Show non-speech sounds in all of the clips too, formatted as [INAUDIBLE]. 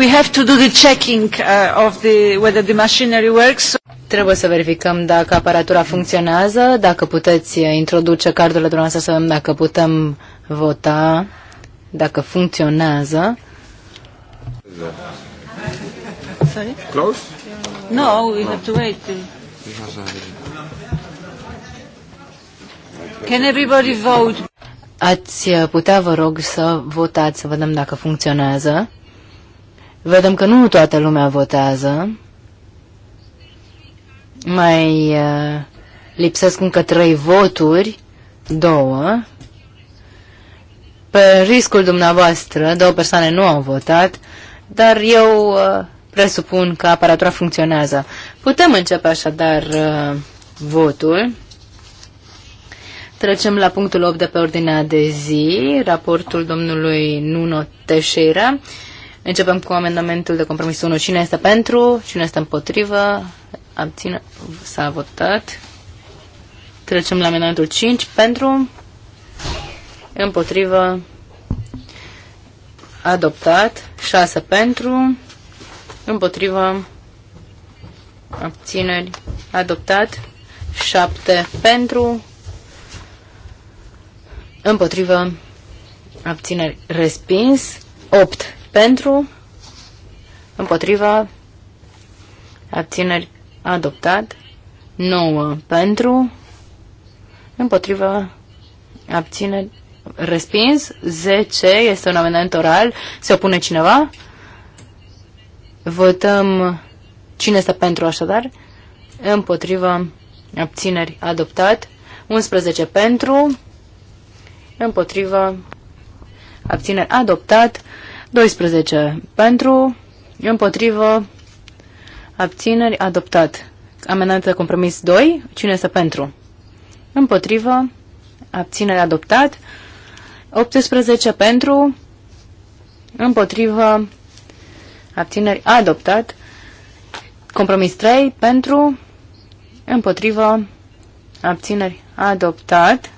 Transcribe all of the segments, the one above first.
We have to do the checking uh, of the whether the machinery works. Trebuie să verificăm dacă aparatura funcționează, dacă puteți introduce cardurile dumneavoastră, să vedem dacă putem vota, dacă funcționează. Sorry? Close? No, we have to wait. Can everybody vote? Ați uh, putea, vă rog, să votați, să vedem dacă funcționează. Vedem că nu toată lumea votează. Mai uh, lipsesc încă trei voturi, două. Pe riscul dumneavoastră, două persoane nu au votat dar eu uh, presupun că aparatura funcționează. Putem începe așadar uh, votul. Trecem la punctul 8 de pe ordinea de zi, raportul domnului Nuno Teixeira. Începem cu amendamentul de compromis 1. Cine este pentru? Cine este împotrivă? Abține. S-a votat. Trecem la amendamentul 5. Pentru? Împotrivă? adoptat, 6 pentru, împotrivă, abțineri, adoptat, 7 pentru, împotrivă, abțineri, respins, 8 pentru, împotrivă, abțineri, adoptat, 9 pentru, împotrivă, abțineri, Respins. 10 este un amendament oral. Se opune cineva? Votăm cine este pentru așadar. Împotrivă. Abțineri. Adoptat. 11 pentru. Împotrivă. Abțineri. Adoptat. 12 pentru. Împotrivă. Abțineri. Adoptat. Amendament de compromis 2. Cine este pentru? Împotrivă. Abținere adoptat. 18 pentru, împotrivă, abțineri, adoptat. Compromis 3 pentru, împotrivă, abțineri, adoptat.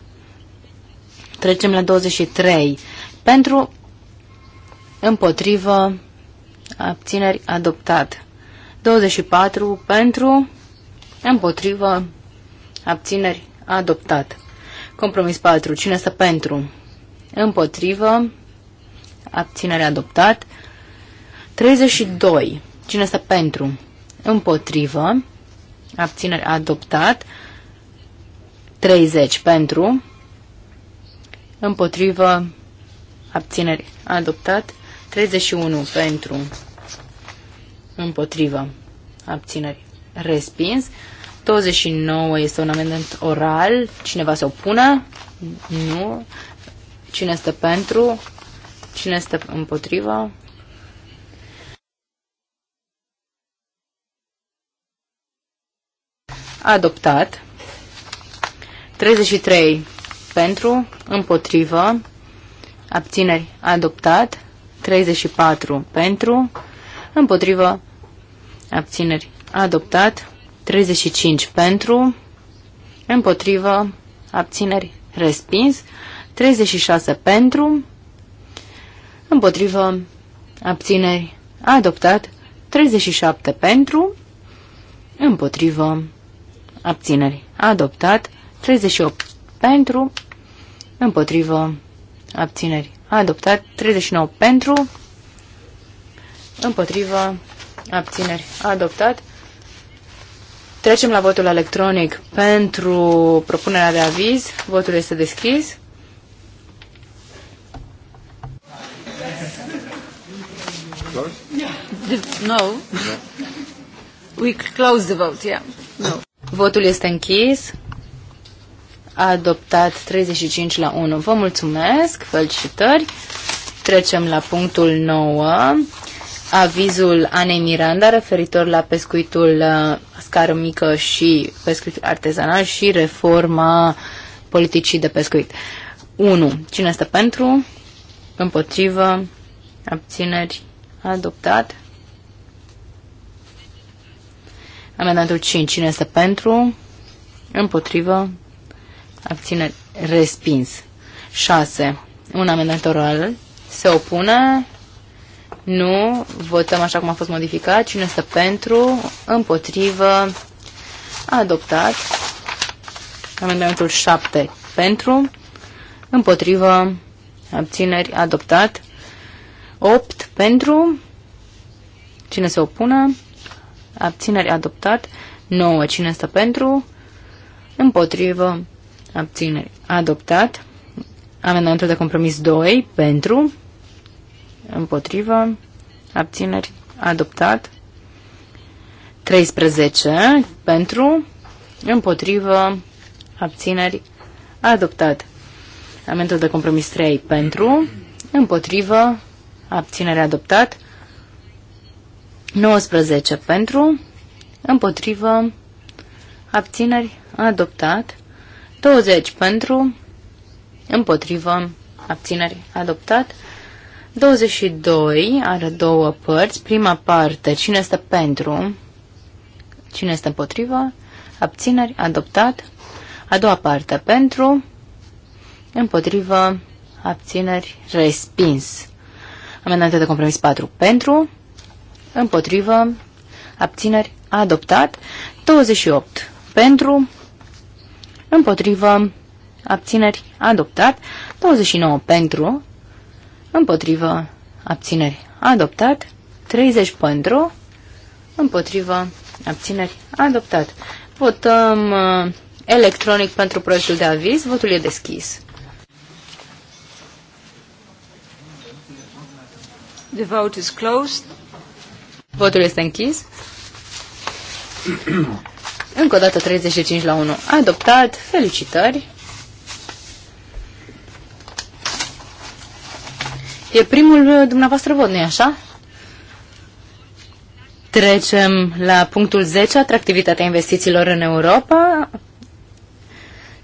Trecem la 23. Pentru, împotrivă, abțineri, adoptat. 24 pentru, împotrivă, abțineri, adoptat. Compromis 4. Cine este pentru? Împotrivă. Abținere adoptat. 32. Cine este pentru? Împotrivă. Abținere adoptat. 30 pentru. Împotrivă. Abținere adoptat. 31 pentru. Împotrivă. Abținere respins. 29 este un amendament oral. Cineva se opune? Nu. Cine este pentru? Cine este împotriva? Adoptat. 33 pentru, împotrivă, abțineri adoptat, 34 pentru, împotrivă, abțineri adoptat, 35 pentru, împotrivă, abțineri respins, 36 pentru, împotrivă, abțineri, adoptat, 37 pentru, împotrivă, abțineri, adoptat, 38 pentru, împotrivă, abțineri, adoptat, 39 pentru, împotrivă, abțineri, adoptat. Trecem la votul electronic pentru propunerea de aviz. Votul este deschis. [LAUGHS] No. We close the vote, yeah. No. Votul este închis. A adoptat 35 la 1. Vă mulțumesc, felicitări. Trecem la punctul 9. Avizul Anei Miranda referitor la pescuitul uh, scară mică și pescuitul artezanal și reforma politicii de pescuit. 1. Cine este pentru? Împotrivă? Abțineri? Adoptat. Amendamentul 5. Cine este pentru? Împotrivă. Abține? Respins. 6. Un amendament oral. Se opune. Nu. Votăm așa cum a fost modificat. Cine este pentru? Împotrivă. Adoptat. Amendamentul 7. Pentru. Împotrivă. Abțineri. Adoptat. 8. Pentru. Cine se opune? abțineri adoptat, 9 cine stă pentru, împotrivă, abțineri adoptat, amendamentul de compromis 2 pentru, împotrivă, abțineri adoptat, 13 pentru, împotrivă, abțineri adoptat. Amendamentul de compromis 3 pentru, împotrivă, abținere adoptat. 19 pentru, împotrivă, abțineri, adoptat. 20 pentru, împotrivă, abțineri, adoptat. 22 are două părți. Prima parte, cine este pentru, cine este împotrivă, abțineri, adoptat. A doua parte, pentru, împotrivă, abțineri, respins. Amendamente de compromis 4 pentru, împotrivă, abțineri, adoptat. 28 pentru, împotrivă, abțineri, adoptat. 29 pentru, împotrivă, abțineri, adoptat. 30 pentru, împotrivă, abțineri, adoptat. Votăm uh, electronic pentru proiectul de aviz. Votul e deschis. The vote is closed. Votul este închis. Încă o dată 35 la 1. Adoptat. Felicitări. E primul uh, dumneavoastră vot, nu-i așa? Trecem la punctul 10, atractivitatea investițiilor în Europa.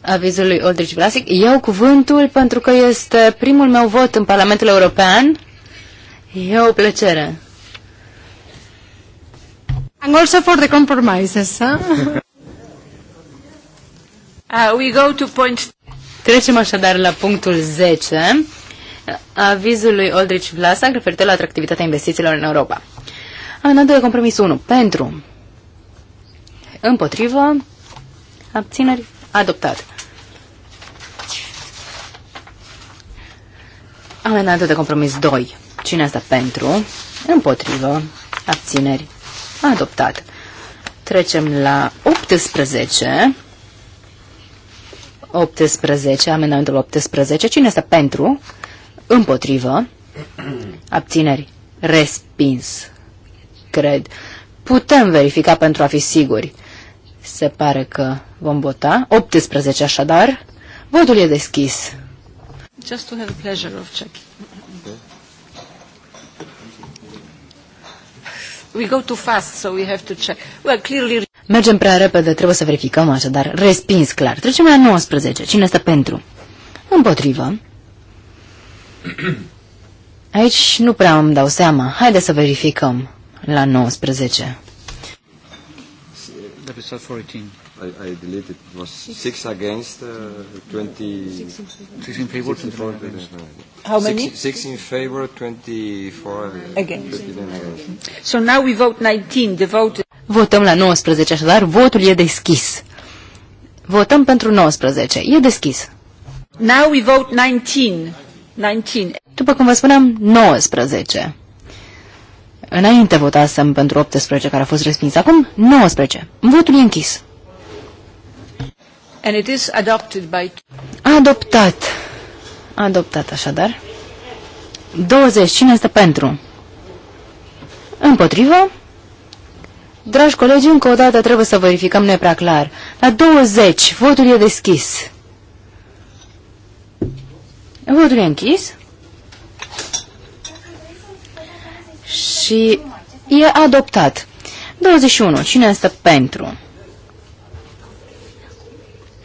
Avizul lui Oldrich Vlasic. Iau cuvântul pentru că este primul meu vot în Parlamentul European. E o plăcere. And also for the compromises. Huh? [LAUGHS] uh, we go to point... Trecem așadar la punctul 10 avizul lui Aldrich Vlasak referitor la atractivitatea investițiilor în Europa. Amendamentul de compromis 1. Pentru. Împotrivă. Abțineri. Adoptat. Amendamentul de compromis 2. Cine asta pentru? Împotrivă. Abțineri. Adoptat. Trecem la 18. 18, amendamentul 18. Cine este pentru? Împotrivă. Abțineri. Respins. Cred. Putem verifica pentru a fi siguri. Se pare că vom vota. 18 așadar. Votul e deschis. Just to have the pleasure of checking. We go too fast, so we have to check. Well, clearly... Mergem prea repede, trebuie să verificăm așadar. Respins clar. Trecem la 19. Cine este pentru? Împotrivă. [CLEARS THROAT] Aici nu prea îmi dau seama. Haide să verificăm la 19. Episode 14. I, I deleted. It was six, against, uh, 20... Six in favor. 24. How many? Six, six in favor, 24 against. against. So now we vote 19. The vote... Votăm la 19, așadar votul e deschis. Votăm pentru 19. E deschis. Now we vote 19. 19. După cum vă spuneam, 19. Înainte votasem pentru 18 care a fost respins. Acum 19. Votul e închis. And it is adopted by... Adoptat. Adoptat așadar. 20. Cine este pentru? Împotrivă? Dragi colegi, încă o dată trebuie să verificăm, nu e prea clar. La 20, votul e deschis. Votul e închis. Și e adoptat. 21. Cine este pentru?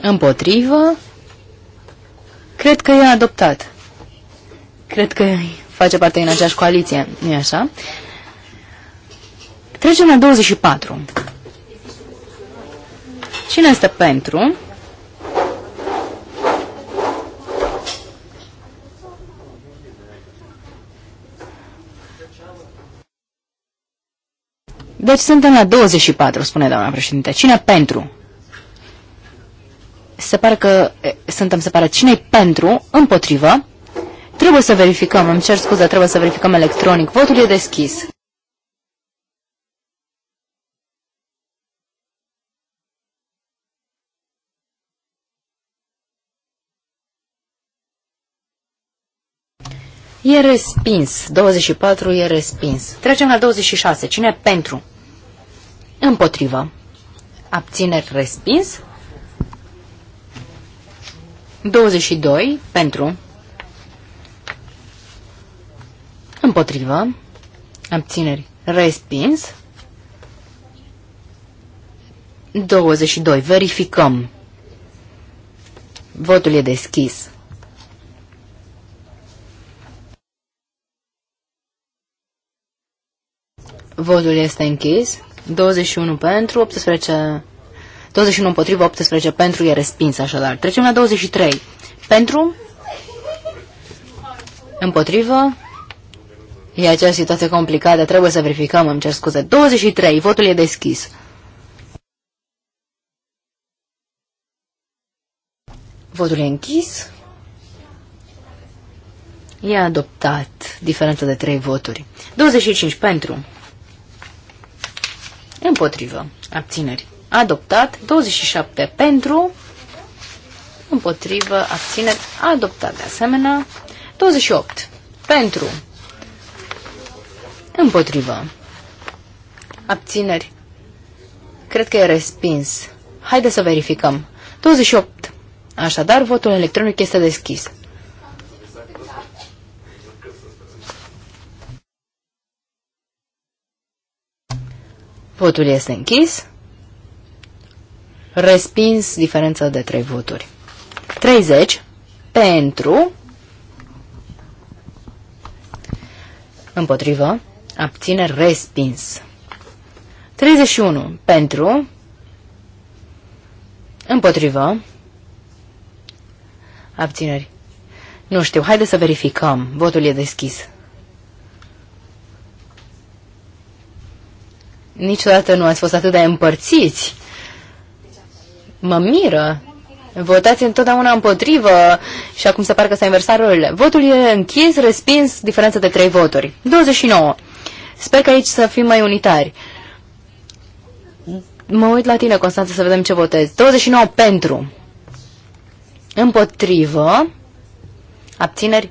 Împotrivă. Cred că e adoptat. Cred că face parte din aceeași coaliție, nu așa? Trecem la 24. Cine este pentru? Deci suntem la 24, spune doamna președinte. Cine pentru? se pare că suntem separați. Cine-i pentru? Împotrivă? Trebuie să verificăm, îmi cer scuze, trebuie să verificăm electronic. Votul e deschis. E respins. 24 e respins. Trecem la 26. Cine pentru? Împotrivă. Abțineri respins. 22 pentru. Împotrivă. Abțineri. Respins. 22. Verificăm. Votul e deschis. Votul este închis. 21 pentru, 18 21 împotrivă, 18 pentru, e respins așadar. Trecem la 23. Pentru, împotrivă, e acea situație complicată, trebuie să verificăm, îmi cer scuze. 23, votul e deschis. Votul e închis. E adoptat diferența de 3 voturi. 25 pentru. Împotrivă. Abțineri adoptat, 27 pentru, împotrivă, abțineri, adoptat de asemenea, 28 pentru, împotrivă, abțineri, cred că e respins. Haideți să verificăm. 28. Așadar, votul electronic este deschis. Votul este închis. Respins diferența de trei voturi. 30 pentru, împotrivă, abține respins. 31 pentru, împotrivă, abțineri. Nu știu, haide să verificăm. Votul e deschis. Niciodată nu ați fost atât de împărțiți mă miră. Votați întotdeauna împotrivă și acum se pare că s-a inversat rolurile. Votul e închis, respins, diferență de trei voturi. 29. Sper că aici să fim mai unitari. Mă uit la tine, Constanța, să vedem ce votezi. 29 pentru. Împotrivă. Abțineri.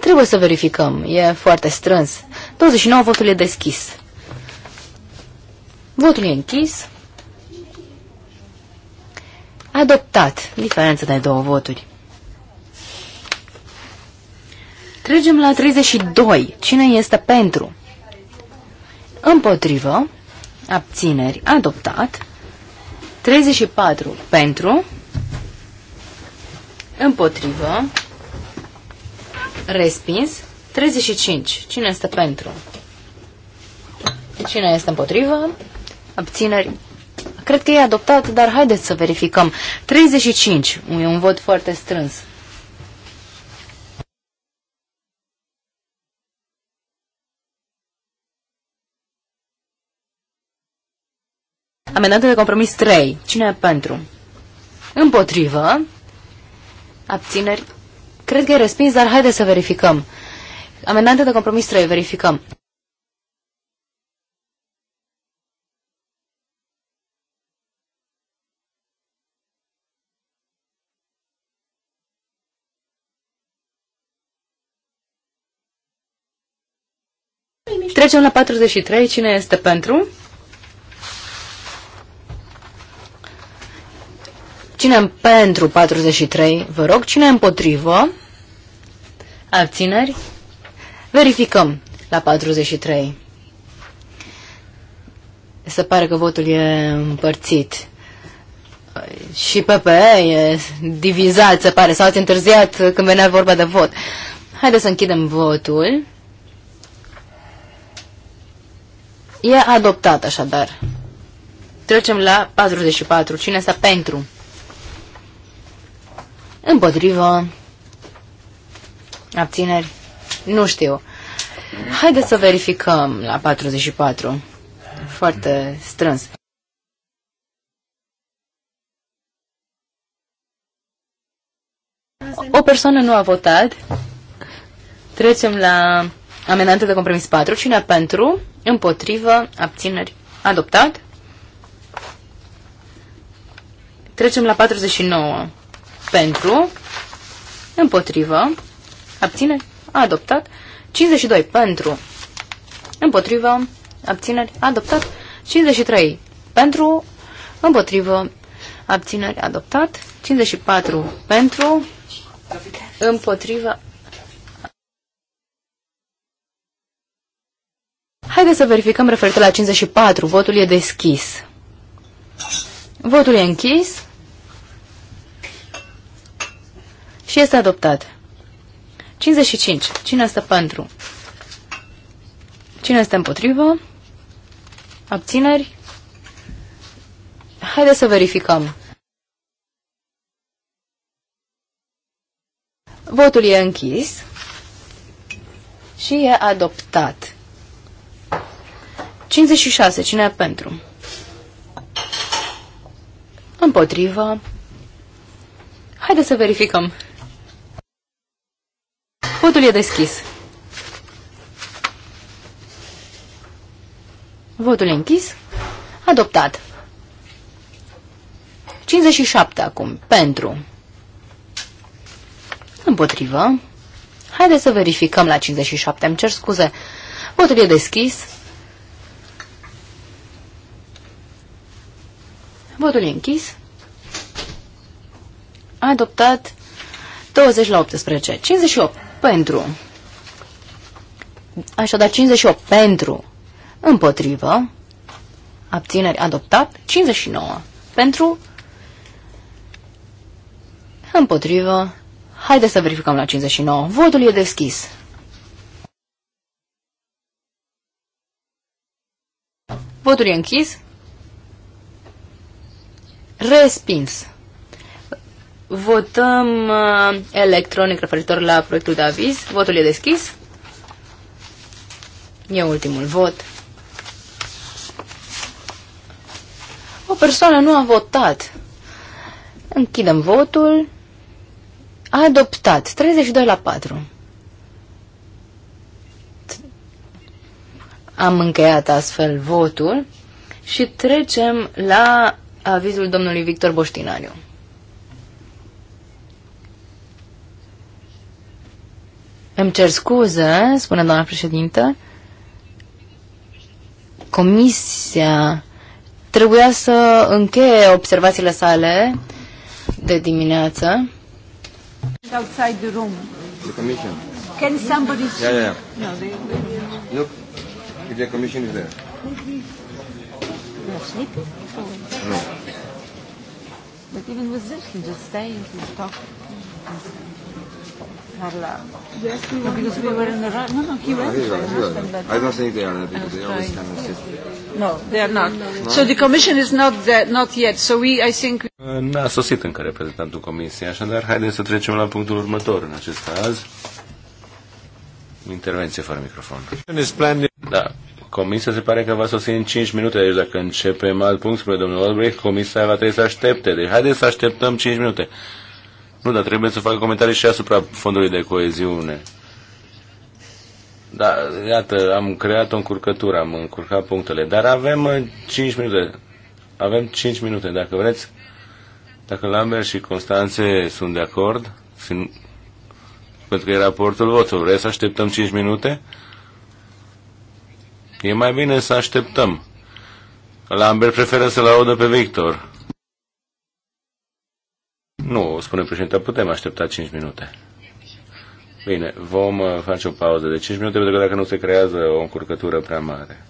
Trebuie să verificăm. E foarte strâns. 29, votul e deschis. Votul e închis. Adoptat. Diferență de două voturi. Trecem la 32. Cine este pentru? Împotrivă. Abțineri. Adoptat. 34 pentru. Împotrivă. Respins. 35. Cine este pentru? Cine este împotrivă? Abțineri. Cred că e adoptat, dar haideți să verificăm. 35. E un vot foarte strâns. Amendamentul de compromis 3. Cine e pentru? Împotrivă. Abțineri. Cred că e respins, dar haideți să verificăm. Amendamente de compromis 3. Verificăm. Trecem la 43. Cine este pentru? Cine pentru 43, vă rog. Cine împotrivă? Abțineri? Verificăm la 43. Se pare că votul e împărțit. Și PP e divizat, se pare, sau ați întârziat când venea vorba de vot. Haideți să închidem votul. E adoptat așadar. Trecem la 44. Cine sta pentru? Împotrivă. Abțineri? Nu știu. Haideți să verificăm la 44. Foarte strâns. O persoană nu a votat. Trecem la Amendamentul de compromis 4. Cine pentru? Împotrivă. Abțineri. Adoptat. Trecem la 49. Pentru. Împotrivă. Abțineri. Adoptat. 52. Pentru. Împotrivă. Abțineri. Adoptat. 53. Pentru. Împotrivă. Abțineri. Adoptat. 54. Pentru. Împotrivă. Haideți să verificăm referitor la 54. Votul e deschis. Votul e închis și este adoptat. 55. Cine este pentru? Cine este împotrivă? Abțineri? Haideți să verificăm. Votul e închis și e adoptat. 56. Cine e pentru? Împotrivă. Haideți să verificăm. Votul e deschis. Votul e închis. Adoptat. 57 acum. Pentru. Împotrivă. Haideți să verificăm la 57. Îmi cer scuze. Votul e deschis. Votul e închis. Adoptat 20 la 18. 58 pentru. Așadar, 58 pentru. Împotrivă. Abțineri adoptat. 59 pentru. Împotrivă. Haideți să verificăm la 59. Votul e deschis. Votul e închis. Respins. Votăm uh, electronic referitor la proiectul de aviz. Votul e deschis. E ultimul vot. O persoană nu a votat. Închidem votul. A adoptat. 32 la 4. Am încheiat astfel votul și trecem la avizul domnului Victor Boștinariu. Îmi cer scuze, spune doamna președintă. Comisia trebuia să încheie observațiile sale de dimineață. Outside the room. The commission. Can somebody see? Yeah, yeah. No, they, they... they... Look, if the commission is there. You're sleeping? forward. No. But even with this, you just stay and you talk. Parla. Yes, we no, because we were in the right. No, no, he no, went. He went, I don't think they are because they always kind of sit. No, they are not. No? So the commission is not there, not yet. So we, I think. Uh, N-a sosit încă reprezentantul comisiei, așadar haideți să trecem la punctul următor în acest caz. Intervenție fără microfon. Da, Comisia se pare că va sosi în 5 minute, deci dacă începem alt punct, spre domnul Albrecht, comisia va trebui să aștepte. Deci haideți să așteptăm 5 minute. Nu, dar trebuie să facă comentarii și asupra fondului de coeziune. Da, iată, am creat o încurcătură, am încurcat punctele, dar avem 5 uh, minute. Avem 5 minute, dacă vreți. Dacă Lambert și Constanțe sunt de acord, sunt... pentru că e raportul vostru, vreți să așteptăm 5 minute? E mai bine să așteptăm. Lambert preferă să-l audă pe Victor. Nu, spune președinte, putem aștepta 5 minute. Bine, vom uh, face o pauză de 5 minute, pentru că dacă nu se creează o încurcătură prea mare.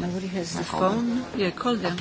Nobody has the phone? Yeah, call them.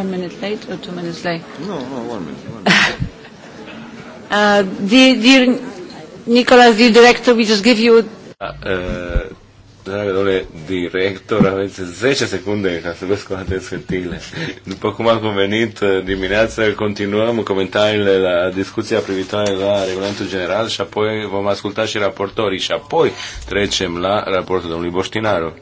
one minute late or two minutes late? No, no, one minute. One minute. [LAUGHS] uh, dear, Nicolas, dear director, we just give you... Uh, Dragă domnule director, aveți 10 secunde ca să vă scoateți hârtiile. După cum a convenit uh, dimineața, continuăm comentariile la discuția privitoare la regulamentul general și apoi vom asculta și raportorii și apoi trecem la raportul domnului Boștinaru.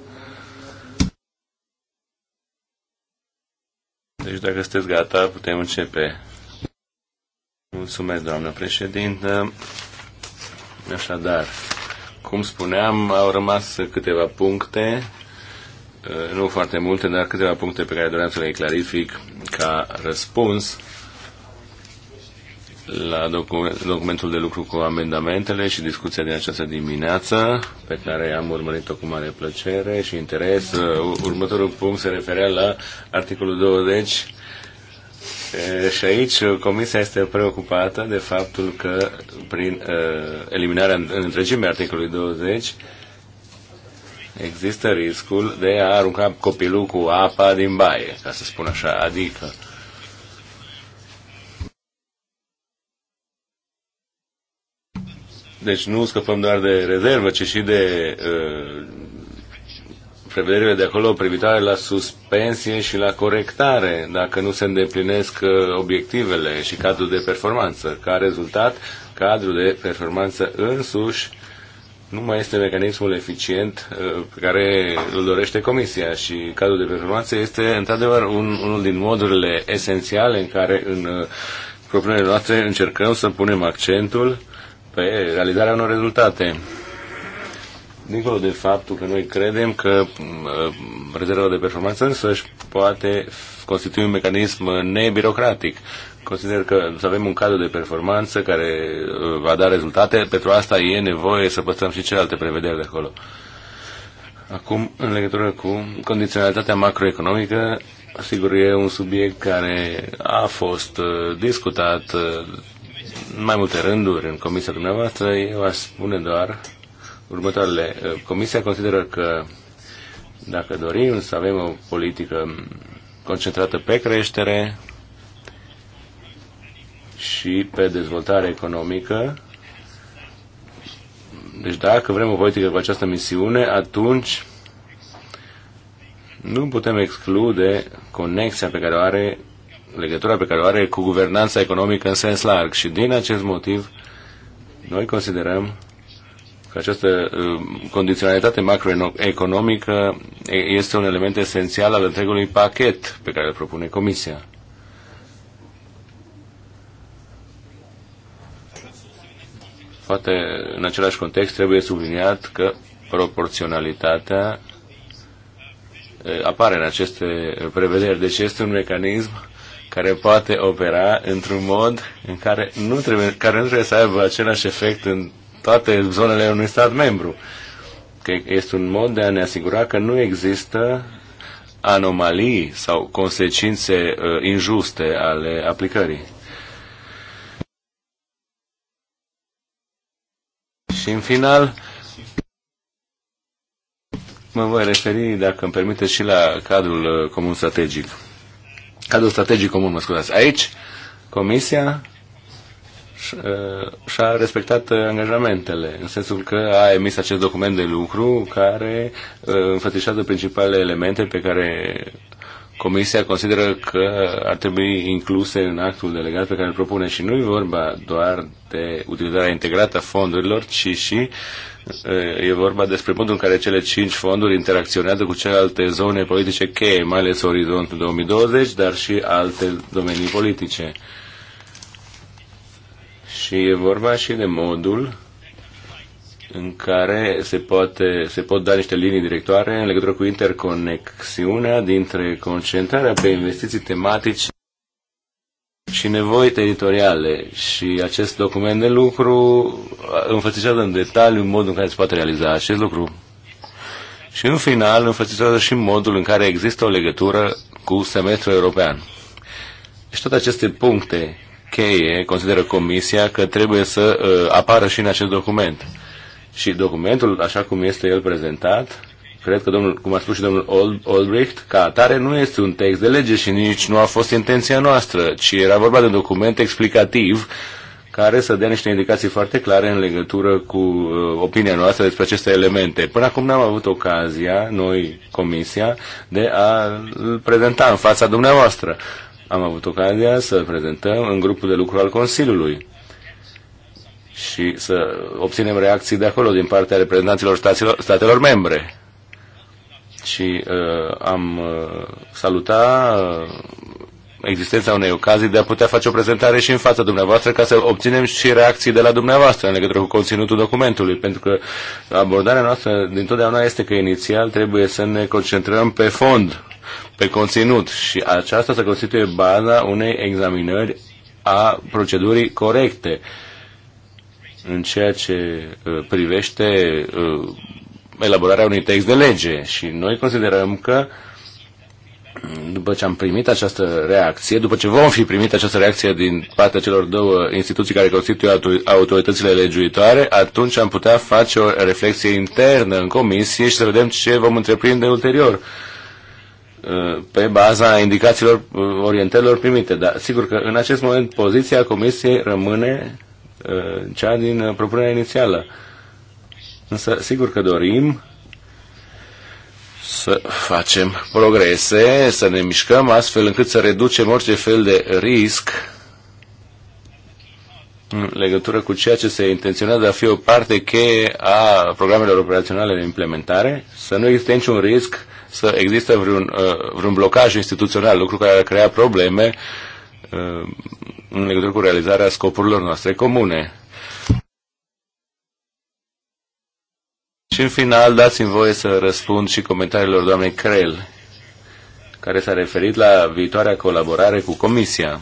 sunteți gata, putem începe. Mulțumesc, doamnă președintă. Așadar, cum spuneam, au rămas câteva puncte, uh, nu foarte multe, dar câteva puncte pe care doream să le clarific ca răspuns la documentul de lucru cu amendamentele și discuția din această dimineață, pe care am urmărit-o cu mare plăcere și interes. Uh, următorul punct se referea la articolul 20 și aici Comisia este preocupată de faptul că prin eliminarea în întregime articolului 20 există riscul de a arunca copilul cu apa din baie, ca să spun așa, adică Deci nu scăpăm doar de rezervă, ci și de uh, prevederile de acolo privitoare la suspensie și la corectare dacă nu se îndeplinesc uh, obiectivele și cadrul de performanță. Ca rezultat, cadrul de performanță însuși nu mai este mecanismul eficient uh, pe care îl dorește Comisia și cadrul de performanță este într-adevăr un, unul din modurile esențiale în care în uh, propunerile noastre încercăm să punem accentul pe realizarea unor rezultate dincolo de faptul că noi credem că uh, rezerva de performanță își poate constitui un mecanism nebirocratic. Consider că să avem un cadru de performanță care uh, va da rezultate, pentru asta e nevoie să păstrăm și celelalte prevederi de acolo. Acum, în legătură cu condiționalitatea macroeconomică, sigur e un subiect care a fost uh, discutat în mai multe rânduri în comisia dumneavoastră. Eu aș spune doar următoarele. Uh, Comisia consideră că dacă dorim să avem o politică concentrată pe creștere și pe dezvoltare economică, deci dacă vrem o politică cu această misiune, atunci nu putem exclude conexia pe care o are, legătura pe care o are cu guvernanța economică în sens larg. Și din acest motiv, noi considerăm că această uh, condiționalitate macroeconomică este un element esențial al întregului pachet pe care îl propune Comisia. Poate în același context trebuie subliniat că proporționalitatea uh, apare în aceste prevederi. Deci este un mecanism care poate opera într-un mod în care nu trebuie, care nu trebuie să aibă același efect în toate zonele unui stat membru. Că este un mod de a ne asigura că nu există anomalii sau consecințe uh, injuste ale aplicării. Și în final, mă voi referi, dacă îmi permite, și la cadrul uh, comun strategic. Cadrul strategic comun, mă scuzați. Aici, Comisia Uh, și-a respectat uh, angajamentele, în sensul că a emis acest document de lucru care uh, înfățișează principalele elemente pe care Comisia consideră că ar trebui incluse în actul delegat pe care îl propune și nu e vorba doar de utilizarea integrată a fondurilor, ci și e vorba despre modul în care cele cinci fonduri interacționează cu celelalte zone politice cheie, mai ales Orizontul 2020, dar și alte domenii politice. Și e vorba și de modul în care se, poate, se pot da niște linii directoare în legătură cu interconexiunea dintre concentrarea pe investiții tematice și nevoi teritoriale. Și acest document de lucru înfățișează în detaliu modul în care se poate realiza acest lucru. Și în final înfățișează și modul în care există o legătură cu semestrul european. Deci toate aceste puncte cheie, consideră Comisia, că trebuie să uh, apară și în acest document. Și documentul, așa cum este el prezentat, cred că, domnul, cum a spus și domnul Olbricht, ca atare nu este un text de lege și nici nu a fost intenția noastră, ci era vorba de un document explicativ care să dea niște indicații foarte clare în legătură cu uh, opinia noastră despre aceste elemente. Până acum n-am avut ocazia, noi, Comisia, de a prezenta în fața dumneavoastră am avut ocazia să prezentăm în grupul de lucru al Consiliului și să obținem reacții de acolo din partea reprezentanților statelor, statelor membre. Și uh, am uh, salutat uh, existența unei ocazii de a putea face o prezentare și în fața dumneavoastră ca să obținem și reacții de la dumneavoastră în legătură cu conținutul documentului, pentru că abordarea noastră dintotdeauna este că inițial trebuie să ne concentrăm pe fond pe conținut și aceasta să constituie baza unei examinări a procedurii corecte în ceea ce uh, privește uh, elaborarea unui text de lege. Și noi considerăm că mm, după ce am primit această reacție, după ce vom fi primit această reacție din partea celor două instituții care constituie autoritățile legiuitoare, atunci am putea face o reflexie internă în comisie și să vedem ce vom întreprinde ulterior Uh, pe baza indicațiilor uh, orientărilor primite. Dar sigur că în acest moment poziția Comisiei rămâne uh, cea din propunerea inițială. Însă sigur că dorim să facem progrese, să ne mișcăm astfel încât să reducem orice fel de risc în legătură cu ceea ce se intenționează de a fi o parte cheie a programelor operaționale de implementare, să nu existe niciun risc să existe vreun, uh, vreun blocaj instituțional, lucru care ar crea probleme uh, în legătură cu realizarea scopurilor noastre comune. Și în final, dați-mi voie să răspund și comentariilor doamnei Crel, care s-a referit la viitoarea colaborare cu Comisia.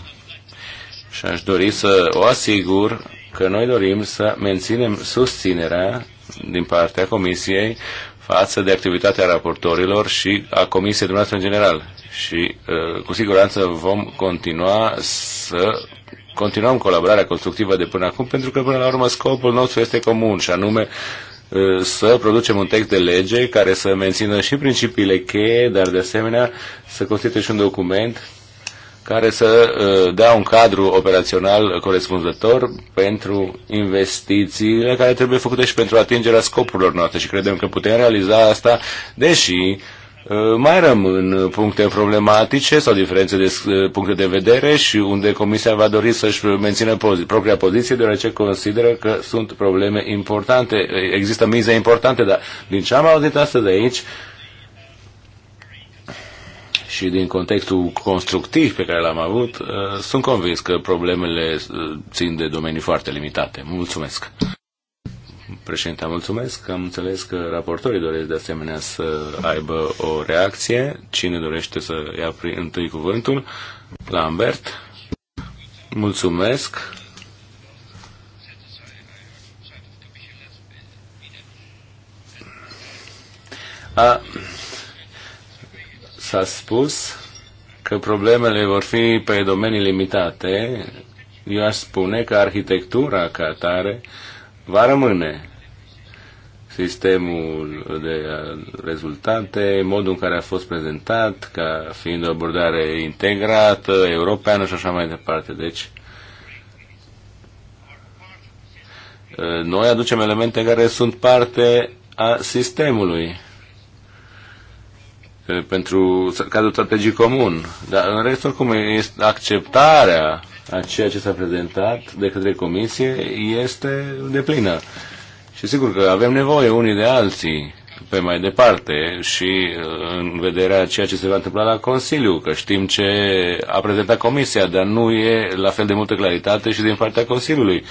Și aș dori să o asigur că noi dorim să menținem susținerea din partea Comisiei față de activitatea raportorilor și a comisiei dumneavoastră în general. Și uh, cu siguranță vom continua să continuăm colaborarea constructivă de până acum, pentru că până la urmă scopul nostru este comun și anume uh, să producem un text de lege care să mențină și principiile cheie, dar de asemenea să constituie și un document care să uh, dea un cadru operațional corespunzător pentru investițiile care trebuie făcute și pentru atingerea scopurilor noastre și credem că putem realiza asta, deși uh, mai rămân puncte problematice sau diferențe de uh, puncte de vedere și unde Comisia va dori să-și mențină pozi- propria poziție, deoarece consideră că sunt probleme importante, există mize importante, dar din ce am auzit astăzi de aici, și din contextul constructiv pe care l-am avut, uh, sunt convins că problemele uh, țin de domenii foarte limitate. Mulțumesc! Președinte, mulțumesc. Am înțeles că raportorii doresc de asemenea să aibă o reacție. Cine dorește să ia întâi cuvântul? Lambert. Mulțumesc. A, s-a spus că problemele vor fi pe domenii limitate. Eu aș spune că arhitectura ca atare va rămâne sistemul de rezultate, modul în care a fost prezentat, ca fiind o abordare integrată, europeană și așa mai departe. Deci, noi aducem elemente care sunt parte a sistemului pentru cadrul strategic comun. Dar în rest, oricum, este acceptarea a ceea ce s-a prezentat de către comisie este plină. Și sigur că avem nevoie unii de alții pe mai departe și uh, în vederea ceea ce se va întâmpla la Consiliu, că știm ce a prezentat Comisia, dar nu e la fel de multă claritate și din partea Consiliului.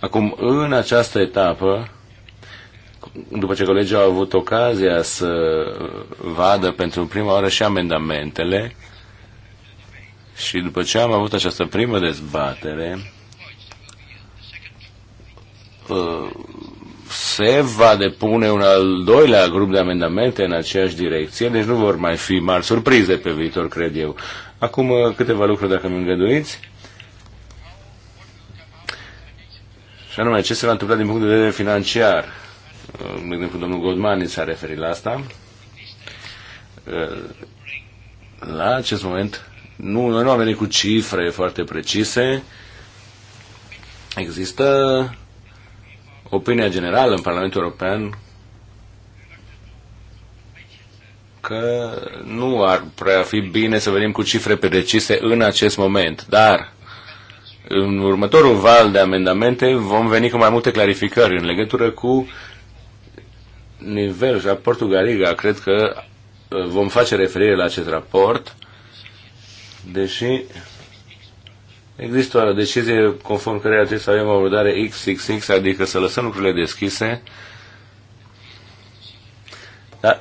Acum, în această etapă, după ce colegii au avut ocazia să vadă pentru prima oară și amendamentele și după ce am avut această primă dezbatere, uh, se va depune un al doilea grup de amendamente în aceeași direcție, deci nu vor mai fi mari surprize pe viitor, cred eu. Acum uh, câteva lucruri, dacă mi îngăduiți. Și anume, ce se va întâmpla din punct de vedere financiar Uh, de exemplu, domnul Godmani s-a referit la asta, uh, la acest moment nu, noi nu am venit cu cifre foarte precise. Există opinia generală în Parlamentul European că nu ar prea fi bine să venim cu cifre precise în acest moment, dar în următorul val de amendamente vom veni cu mai multe clarificări în legătură cu nivel și raportul Gariga, cred că uh, vom face referire la acest raport, deși există o decizie conform care trebuie să avem o abordare XXX, adică să lăsăm lucrurile deschise, dar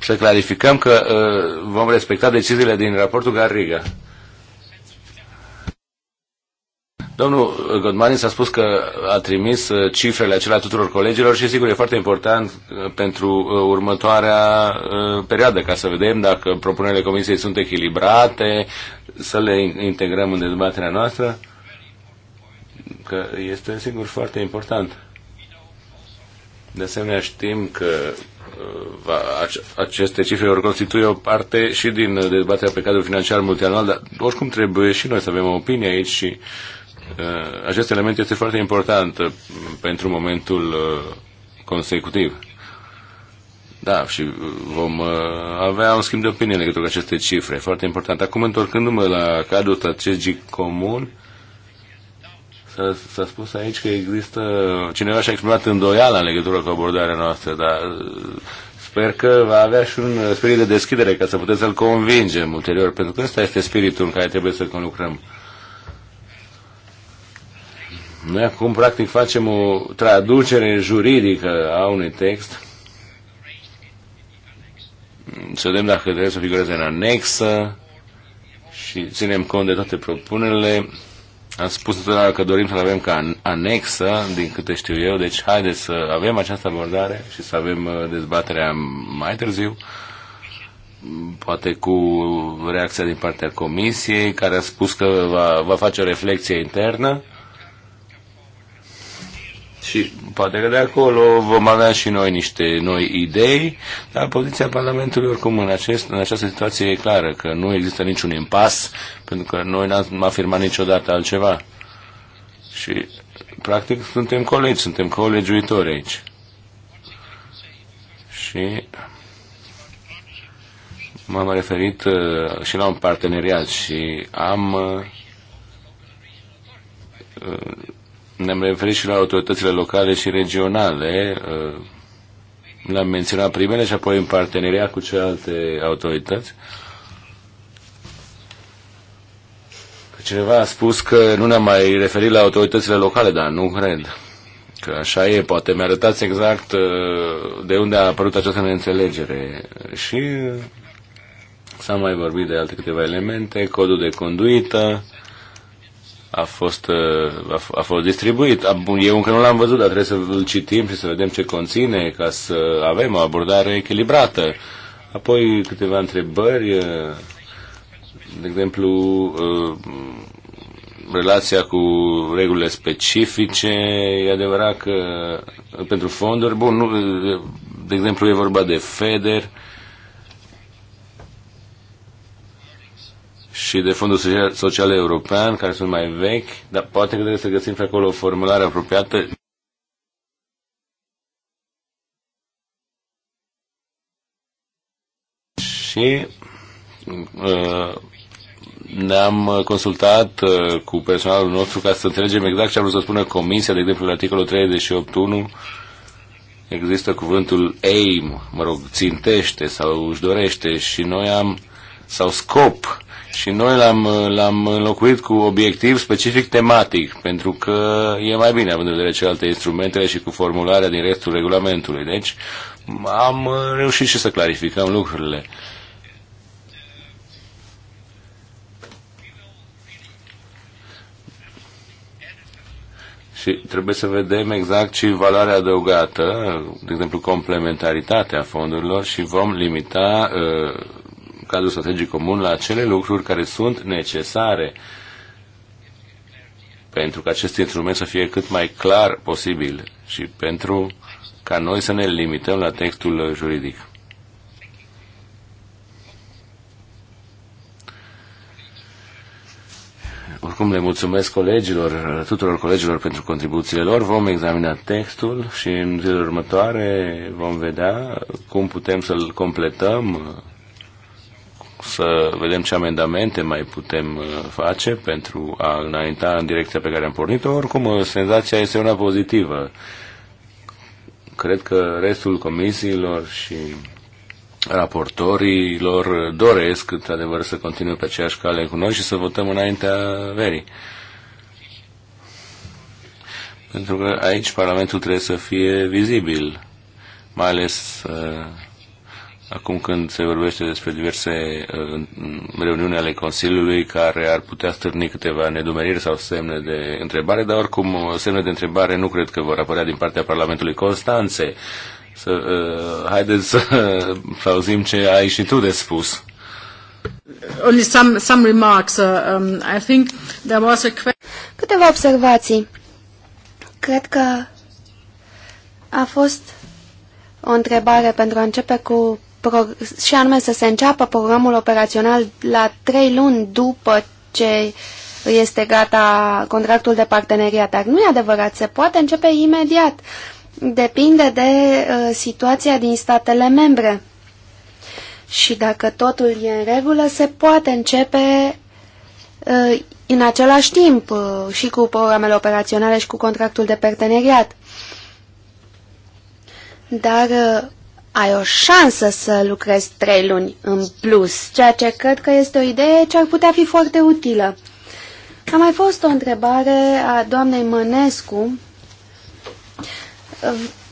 să clarificăm că uh, vom respecta deciziile din raportul Gariga. Domnul Godmanin s-a spus că a trimis uh, cifrele acelea tuturor colegilor și sigur e foarte important uh, pentru uh, următoarea perioadă ca să vedem dacă propunerile comisiei sunt echilibrate, să le integrăm în dezbaterea noastră, că este sigur foarte important. De asemenea știm că aceste cifre vor constitui o parte și din dezbaterea pe cadrul financiar multianual, dar oricum trebuie și noi să avem o opinie aici și uh, Uh, acest element este foarte important uh, pentru momentul uh, consecutiv. Da, și vom avea un schimb de opinie în legătură cu aceste cifre. Foarte important. Acum, întorcându-mă la cadrul strategic comun, S-a, spus aici că există... Cineva și-a exprimat îndoială în legătură cu abordarea noastră, dar sper că va avea și un spirit de deschidere ca să puteți să-l convingem ulterior, pentru că ăsta este spiritul în care trebuie să conlucrăm. Noi da, acum, practic, facem o traducere juridică a unui text. Să vedem dacă trebuie să figureze în anexă și ținem cont de toate propunerile. Am spus întotdeauna că dorim să-l avem ca anexă, din câte știu eu, deci haideți să avem această abordare și să avem uh, dezbaterea mai târziu, poate cu reacția din partea comisiei, care a spus că va, va face o reflexie internă și poate că de acolo vom avea și noi niște noi idei, dar poziția Parlamentului oricum în, acest, în această situație e clară, că nu există niciun impas, pentru că noi n-am afirmat niciodată altceva. Și practic suntem colegi, suntem colegiuitori aici. Și m-am referit uh, și la un parteneriat și am uh, ne-am referit și la autoritățile locale și regionale. Uh, L-am menționat primele și apoi în parteneria cu celelalte autorități. Cineva a spus că nu ne-am mai referit la autoritățile locale, dar nu cred că așa e. Poate mi-arătați exact uh, de unde a apărut această neînțelegere. Și s-a mai vorbit de alte câteva elemente, codul de conduită, a fost, uh, a, a fost distribuit. Eu încă nu l-am văzut, dar trebuie să-l citim și să vedem ce conține ca să avem o abordare echilibrată. Apoi câteva întrebări, uh, de exemplu, uh, relația cu regulile specifice, e adevărat că pentru fonduri, bun, nu, de exemplu e vorba de FEDER, și de Fondul Social European, care sunt mai vechi, dar poate că trebuie să găsim pe acolo o formulare apropiată. Și uh, ne-am consultat uh, cu personalul nostru ca să înțelegem exact ce a vrut să spună Comisia, de exemplu, la articolul 38.1 există cuvântul aim, mă rog, țintește sau își dorește și noi am, sau scop, și noi l-am, l-am înlocuit cu obiectiv specific tematic, pentru că e mai bine având în vedere celelalte instrumentele și cu formularea din restul regulamentului. Deci am reușit și să clarificăm lucrurile. Și trebuie să vedem exact și valoarea adăugată, de exemplu complementaritatea fondurilor și vom limita uh, cadrul strategic comun la acele lucruri care sunt necesare pentru ca acest instrument să fie cât mai clar posibil și pentru ca noi să ne limităm la textul juridic. Oricum le mulțumesc colegilor, tuturor colegilor pentru contribuțiile lor. Vom examina textul și în zilele următoare vom vedea cum putem să-l completăm să vedem ce amendamente mai putem uh, face pentru a înainta în direcția pe care am pornit-o. Oricum, uh, senzația este una pozitivă. Cred că restul comisiilor și raportorilor doresc, într-adevăr, să continue pe aceeași cale cu noi și să votăm înaintea verii. Pentru că aici Parlamentul trebuie să fie vizibil, mai ales uh, acum când se vorbește despre diverse uh, reuniuni ale Consiliului care ar putea stârni câteva nedumeriri sau semne de întrebare, dar oricum uh, semne de întrebare nu cred că vor apărea din partea Parlamentului Constanțe. Să, uh, haideți să, uh, auzim ce ai și tu de spus. Only some, some remarks. Uh, um, I think there was a Câteva observații. Cred că a fost o întrebare pentru a începe cu și anume să se înceapă programul operațional la trei luni după ce este gata contractul de parteneriat. Dar nu e adevărat, se poate începe imediat. Depinde de uh, situația din statele membre. Și dacă totul e în regulă, se poate începe uh, în același timp uh, și cu programele operaționale și cu contractul de parteneriat. Dar uh, ai o șansă să lucrezi trei luni în plus, ceea ce cred că este o idee ce ar putea fi foarte utilă. A mai fost o întrebare a doamnei Mănescu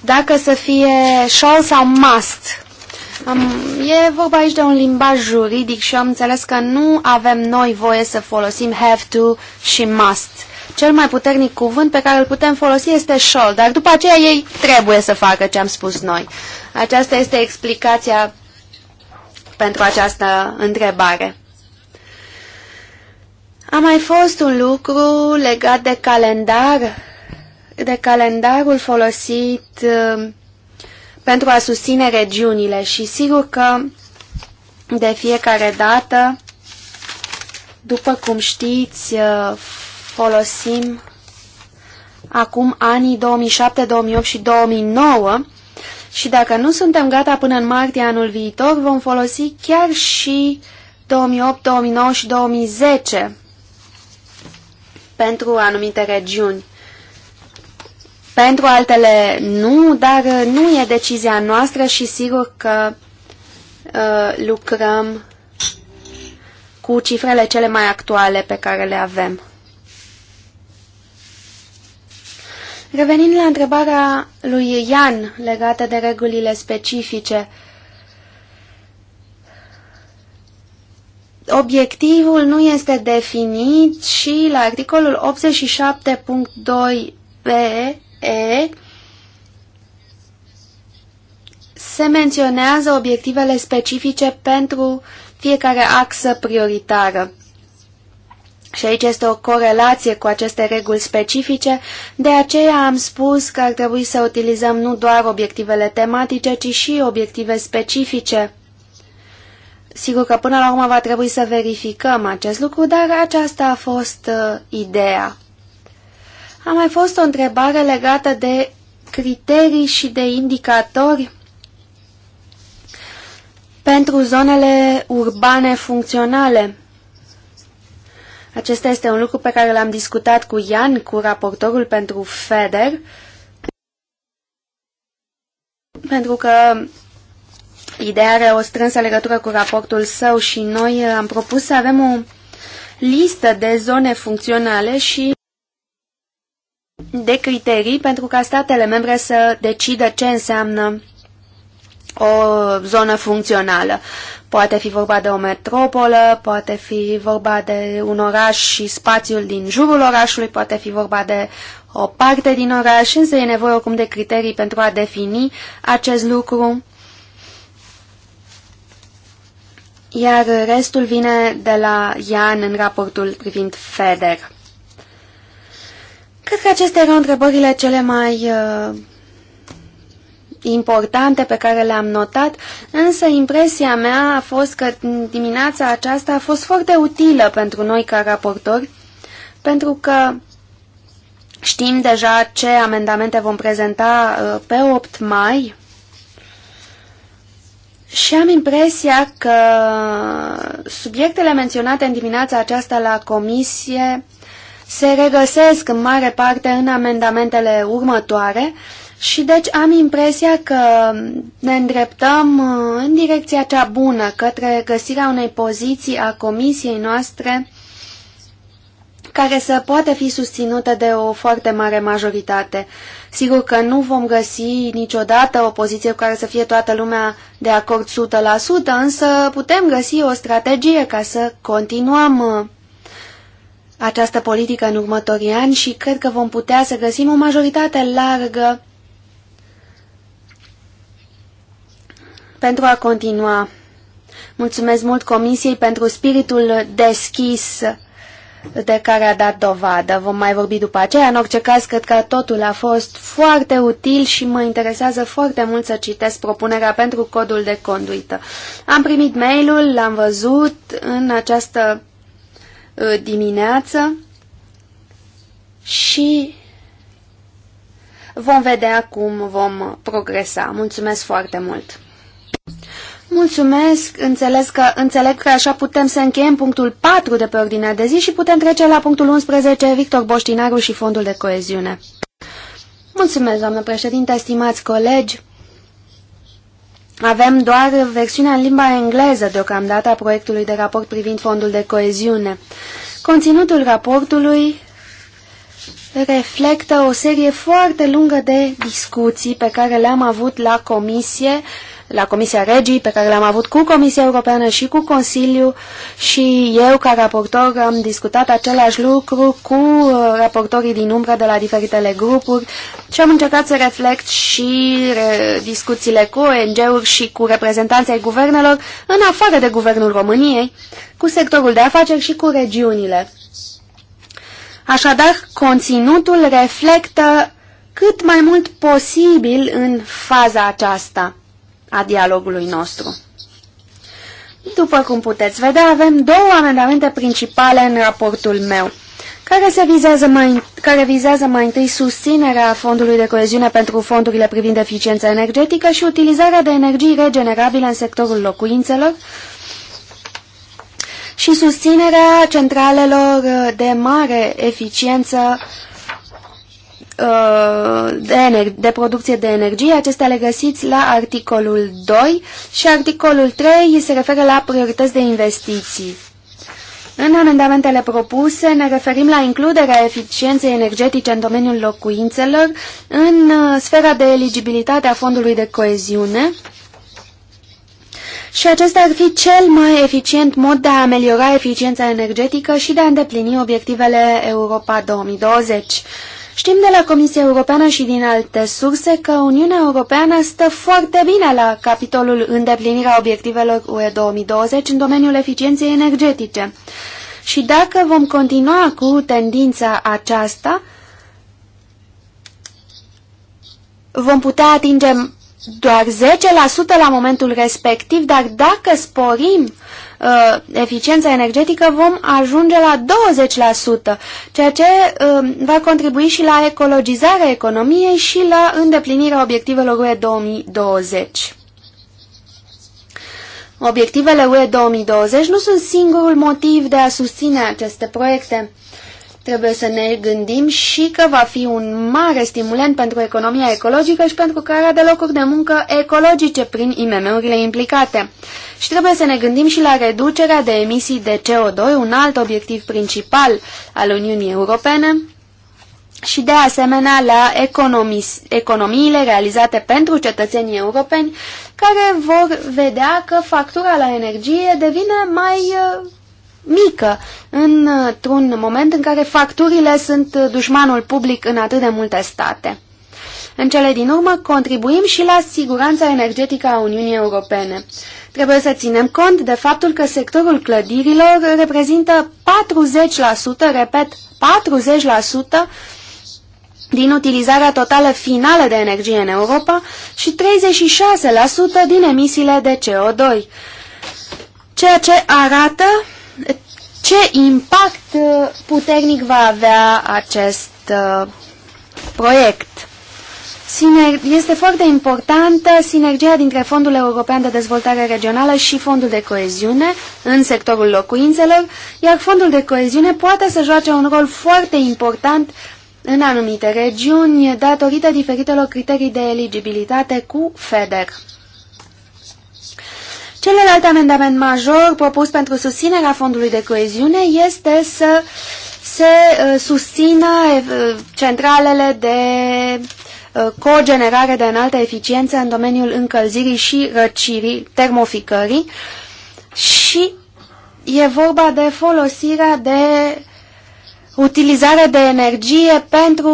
dacă să fie shall sau must. E vorba aici de un limbaj juridic și am înțeles că nu avem noi voie să folosim have to și must. Cel mai puternic cuvânt pe care îl putem folosi este șol, dar după aceea ei trebuie să facă ce am spus noi. Aceasta este explicația pentru această întrebare. A mai fost un lucru legat de calendar, de calendarul folosit uh, pentru a susține regiunile și sigur că de fiecare dată, după cum știți, uh, folosim acum anii 2007, 2008 și 2009 și dacă nu suntem gata până în martie anul viitor, vom folosi chiar și 2008, 2009 și 2010 pentru anumite regiuni. Pentru altele nu, dar nu e decizia noastră și sigur că uh, lucrăm cu cifrele cele mai actuale pe care le avem. Revenind la întrebarea lui Ian legată de regulile specifice, obiectivul nu este definit și la articolul 87.2 PE se menționează obiectivele specifice pentru fiecare axă prioritară. Și aici este o corelație cu aceste reguli specifice, de aceea am spus că ar trebui să utilizăm nu doar obiectivele tematice, ci și obiective specifice. Sigur că până la urmă va trebui să verificăm acest lucru, dar aceasta a fost uh, ideea. A mai fost o întrebare legată de criterii și de indicatori pentru zonele urbane funcționale. Acesta este un lucru pe care l-am discutat cu Ian, cu raportorul pentru FEDER, pentru că ideea are o strânsă legătură cu raportul său și noi am propus să avem o listă de zone funcționale și de criterii pentru ca statele membre să decidă ce înseamnă o zonă funcțională. Poate fi vorba de o metropolă, poate fi vorba de un oraș și spațiul din jurul orașului, poate fi vorba de o parte din oraș, însă e nevoie oricum de criterii pentru a defini acest lucru. Iar restul vine de la Ian în raportul privind FEDER. Cred că acestea erau întrebările cele mai uh, importante pe care le-am notat, însă impresia mea a fost că dimineața aceasta a fost foarte utilă pentru noi ca raportori, pentru că știm deja ce amendamente vom prezenta uh, pe 8 mai și am impresia că subiectele menționate în dimineața aceasta la comisie se regăsesc în mare parte în amendamentele următoare și deci am impresia că ne îndreptăm uh, în direcția cea bună, către găsirea unei poziții a comisiei noastre care să poată fi susținută de o foarte mare majoritate. Sigur că nu vom găsi niciodată o poziție cu care să fie toată lumea de acord 100%, însă putem găsi o strategie ca să continuăm uh, această politică în următorii ani și cred că vom putea să găsim o majoritate largă pentru a continua. Mulțumesc mult Comisiei pentru spiritul deschis de care a dat dovadă. Vom mai vorbi după aceea. În orice caz, cred că totul a fost foarte util și mă interesează foarte mult să citesc propunerea pentru codul de conduită. Am primit mailul, l-am văzut în această ă, dimineață și vom vedea cum vom progresa. Mulțumesc foarte mult! Mulțumesc, înțeles că, înțeleg că așa putem să încheiem punctul 4 de pe ordinea de zi și putem trece la punctul 11, Victor Boștinaru și Fondul de Coeziune. Mulțumesc, doamnă președinte, stimați colegi. Avem doar versiunea în limba engleză deocamdată a proiectului de raport privind Fondul de Coeziune. Conținutul raportului reflectă o serie foarte lungă de discuții pe care le-am avut la comisie la Comisia Regii, pe care le-am avut cu Comisia Europeană și cu Consiliu și eu, ca raportor, am discutat același lucru cu uh, raportorii din umbră de la diferitele grupuri și am încercat să reflect și discuțiile cu ONG-uri și cu reprezentanții guvernelor, în afară de Guvernul României, cu sectorul de afaceri și cu regiunile. Așadar, conținutul reflectă cât mai mult posibil în faza aceasta a dialogului nostru. După cum puteți vedea, avem două amendamente principale în raportul meu, care, se vizează mai, care vizează mai întâi susținerea Fondului de Coeziune pentru fondurile privind eficiența energetică și utilizarea de energii regenerabile în sectorul locuințelor și susținerea centralelor de mare eficiență uh, Uh, de, de producție de energie. Acestea le găsiți la articolul 2 și articolul 3 se referă la priorități de investiții. În amendamentele propuse ne referim la includerea eficienței energetice în domeniul locuințelor în uh, sfera de eligibilitate a fondului de coeziune și acesta ar fi cel mai eficient mod de a ameliora eficiența energetică și de a îndeplini obiectivele Europa 2020. Știm de la Comisia Europeană și din alte surse că Uniunea Europeană stă foarte bine la capitolul îndeplinirea obiectivelor UE 2020 în domeniul eficienței energetice. Și dacă vom continua cu tendința aceasta, vom putea atinge doar 10% la momentul respectiv, dar dacă sporim uh, eficiența energetică, vom ajunge la 20%, ceea ce uh, va contribui și la ecologizarea economiei și la îndeplinirea obiectivelor UE 2020. Obiectivele UE 2020 nu sunt singurul motiv de a susține aceste proiecte. Trebuie să ne gândim și că va fi un mare stimulent pentru economia ecologică și pentru crearea de locuri de muncă ecologice prin IMM-urile implicate. Și trebuie să ne gândim și la reducerea de emisii de CO2, un alt obiectiv principal al Uniunii Europene, și de asemenea la economii, economiile realizate pentru cetățenii europeni care vor vedea că factura la energie devine mai uh, mică într-un moment în care facturile sunt dușmanul public în atât de multe state. În cele din urmă, contribuim și la siguranța energetică a Uniunii Europene. Trebuie să ținem cont de faptul că sectorul clădirilor reprezintă 40%, repet, 40% din utilizarea totală finală de energie în Europa și 36% din emisiile de CO2, ceea ce arată ce impact uh, puternic va avea acest uh, proiect. Siner este foarte importantă sinergia dintre Fondul European de Dezvoltare Regională și Fondul de Coeziune în sectorul locuințelor, iar Fondul de Coeziune poate să joace un rol foarte important în anumite regiuni datorită diferitelor criterii de eligibilitate cu FEDER. Celălalt amendament major propus pentru susținerea fondului de coeziune este să se uh, susțină uh, centralele de uh, cogenerare de înaltă eficiență în domeniul încălzirii și răcirii, termoficării și e vorba de folosirea de Utilizarea de energie pentru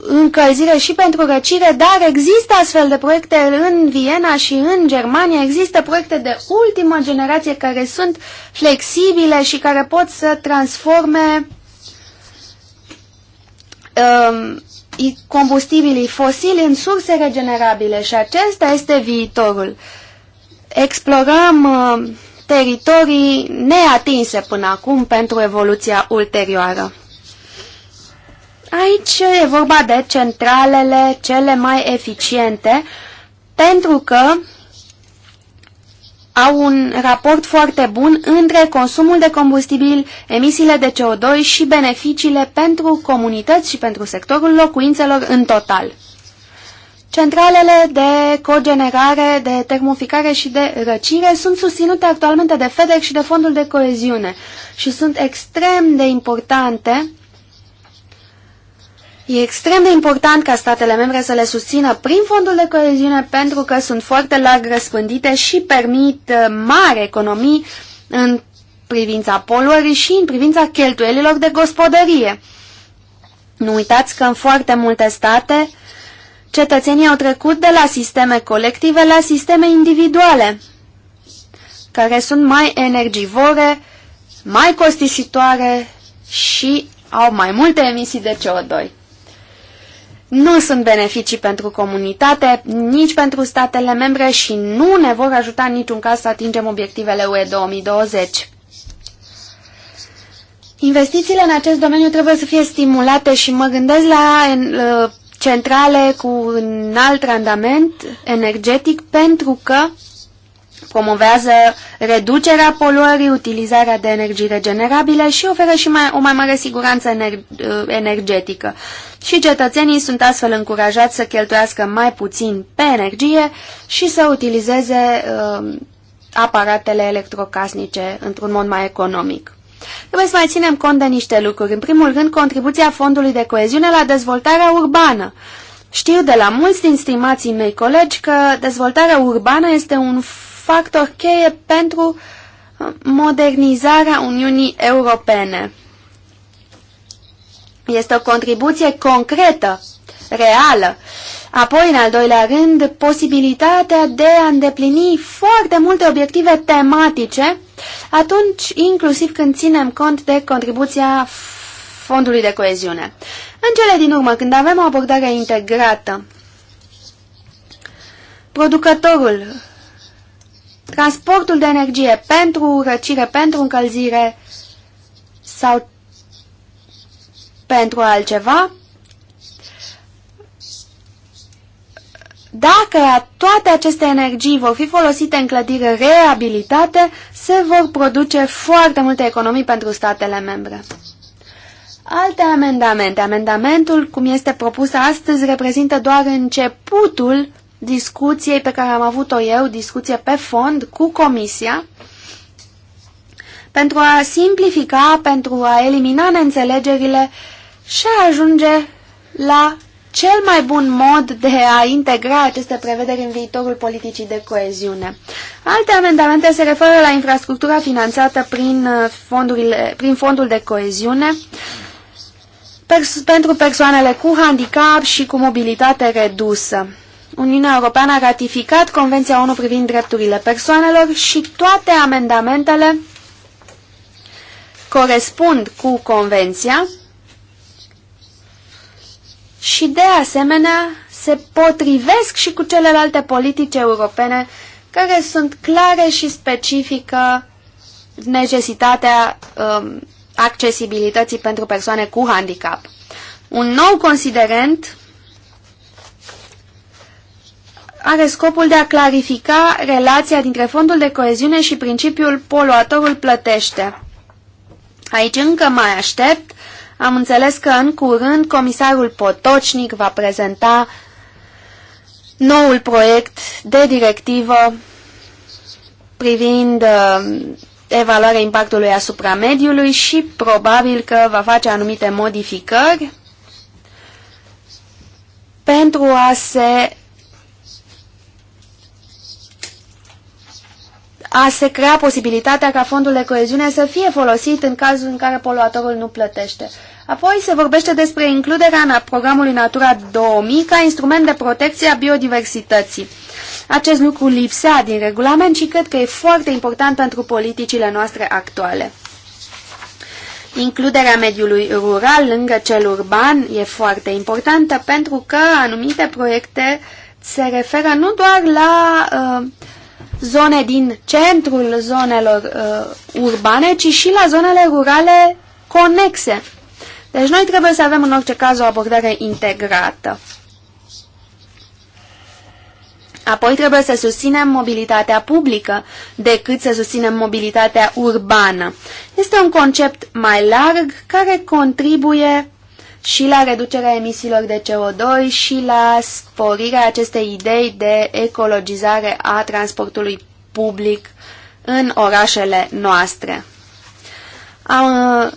încălzire și pentru răcire, dar există astfel de proiecte în Viena și în Germania, există proiecte de ultimă generație care sunt flexibile și care pot să transforme um, combustibilii fosili în surse regenerabile și acesta este viitorul. Explorăm uh, teritorii neatinse până acum pentru evoluția ulterioară. Aici e vorba de centralele cele mai eficiente pentru că au un raport foarte bun între consumul de combustibil, emisiile de CO2 și beneficiile pentru comunități și pentru sectorul locuințelor în total. Centralele de cogenerare, de termoficare și de răcire sunt susținute actualmente de FEDEC și de Fondul de Coeziune și sunt extrem de importante E extrem de important ca statele membre să le susțină prin fondul de coeziune pentru că sunt foarte larg răspândite și permit uh, mari economii în privința poluării și în privința cheltuielilor de gospodărie. Nu uitați că în foarte multe state cetățenii au trecut de la sisteme colective la sisteme individuale, care sunt mai energivore, mai costisitoare și au mai multe emisii de CO2 nu sunt beneficii pentru comunitate, nici pentru statele membre și nu ne vor ajuta în niciun caz să atingem obiectivele UE 2020. Investițiile în acest domeniu trebuie să fie stimulate și mă gândesc la uh, centrale cu un alt randament energetic pentru că Promovează reducerea poluării, utilizarea de energii regenerabile și oferă și mai, o mai mare siguranță ener uh, energetică. Și cetățenii sunt astfel încurajați să cheltuiască mai puțin pe energie și să utilizeze uh, aparatele electrocasnice într-un mod mai economic. Trebuie să mai ținem cont de niște lucruri. În primul rând, contribuția Fondului de Coeziune la dezvoltarea urbană. Știu de la mulți din stimații mei colegi că dezvoltarea urbană este un factor cheie pentru uh, modernizarea Uniunii Europene. Este o contribuție concretă, reală. Apoi, în al doilea rând, posibilitatea de a îndeplini foarte multe obiective tematice, atunci inclusiv când ținem cont de contribuția fondului de coeziune. În cele din urmă, când avem o abordare integrată, producătorul Transportul de energie pentru răcire, pentru încălzire sau pentru altceva, Dacă toate aceste energii vor fi folosite în clădire reabilitate, se vor produce foarte multe economii pentru statele membre. Alte amendamente. Amendamentul, cum este propus astăzi, reprezintă doar începutul discuției pe care am avut-o eu, discuție pe fond cu Comisia, pentru a simplifica, pentru a elimina neînțelegerile și a ajunge la cel mai bun mod de a integra aceste prevederi în viitorul politicii de coeziune. Alte amendamente se referă la infrastructura finanțată prin, uh, fondurile, prin fondul de coeziune pers pentru persoanele cu handicap și cu mobilitate redusă. Uniunea Europeană a ratificat Convenția ONU privind drepturile persoanelor și toate amendamentele corespund cu Convenția și, de asemenea, se potrivesc și cu celelalte politici europene care sunt clare și specifică necesitatea um, accesibilității pentru persoane cu handicap. Un nou considerent are scopul de a clarifica relația dintre fondul de coeziune și principiul poluatorul plătește. Aici încă mai aștept. Am înțeles că în curând comisarul Potocnic va prezenta noul proiect de directivă privind uh, evaluarea impactului asupra mediului și probabil că va face anumite modificări pentru a se a se crea posibilitatea ca fondul de coeziune să fie folosit în cazul în care poluatorul nu plătește. Apoi se vorbește despre includerea în programului Natura 2000 ca instrument de protecție a biodiversității. Acest lucru lipsea din regulament și cred că e foarte important pentru politicile noastre actuale. Includerea mediului rural lângă cel urban e foarte importantă pentru că anumite proiecte se referă nu doar la uh, zone din centrul zonelor uh, urbane, ci și la zonele rurale conexe. Deci noi trebuie să avem în orice caz o abordare integrată. Apoi trebuie să susținem mobilitatea publică decât să susținem mobilitatea urbană. Este un concept mai larg care contribuie și la reducerea emisiilor de CO2 și la sporirea acestei idei de ecologizare a transportului public în orașele noastre. Am uh,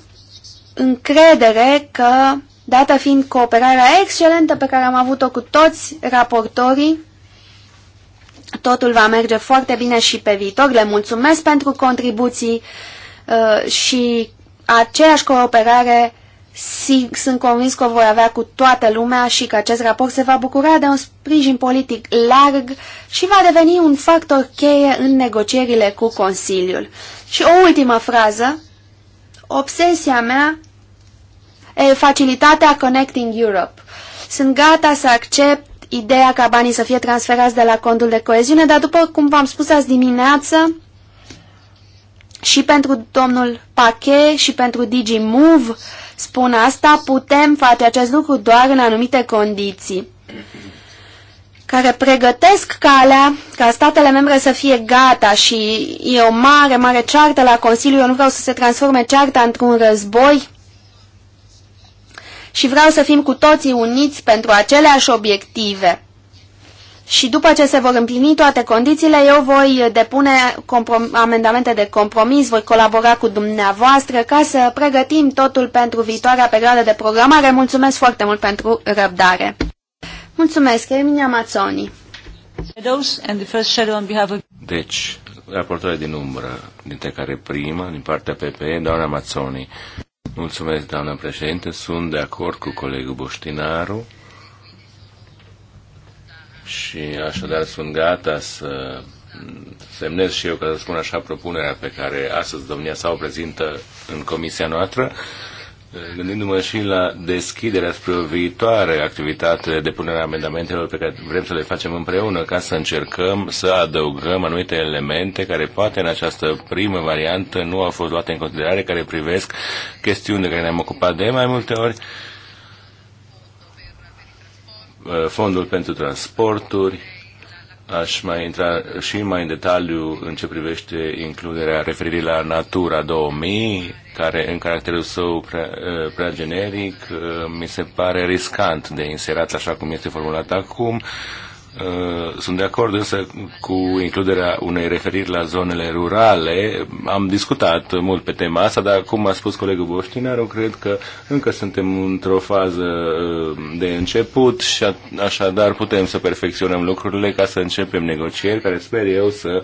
încredere că, dată fiind cooperarea excelentă pe care am avut-o cu toți raportorii, totul va merge foarte bine și pe viitor. Le mulțumesc pentru contribuții uh, și aceeași cooperare sunt convins că o voi avea cu toată lumea și că acest raport se va bucura de un sprijin politic larg și va deveni un factor cheie în negocierile cu Consiliul. Și o ultimă frază, obsesia mea e facilitatea Connecting Europe. Sunt gata să accept ideea ca banii să fie transferați de la contul de coeziune, dar după cum v-am spus azi dimineață, și pentru domnul Pache și pentru DigiMove spun asta, putem face acest lucru doar în anumite condiții care pregătesc calea ca statele membre să fie gata și e o mare, mare ceartă la Consiliu. Eu nu vreau să se transforme cearta într-un război și vreau să fim cu toții uniți pentru aceleași obiective și după ce se vor împlini toate condițiile, eu voi depune amendamente de compromis, voi colabora cu dumneavoastră ca să pregătim totul pentru viitoarea perioadă de programare. Mulțumesc foarte mult pentru răbdare. Mulțumesc, Emilia Mazzoni. Deci, raportoare din umbră, dintre care prima, din partea PPE, doamna Mazzoni. Mulțumesc, doamna președinte, sunt de acord cu colegul Boștinaru și așadar sunt gata să semnez și eu, ca să spun așa, propunerea pe care astăzi domnia sa o prezintă în comisia noastră, gândindu-mă și la deschiderea spre o viitoare activitate de punere a amendamentelor pe care vrem să le facem împreună, ca să încercăm să adăugăm anumite elemente care poate în această primă variantă nu au fost luate în considerare, care privesc chestiuni de care ne-am ocupat de mai multe ori, Uh, fondul pentru transporturi, aș mai intra și mai în detaliu în ce privește includerea referirii la Natura 2000, care în caracterul său prea, uh, prea generic uh, mi se pare riscant de inserat așa cum este formulat acum. Uh, Uh, sunt de acord însă cu includerea unei referiri la zonele rurale. Am discutat mult pe tema asta, dar cum a spus colegul Boștinaru, cred că încă suntem într-o fază uh, de început și așadar putem să perfecționăm lucrurile ca să începem negocieri care sper eu să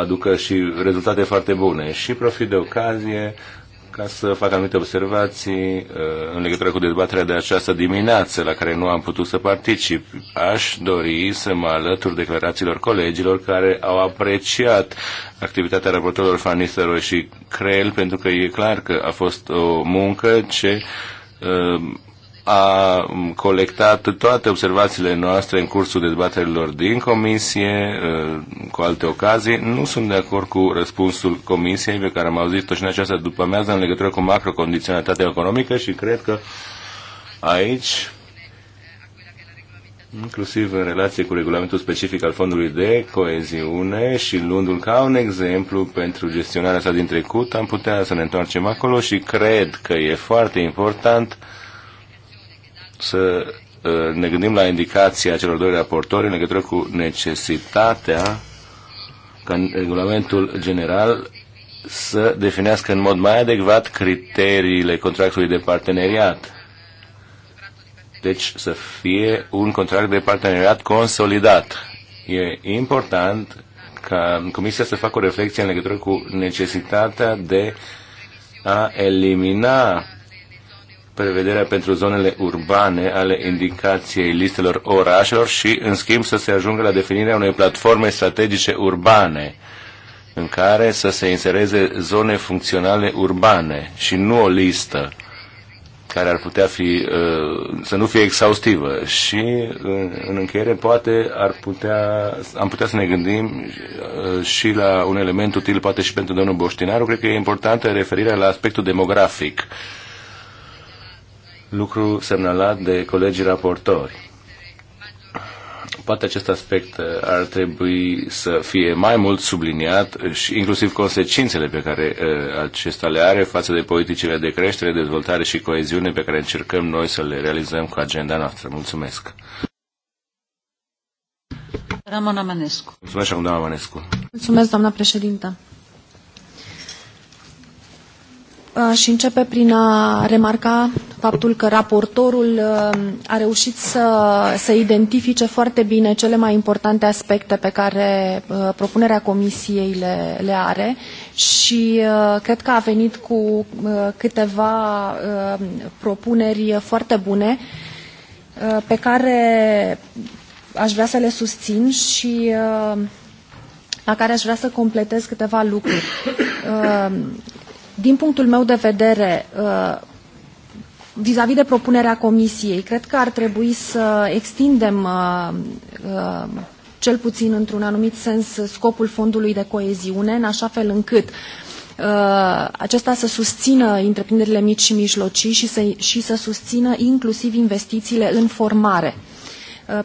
aducă și rezultate foarte bune. Și profit de ocazie ca să fac anumite observații uh, în legătură cu dezbaterea de această dimineață, la care nu am putut să particip. Aș dori să mă alătur declarațiilor colegilor care au apreciat activitatea raportorilor Fanisteroi și Creel, pentru că e clar că a fost o muncă ce uh, a colectat toate observațiile noastre în cursul dezbaterilor din comisie, ă, cu alte ocazii. Nu sunt de acord cu răspunsul comisiei pe care am auzit-o și în această după mează în legătură cu macrocondiționalitatea economică și cred că aici inclusiv în relație cu regulamentul specific al fondului de coeziune și luându-l ca un exemplu pentru gestionarea sa din trecut, am putea să ne întoarcem acolo și cred că e foarte important să uh, ne gândim la indicația celor doi raportori în legătură cu necesitatea ca în regulamentul general să definească în mod mai adecvat criteriile contractului de parteneriat. Deci să fie un contract de parteneriat consolidat. E important ca Comisia să facă o reflexie în legătură cu necesitatea de a elimina prevederea pentru zonele urbane ale indicației listelor orașelor și, în schimb, să se ajungă la definirea unei platforme strategice urbane în care să se insereze zone funcționale urbane și nu o listă care ar putea fi, uh, să nu fie exhaustivă și în încheiere poate ar putea, am putea să ne gândim uh, și la un element util poate și pentru domnul Boștinaru, cred că e importantă referirea la aspectul demografic lucru semnalat de colegii raportori. Poate acest aspect uh, ar trebui să fie mai mult subliniat și inclusiv consecințele pe care uh, acesta le are față de politicile de creștere, dezvoltare și coeziune pe care încercăm noi să le realizăm cu agenda noastră. Mulțumesc! Ramona Manescu. Mulțumesc, doamna Manescu. Mulțumesc, doamna președintă. aș uh, începe prin a remarca faptul că raportorul uh, a reușit să, să identifice foarte bine cele mai importante aspecte pe care uh, propunerea Comisiei le, le are și cred că a venit cu câteva propuneri foarte bune pe care aș vrea să le susțin și la care aș vrea să completez câteva lucruri. Din punctul meu de vedere, uh, vis-a-vis -vis de propunerea Comisiei, cred că ar trebui să extindem uh, uh, cel puțin într-un anumit sens scopul fondului de coeziune, în așa fel încât acesta să susțină întreprinderile mici și mijlocii și să, și să susțină inclusiv investițiile în formare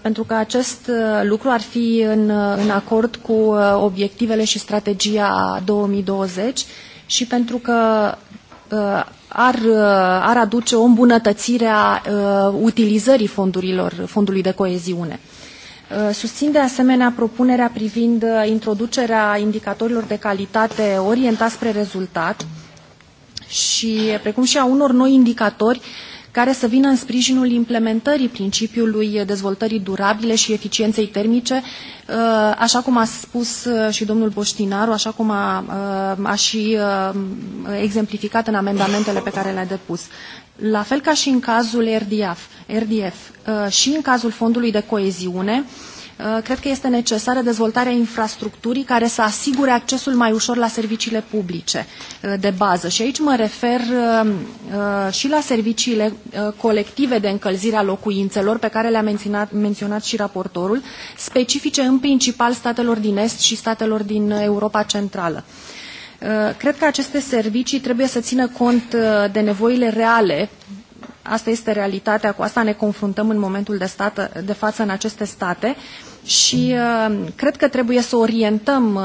pentru că acest lucru ar fi în, în acord cu obiectivele și strategia 2020 și pentru că uh, ar, uh, ar aduce o îmbunătățire a uh, utilizării fondurilor, fondului de coeziune. Susțin de asemenea propunerea privind introducerea indicatorilor de calitate orientați spre rezultat și precum și a unor noi indicatori uh, care să vină în sprijinul implementării principiului dezvoltării durabile și eficienței termice, uh, așa cum a spus uh, și domnul Boștinaru, așa cum a, uh, a și exemplificat în amendamentele pe care le-a depus. La fel ca și în cazul RDF, RDF și în cazul Fondului de Coeziune, Uh, cred că este necesară dezvoltarea infrastructurii care să asigure accesul mai ușor la serviciile publice uh, de bază. Și aici mă refer uh, și la serviciile colective de încălzire a locuințelor, pe care le-a menționat, menționat și raportorul, specifice în principal statelor din Est și statelor din Europa Centrală. Cred că aceste servicii trebuie să țină cont de nevoile reale asta este realitatea, cu asta ne confruntăm în momentul de, de față în aceste state și uh, cred că trebuie să orientăm uh,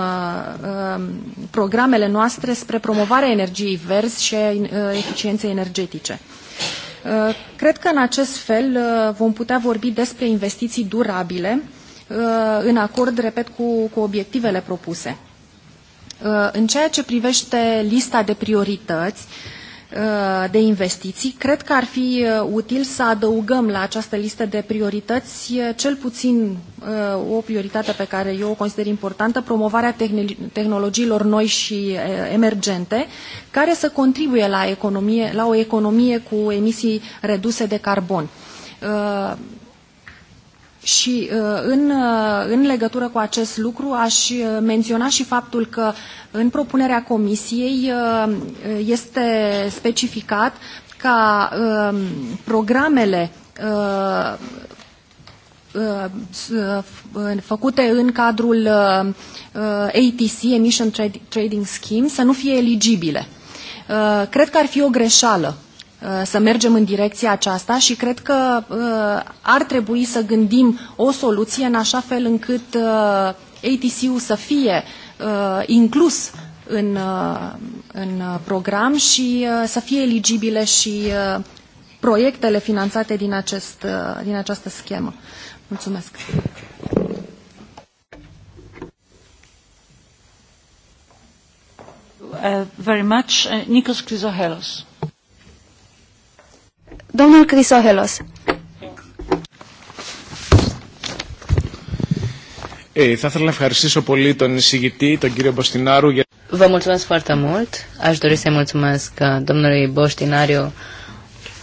uh programele noastre spre promovarea energiei verzi și uh, eficienței energetice. Uh, cred că în acest fel vom putea vorbi despre investiții durabile, în acord, repet, cu, cu obiectivele propuse. În ceea ce privește lista de priorități, uh, Uh, de investiții. Cred că ar fi uh, util să adăugăm la această listă de priorități uh, cel puțin o prioritate pe care eu o consider importantă, promovarea tehnologiilor noi și emergente, care să contribuie la, economie, la o economie cu emisii reduse de carbon. Și uh, în, uh, în legătură cu acest lucru aș uh, menționa și faptul că în propunerea comisiei este specificat ca um, programele făcute în cadrul ATC, Emission Trading Scheme, să nu fie eligibile. Cred că ar fi o greșeală Uh, să mergem în direcția aceasta și cred că uh, ar trebui să gândim o soluție în așa fel încât uh, ATC-ul să fie inclus în, în program și să fie eligibile și proiectele finanțate din, acest, din această schemă. Mulțumesc! Uh, very much. Uh, Nikos Chrysohelos. Domnul Crisohelos. θα ήθελα να ευχαριστήσω πολύ τον εισηγητή, τον κύριο Μποστινάρου. Vă mulțumesc foarte mult. Aș dori să-i mulțumesc uh, domnului Boștinariu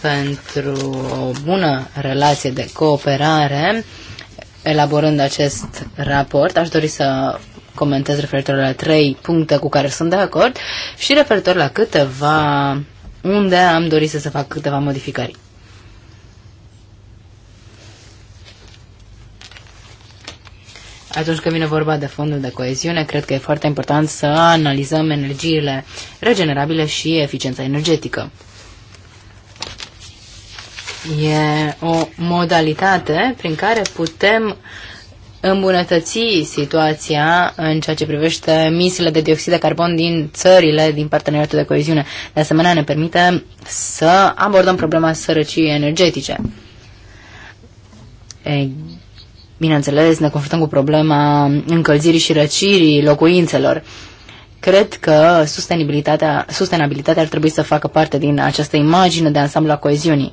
pentru o bună relație de cooperare elaborând acest raport. Aș dori să comentez referitor la trei puncte cu care sunt de acord și referitor la câteva unde am dorit să se fac câteva modificări. Atunci când vine vorba de fondul de coeziune, cred că e foarte important să analizăm energiile regenerabile și eficiența energetică. E o modalitate prin care putem uh, îmbunătăți situația în ceea ce privește emisiile de dioxid de carbon din țările din parteneriatul de coeziune. De asemenea, ne permite să abordăm problema sărăciei energetice. Ei, bineînțeles, ne confruntăm cu problema încălzirii și răcirii locuințelor. Cred că sustenabilitatea, sustenabilitatea ar trebui să facă parte din această imagine de ansamblu a coeziunii.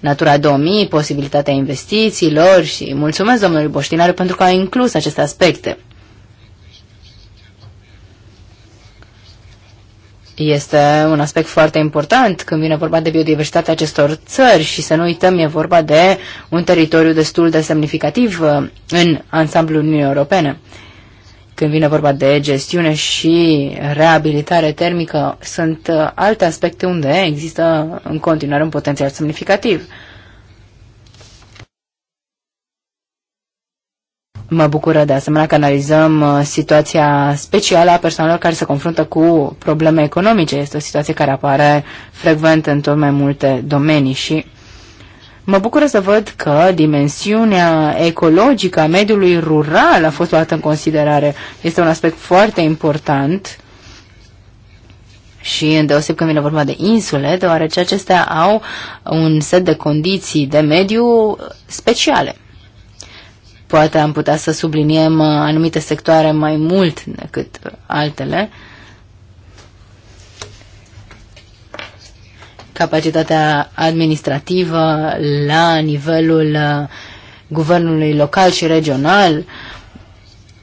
Natura 2000, posibilitatea investițiilor și mulțumesc domnului Boștinaru pentru că a inclus aceste aspecte. Este un aspect foarte important când vine vorba de biodiversitatea acestor țări și să nu uităm, e vorba de un teritoriu destul de semnificativ uh, în ansamblul Uniunii Europene. Când vine vorba de gestiune și reabilitare termică, sunt uh, alte aspecte unde există în continuare un potențial semnificativ. Mă bucură de asemenea că analizăm uh, situația specială a persoanelor care se confruntă cu probleme economice. Este o situație care apare frecvent în tot mai multe domenii și Mă bucură să văd că dimensiunea ecologică a mediului rural a fost luată în considerare. Este un aspect foarte important și îndeoseb când vine vorba de insule, deoarece acestea au un set de condiții de mediu speciale. Poate am putea să subliniem anumite sectoare mai mult decât altele, capacitatea administrativă la nivelul uh, guvernului local și regional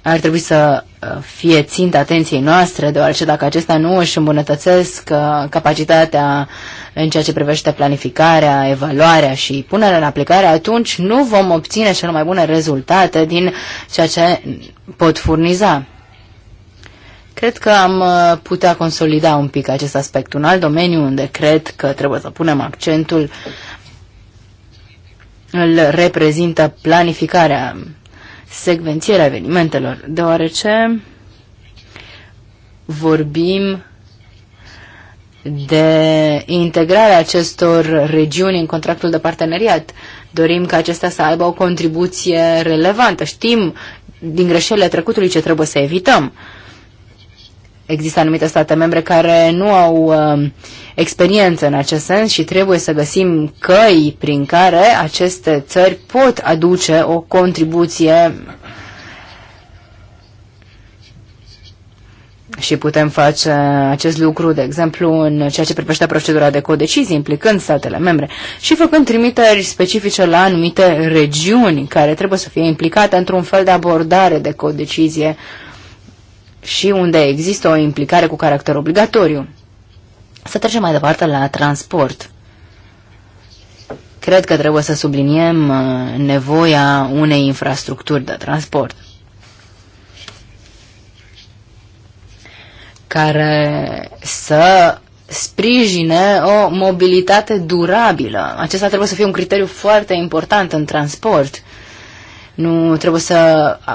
ar trebui să uh, fie țint atenției noastre, deoarece dacă acesta nu își îmbunătățesc uh, capacitatea în ceea ce privește planificarea, evaluarea și punerea în aplicare, atunci nu vom obține cele mai bune rezultate din ceea ce pot furniza. Cred că am uh, putea consolida un pic acest aspect. Un alt domeniu unde cred că trebuie să punem accentul îl reprezintă planificarea, secvențierea evenimentelor, deoarece vorbim de integrarea acestor regiuni în contractul de parteneriat. Dorim ca acestea să aibă o contribuție relevantă. Știm din greșelile trecutului ce trebuie să evităm. Uh, Există anumite state membre care nu au uh, experiență în acest sens și trebuie să găsim căi prin care aceste țări pot aduce o contribuție și putem face acest lucru, de exemplu, în ceea ce privește procedura de codecizie, implicând statele membre și făcând trimiteri specifice la anumite regiuni care trebuie să fie implicate într-un fel de abordare de codecizie uh, și unde există o implicare cu caracter obligatoriu. Să trecem mai departe la transport. Cred că trebuie să subliniem uh, nevoia unei infrastructuri de transport care să sprijine o mobilitate durabilă. Acesta trebuie să fie un criteriu foarte important în transport. Nu trebuie să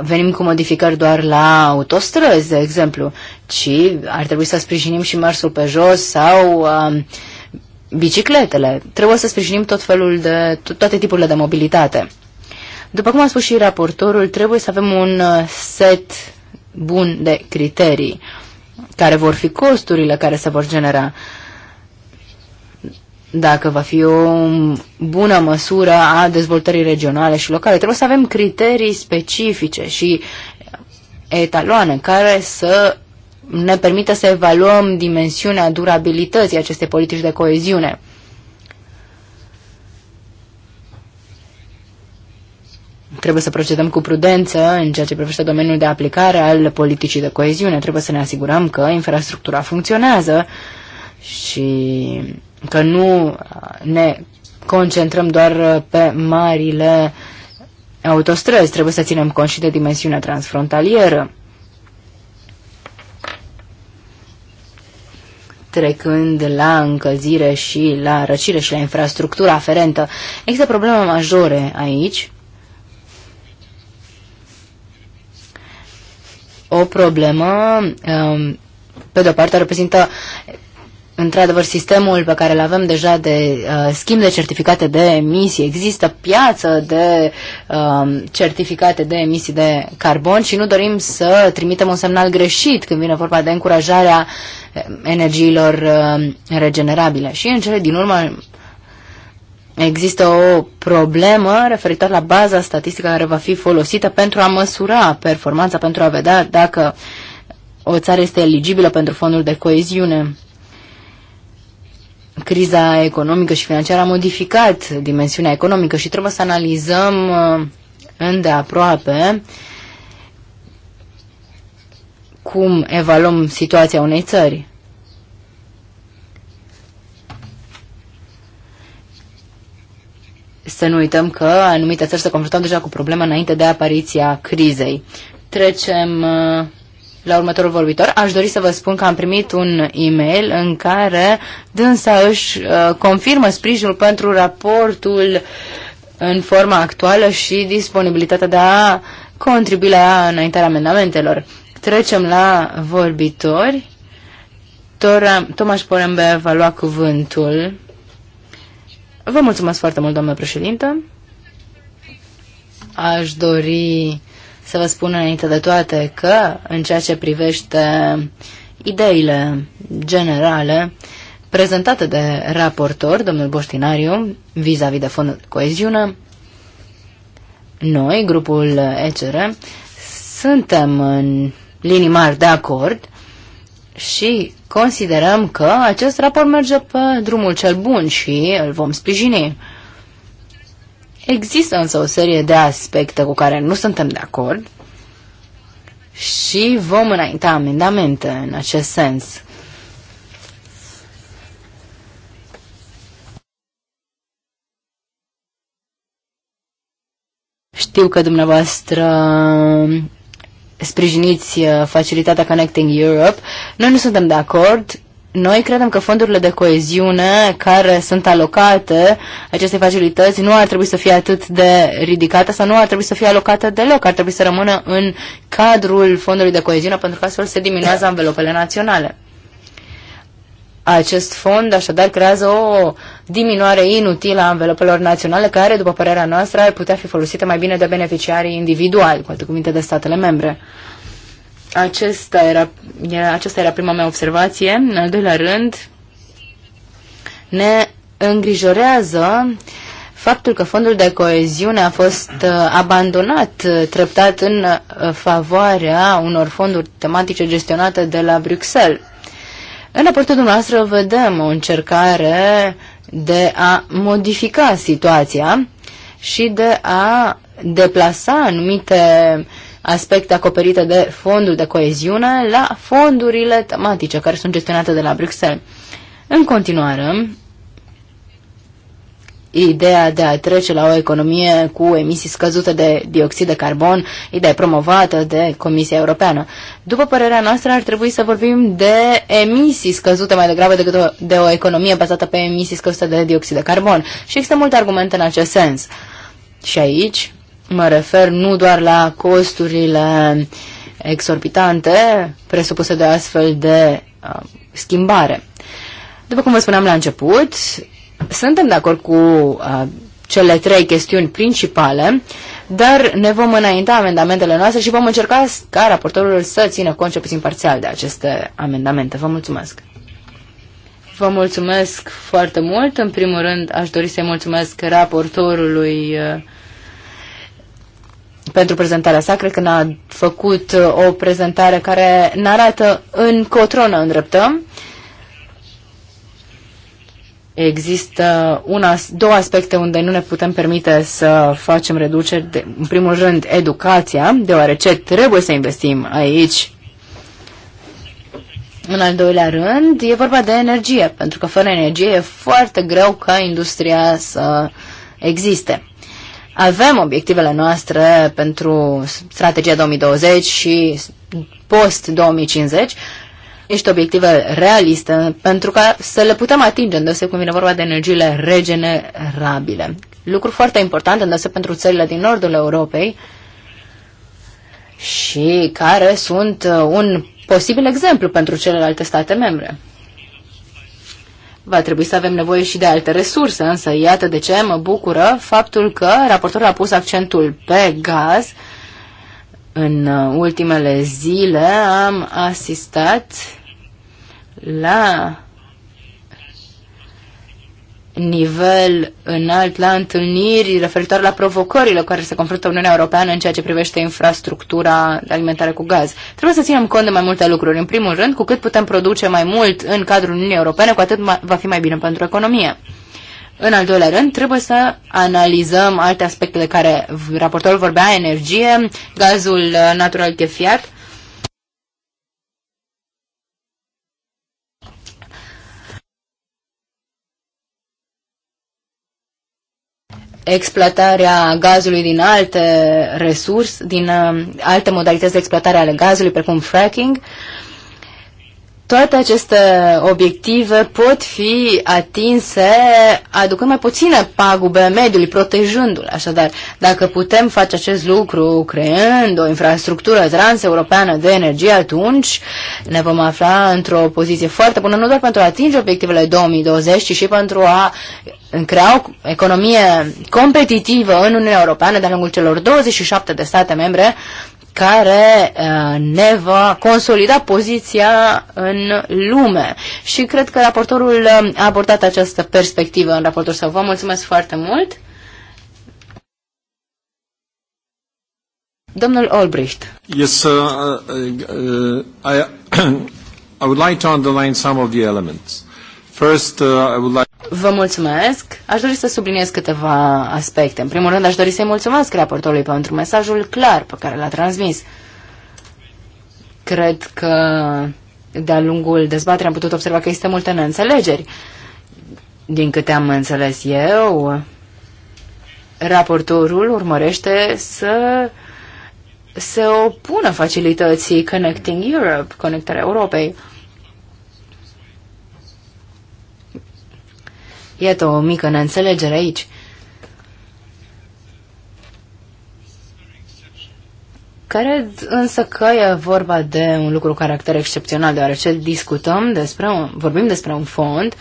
venim cu modificări doar la autostrăzi, de exemplu, ci ar trebui să sprijinim și mersul pe jos sau um, bicicletele. Trebuie să sprijinim tot felul de, to toate tipurile de mobilitate. După cum a spus și raportorul, trebuie să avem un uh, set bun de criterii care vor fi costurile care se vor genera dacă va fi o bună măsură a dezvoltării regionale și locale. Trebuie să avem criterii specifice și etaloane care să ne permită să evaluăm dimensiunea durabilității acestei politici de coeziune. Trebuie să procedăm cu prudență în ceea ce privește domeniul de aplicare al politicii de coeziune. Trebuie să ne asigurăm că infrastructura funcționează și că nu uh, ne concentrăm doar uh, pe marile autostrăzi, trebuie să ținem cont și de dimensiunea transfrontalieră. trecând la încălzire și la răcire și la infrastructura aferentă. Există probleme majore aici. O problemă, um, pe de-o parte, reprezintă Într-adevăr, sistemul pe care îl avem deja de uh, schimb de certificate de emisii, există piață de uh, certificate de emisii de carbon și nu dorim să trimitem un semnal greșit când vine vorba de încurajarea uh, energiilor uh, regenerabile. Și în cele din urmă există o problemă referitoare la baza statistică care va fi folosită pentru a măsura performanța, pentru a vedea dacă o țară este eligibilă pentru fondul de coeziune criza economică și financiară a modificat dimensiunea economică și trebuie să analizăm uh, îndeaproape cum evaluăm situația unei țări. Să nu uităm că anumite țări se confruntau deja cu probleme înainte de apariția crizei. Trecem uh, la următorul vorbitor, aș dori să vă spun că am primit un e-mail în care dânsa își uh, confirmă sprijinul pentru raportul în forma actuală și disponibilitatea de a contribui la înaintarea amendamentelor. Trecem la vorbitori. Tomaș Porembe va lua cuvântul. Vă mulțumesc foarte mult, doamnă președintă. Aș dori să vă spun înainte de toate că, în ceea ce privește ideile generale prezentate de raportor, domnul Boștinariu, vis-a-vis -vis de fondul de coeziune, noi, grupul ECR, suntem în linii mari de acord și considerăm că acest raport merge pe drumul cel bun și îl vom sprijini. Există însă o serie de aspecte cu care nu suntem de acord și vom înainta amendamente în acest sens. Știu că dumneavoastră sprijiniți uh, facilitatea Connecting Europe. Noi nu suntem de acord noi credem că fondurile de coeziune care sunt alocate acestei facilități nu ar trebui să fie atât de ridicate sau nu ar trebui să fie alocate deloc, ar trebui să rămână în cadrul fondului de coeziune pentru că astfel se diminuează anvelopele naționale. Acest fond așadar creează o diminuare inutilă a anvelopelor naționale care, după părerea noastră, ar putea fi folosite mai bine de beneficiarii individuali, cu alte cuvinte de statele membre. Acesta era, era, aceasta era prima mea observație. În al doilea rând, ne îngrijorează faptul că fondul de coeziune a fost uh, abandonat uh, treptat în uh, favoarea unor fonduri tematice gestionate de la Bruxelles. În raportul dumneavoastră vedem o încercare de a modifica situația și de a deplasa anumite uh, aspecte acoperite de fondul de coeziune la fondurile tematice care sunt gestionate de la Bruxelles. În continuare, ideea de a trece la o economie cu emisii scăzute de dioxid de carbon, ideea promovată de Comisia Europeană. După părerea noastră, ar trebui să vorbim de emisii scăzute mai degrabă decât o, de o economie bazată pe emisii scăzute de dioxid de carbon. Și există multe argumente în acest sens. Și aici Mă refer nu doar la costurile exorbitante presupuse de astfel de uh, schimbare. După cum vă spuneam la început, suntem de acord cu uh, cele trei chestiuni principale, dar ne vom înainta amendamentele noastre și vom încerca ca raportorul să țină cont cel puțin parțial de aceste amendamente. Vă mulțumesc! Vă mulțumesc foarte mult. În primul rând, aș dori să-i mulțumesc raportorului uh, pentru prezentarea sa. Cred că ne-a făcut uh, o prezentare care ne arată în cotronă îndreptăm. Există una, două aspecte unde nu ne putem permite să facem reduceri. De, în primul rând, educația, deoarece trebuie să investim aici. În al doilea rând, e vorba de energie, pentru că fără energie e foarte greu ca industria să existe avem obiectivele noastre pentru strategia 2020 și post-2050, niște obiective realiste pentru ca să le putem atinge, îndeoseb cum vine vorba de energiile regenerabile. Lucru foarte important, îndeoseb pentru țările din nordul Europei și care sunt uh, un posibil exemplu pentru celelalte state membre. Va trebui să avem nevoie și de alte resurse, însă iată de ce mă bucură faptul că raportorul a pus accentul pe gaz. În uh, ultimele zile am asistat la nivel înalt la întâlniri referitor la provocările care se confruntă Uniunea Europeană în ceea ce privește infrastructura alimentară cu gaz. Trebuie să ținem cont de mai multe lucruri. În primul rând, cu cât putem produce mai mult în cadrul Uniunii Europene, cu atât va fi mai bine pentru economie. În al doilea rând, trebuie să analizăm alte aspecte de care raportorul vorbea, energie, gazul natural chefiat exploatarea gazului din alte resurse, din uh, alte modalități de exploatare ale gazului, precum fracking, uh, toate aceste obiective pot fi atinse aducând mai puține pagube mediului, protejându-l. Așadar, dacă putem face acest lucru creând o infrastructură transeuropeană de energie, atunci ne vom afla într-o poziție foarte bună, nu doar pentru a atinge obiectivele 2020, ci și pentru a crea o economie competitivă în Uniunea Europeană de-a lungul celor 27 de state membre, care eh, ne va consolida poziția în lume. Și cred că raportorul eh, a abordat această perspectivă în raportul său. Vă mulțumesc foarte mult! Domnul Olbricht. Yes, uh, uh, uh, I, [COUGHS] I would like to underline some of the elements. First, uh, I would like... Vă mulțumesc. Aș dori să subliniez câteva aspecte. În primul rând, aș dori să-i mulțumesc raportorului pentru mesajul clar pe care l-a transmis. Cred că de-a lungul dezbaterii am putut observa că există multe neînțelegeri. Din câte am înțeles eu, raportorul urmărește să se opună facilității Connecting Europe, conectarea Europei. Uh, Iată o mică neînțelegere aici. Cred însă că e vorba de un lucru caracter excepțional, deoarece discutăm despre un, vorbim despre un fond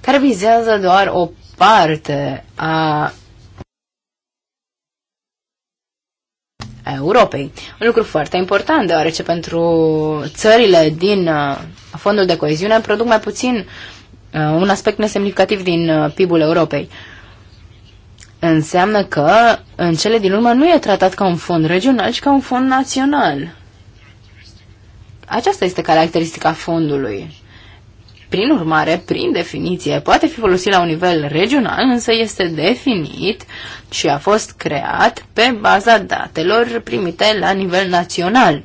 care vizează doar o parte a a Europei. Un lucru foarte important, deoarece pentru țările din uh, fondul de coeziune produc mai puțin Uh, un aspect nesemnificativ din uh, PIB-ul Europei. Înseamnă că în cele din urmă nu e tratat ca un fond regional, ci ca un fond național. Aceasta este caracteristica fondului. Prin urmare, prin definiție, poate fi folosit la un nivel regional, însă este definit și a fost creat pe baza datelor primite la nivel național.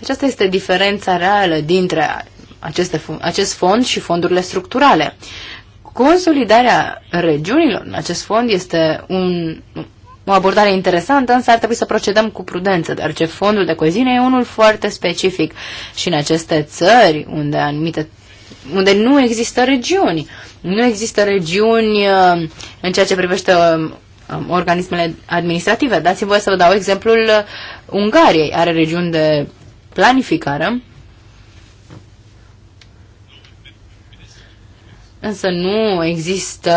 Aceasta este diferența reală dintre aceste, acest fond și fondurile structurale. Consolidarea regiunilor în acest fond este un, o abordare interesantă, însă ar trebui să procedăm cu prudență, dar ce fondul de coeziune e unul foarte specific și în aceste țări unde anumite unde nu există regiuni. Nu există regiuni uh, în ceea ce privește um, um, organismele administrative. Dați-mi voie să vă dau exemplul uh, Ungariei. Are regiuni de planificare, însă nu există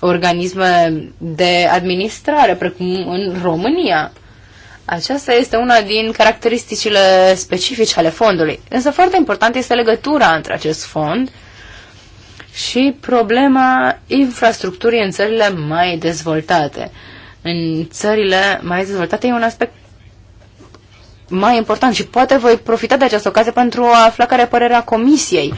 organisme de administrare, precum în România. Aceasta este una din caracteristicile specifice ale fondului. Însă foarte important este legătura între acest fond și problema infrastructurii în țările mai dezvoltate. În țările mai dezvoltate e un aspect mai important și poate voi profita de această ocazie pentru a afla care e părerea Comisiei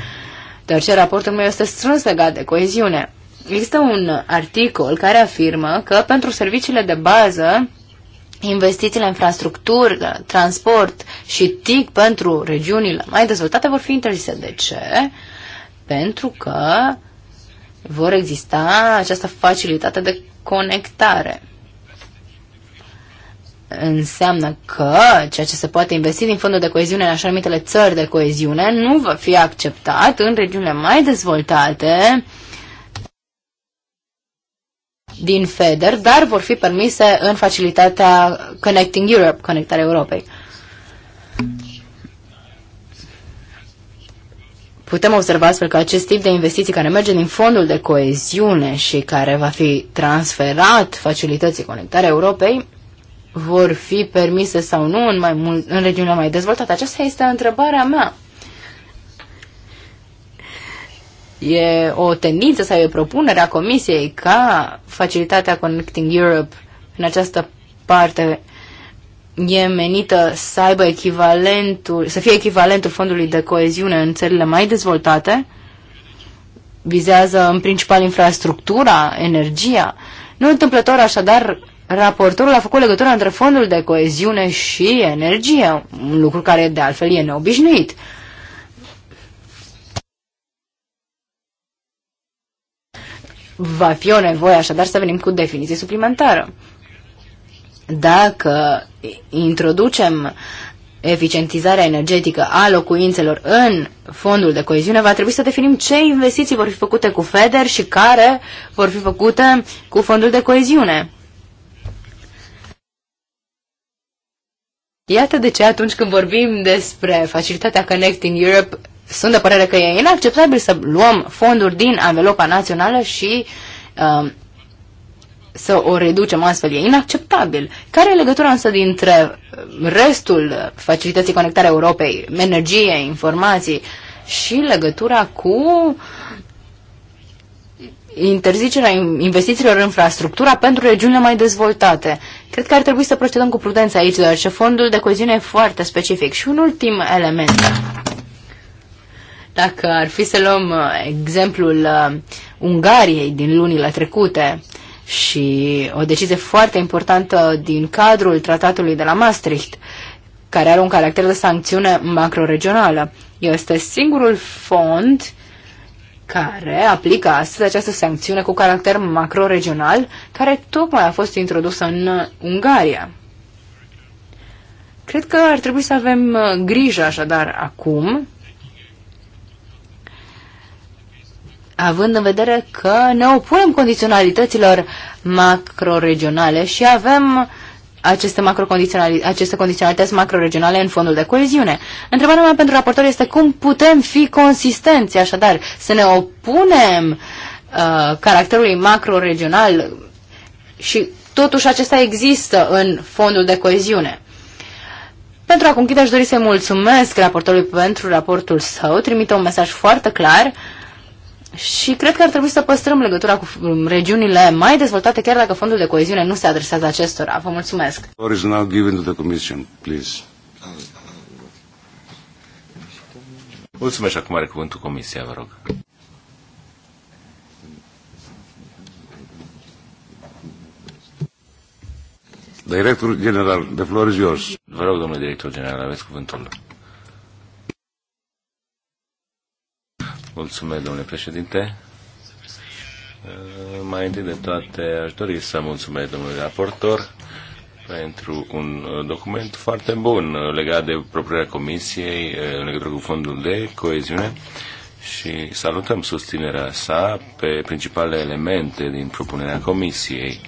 dar ce raportul meu este strâns legat de coeziune. Există un articol care afirmă că pentru serviciile de bază, investițiile în infrastructură, transport și TIC pentru regiunile mai dezvoltate vor fi interzise. De ce? Pentru că vor exista această facilitate de conectare înseamnă că ceea ce se poate investi din fondul de coeziune în așa numitele țări de coeziune nu va fi acceptat în regiunile mai dezvoltate din FEDER, dar vor fi permise în facilitatea Connecting Europe, conectarea Europei. Putem observa astfel că acest tip de investiții care merge din fondul de coeziune și care va fi transferat facilității conectarea Europei vor fi permise sau nu în, mai mult, în regiunile mai dezvoltate? Aceasta este întrebarea mea. E o tendință sau e propunerea Comisiei ca facilitatea Connecting Europe în această parte e menită să aibă echivalentul, să fie echivalentul fondului de coeziune în țările mai dezvoltate? Vizează în principal infrastructura, energia. Nu întâmplător așadar Raportorul a făcut legătura între fondul de coeziune și energie, un lucru care de altfel e neobișnuit. Va fi o nevoie așadar să venim cu definiție suplimentară. Dacă introducem eficientizarea energetică a locuințelor în fondul de coeziune, va trebui să definim ce investiții vor fi făcute cu FEDER și care vor fi făcute cu fondul de coeziune. Iată de ce atunci când vorbim despre facilitatea Connecting Europe, sunt de părere că e inacceptabil să luăm fonduri din anvelopa națională și uh, să o reducem astfel. E inacceptabil. Care e legătura însă dintre restul facilității conectarea Europei, energie, informații și legătura cu interzicerea investițiilor în infrastructura pentru regiunile mai dezvoltate? Cred că ar trebui să procedăm cu prudență aici, deoarece fondul de coziune e foarte specific. Și un ultim element. Dacă ar fi să luăm uh, exemplul uh, Ungariei din lunile trecute și o decizie foarte importantă din cadrul tratatului de la Maastricht, care are un caracter de sancțiune macroregională. Este singurul fond uh, care aplică astăzi această sancțiune cu caracter macroregional, care tocmai a fost introdusă în Ungaria. Cred că ar trebui să avem uh, grijă așadar acum, având în vedere că ne opunem condiționalităților macroregionale și avem aceste, macrocondiționali, aceste condiționalități macroregionale în fondul de coeziune. Întrebarea mea pentru raportor este cum putem fi consistenți, așadar, să ne opunem uh, caracterului macroregional și totuși acesta există în fondul de coeziune. Pentru a conchide, aș dori să-i mulțumesc raportorului pentru raportul său, trimite un mesaj foarte clar și cred că ar trebui să păstrăm legătura cu um, regiunile mai dezvoltate, chiar dacă fondul de coeziune nu se adresează acestora. Vă mulțumesc. Mulțumesc, acum are cuvântul Comisia, vă rog. Director General, de floor is yours. Vă rog, domnule director general, aveți cuvântul. Mulțumesc, domnule președinte. Uh, mai întâi de toate, aș dori să mulțumesc domnului raportor pentru un uh, document foarte bun uh, legat de propria Comisiei în legătură cu fondul de coeziune și salutăm susținerea sa pe principalele elemente din propunerea Comisiei.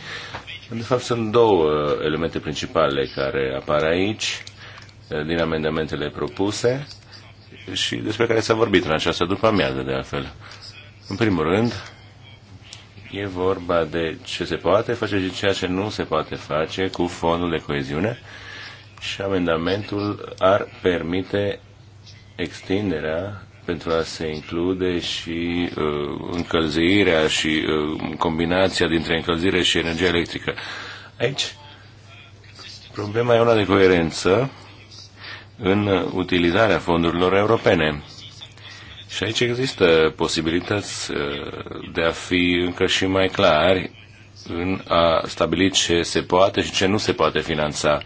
De fapt, sunt două elemente principale care apar aici din amendamentele propuse și despre care s-a vorbit în această după amiază, de altfel. În primul rând, e vorba de ce se poate face și ceea ce nu se poate face cu fondul de coeziune și amendamentul ar permite extinderea pentru a se include și uh, încălzirea și uh, combinația dintre încălzire și energie electrică. Aici, problema e una de coerență în utilizarea fondurilor europene. Și aici există posibilități uh, de a fi încă și mai clari în a stabili ce se poate și ce nu se poate finanța.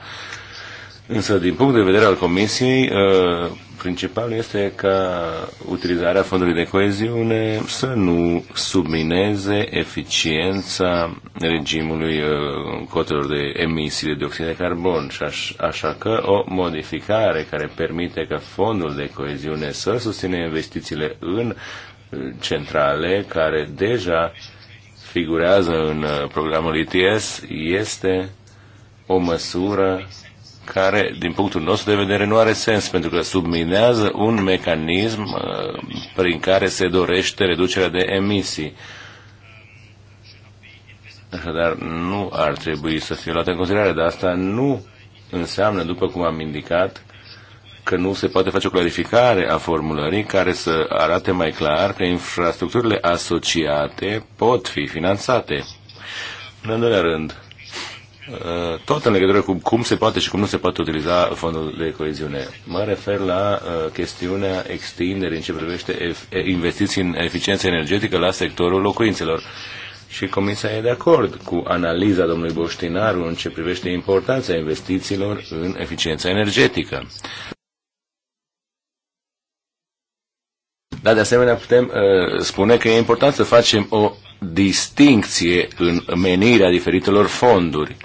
Însă, din punct de vedere al Comisiei, uh, principalul este ca utilizarea fondului de coeziune să nu submineze eficiența regimului uh, cotelor de emisii de dioxid de carbon. Și așa că o modificare care permite ca fondul de coeziune să susține investițiile în uh, centrale care deja figurează în programul ITS este o măsură care, din punctul nostru de vedere, nu are sens, pentru că subminează un mecanism uh, prin care se dorește reducerea de emisii. dar nu ar trebui să fie luată în considerare, dar asta nu înseamnă, după cum am indicat, că nu se poate face o clarificare a formulării care să arate mai clar că infrastructurile asociate pot fi finanțate. În doilea rând, Uh, tot în legătură cu cum se poate și cum nu se poate utiliza fondul de coeziune. Mă refer la uh, chestiunea extinderii în ce privește investiții în eficiență energetică la sectorul locuințelor. Și Comisia e de acord cu analiza domnului Boștinaru în ce privește importanța investițiilor în eficiența energetică. Dar de asemenea putem uh, spune că e important să facem o distincție în menirea diferitelor fonduri.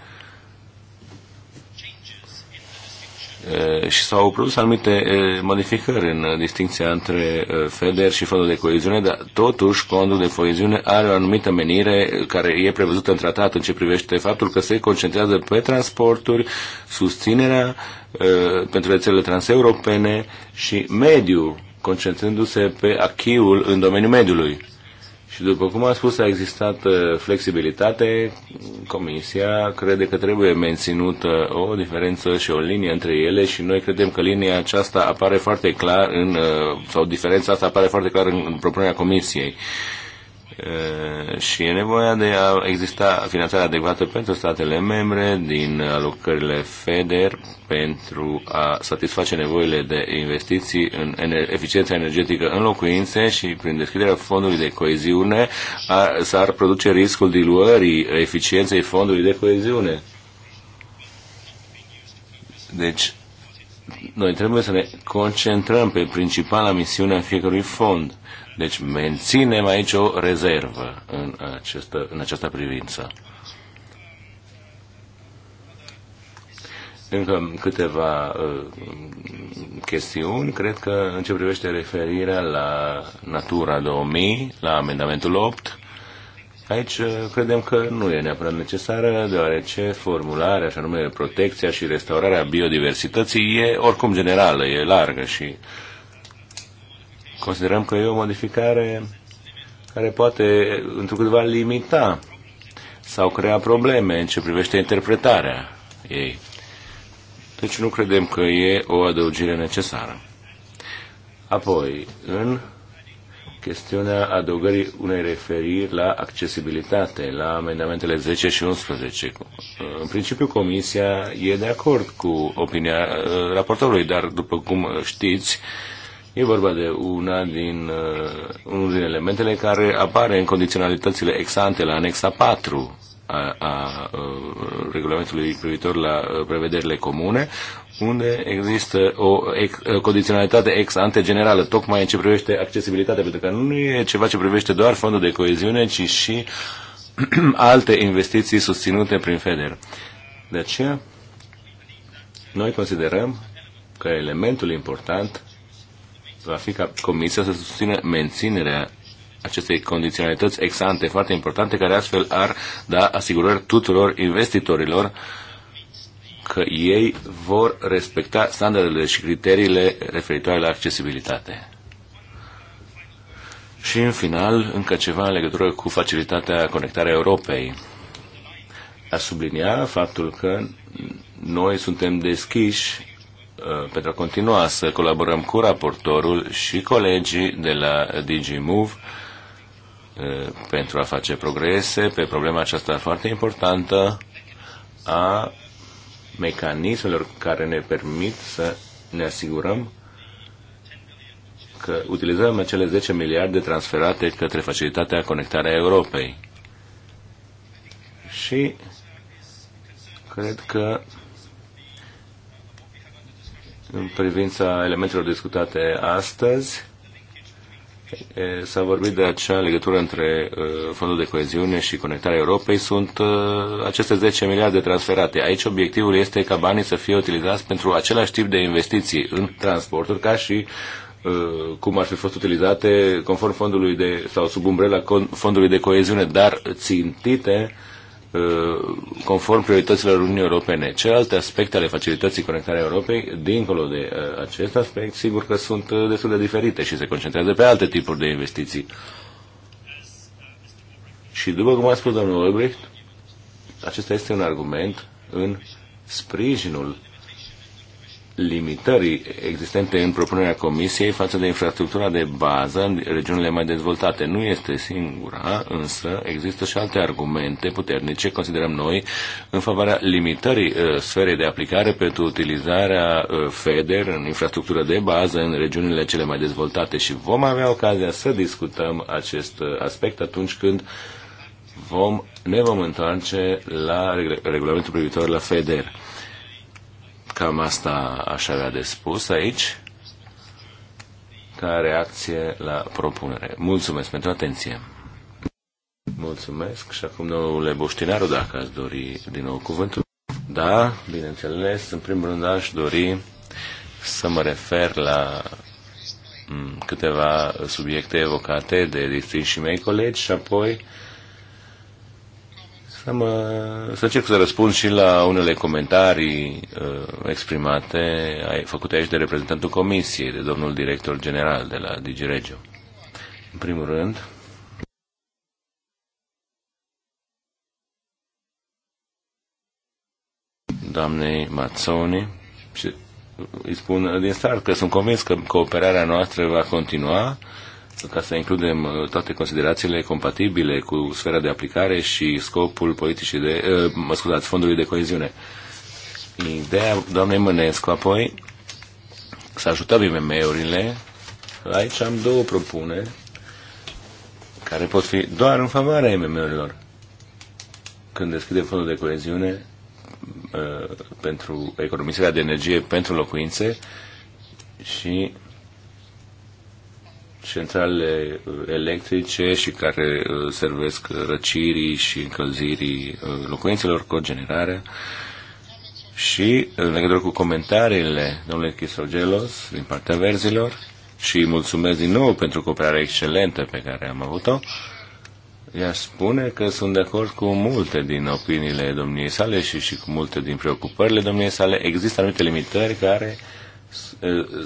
Eh, și s-au produs anumite eh, modificări în eh, distinția între FEDER și fondul de coeziune, dar totuși fondul de coeziune are o anumită menire care e prevăzută în tratat în ce privește faptul că se concentrează pe transporturi, susținerea pentru rețelele transeuropene și mediu, concentrându-se pe achiul în domeniul mediului. Și după cum am spus, a existat uh, flexibilitate. Comisia crede că trebuie menținută o diferență și o linie între ele și noi credem că linia aceasta apare foarte clar în, uh, sau diferența asta apare foarte clar în, în propunerea Comisiei. Uh, Eh, și e nevoia de a exista finanțare adecvată pentru statele membre din alocările FEDER pentru a satisface nevoile de investiții în eficiența energetică în locuințe și prin deschiderea fondului de coeziune s-ar produce riscul diluării eficienței fondului de coeziune. Deci, noi trebuie să ne concentrăm pe principala misiune a fiecărui fond deci menținem aici o rezervă în această, în această privință. Încă câteva uh, chestiuni. Cred că în ce privește referirea la Natura 2000, la amendamentul 8, Aici uh, credem că nu e neapărat necesară, deoarece formularea, așa nume protecția și restaurarea biodiversității, e oricum generală, e largă și uh, considerăm că e o modificare care poate întrucâtva limita sau crea probleme în ce privește interpretarea ei. Deci nu credem că e o adăugire necesară. Apoi, în chestiunea adăugării unei referiri la accesibilitate, la amendamentele 10 și 11. În principiu, Comisia e de acord cu opinia uh, raportorului, dar, după cum știți, E vorba de una din, uh, unul din elementele care apare în condiționalitățile exante la anexa 4 a, a, uh, regulamentului privitor la uh, prevederile comune, unde există o ex, uh, condiționalitate ex ante generală, tocmai în ce privește accesibilitatea, pentru că nu e ceva ce privește doar fondul de coeziune, ci și [CLEARS THROAT] alte investiții susținute prin FEDER. De aceea, noi considerăm că elementul important va fi ca Comisia să susțină menținerea acestei condiționalități exante foarte importante, care astfel ar da asigurări tuturor investitorilor că ei vor respecta standardele și criteriile referitoare la accesibilitate. Și în final, încă ceva în legătură cu facilitatea conectarea Europei. A sublinia faptul că noi suntem deschiși Uh, pentru a continua să colaborăm cu raportorul și colegii de la DigiMove uh, pentru a face progrese pe problema aceasta foarte importantă a mecanismelor care ne permit să ne asigurăm că utilizăm acele 10 miliarde transferate către facilitatea conectarea Europei. Și cred că în privința elementelor discutate astăzi. S-a vorbit de acea legătură între fondul de coeziune și conectarea Europei. Sunt aceste 10 miliarde transferate. Aici obiectivul este ca banii să fie utilizați pentru același tip de investiții în transporturi ca și cum ar fi fost utilizate conform fondului de, sau sub umbrela fondului de coeziune, dar țintite uh, Uh, conform priorităților Uniunii Europene. Celelalte aspecte ale facilității conectarea Europei, dincolo de uh, acest aspect, sigur că sunt uh, destul de diferite și se concentrează pe alte tipuri de investiții. Și după cum a spus domnul Olbricht, acesta este un argument în sprijinul limitării existente în propunerea Comisiei față de infrastructura de bază în regiunile mai dezvoltate. Nu este singura, însă există și alte argumente puternice, considerăm noi, în favoarea limitării uh, sferei de aplicare pentru utilizarea uh, FEDER în infrastructură de bază în regiunile cele mai dezvoltate și vom avea ocazia să discutăm acest uh, aspect atunci când vom, ne vom întoarce la regulamentul privitor la FEDER. Cam asta aș avea de spus aici ca reacție la propunere. Mulțumesc pentru atenție. Mulțumesc și acum domnule Boștinaru, dacă ați dori din nou cuvântul. Da, bineînțeles, în primul rând aș dori să mă refer la câteva subiecte evocate de distinși mei colegi și apoi să, mă, uh, să încerc să răspund și la unele comentarii uh, exprimate, făcute aici de reprezentantul Comisiei, de domnul director general de la DigiRegio. În primul rând, doamnei Mazzoni și îi spun din start că sunt convins că cooperarea noastră va continua uh, ca să includem uh, toate considerațiile compatibile cu sfera de aplicare și scopul politicii de, uh, mă scuzați, fondului de coeziune. Ideea doamnei Mănescu apoi să ajutăm IMM-urile. Aici am două propuneri care pot fi doar în favoarea IMM-urilor. Când deschidem fondul de coeziune uh, pentru economisirea de energie pentru locuințe și centrale uh, electrice și care uh, servesc uh, răcirii și încălzirii locuințelor, generare. Și în legătură cu comentariile domnului Chisogelos din partea verzilor și mulțumesc din nou pentru cooperarea excelentă pe care am avut-o, ea spune că sunt de acord cu multe din opiniile domniei sale și, și cu multe din preocupările domniei sale. Există anumite limitări care uh,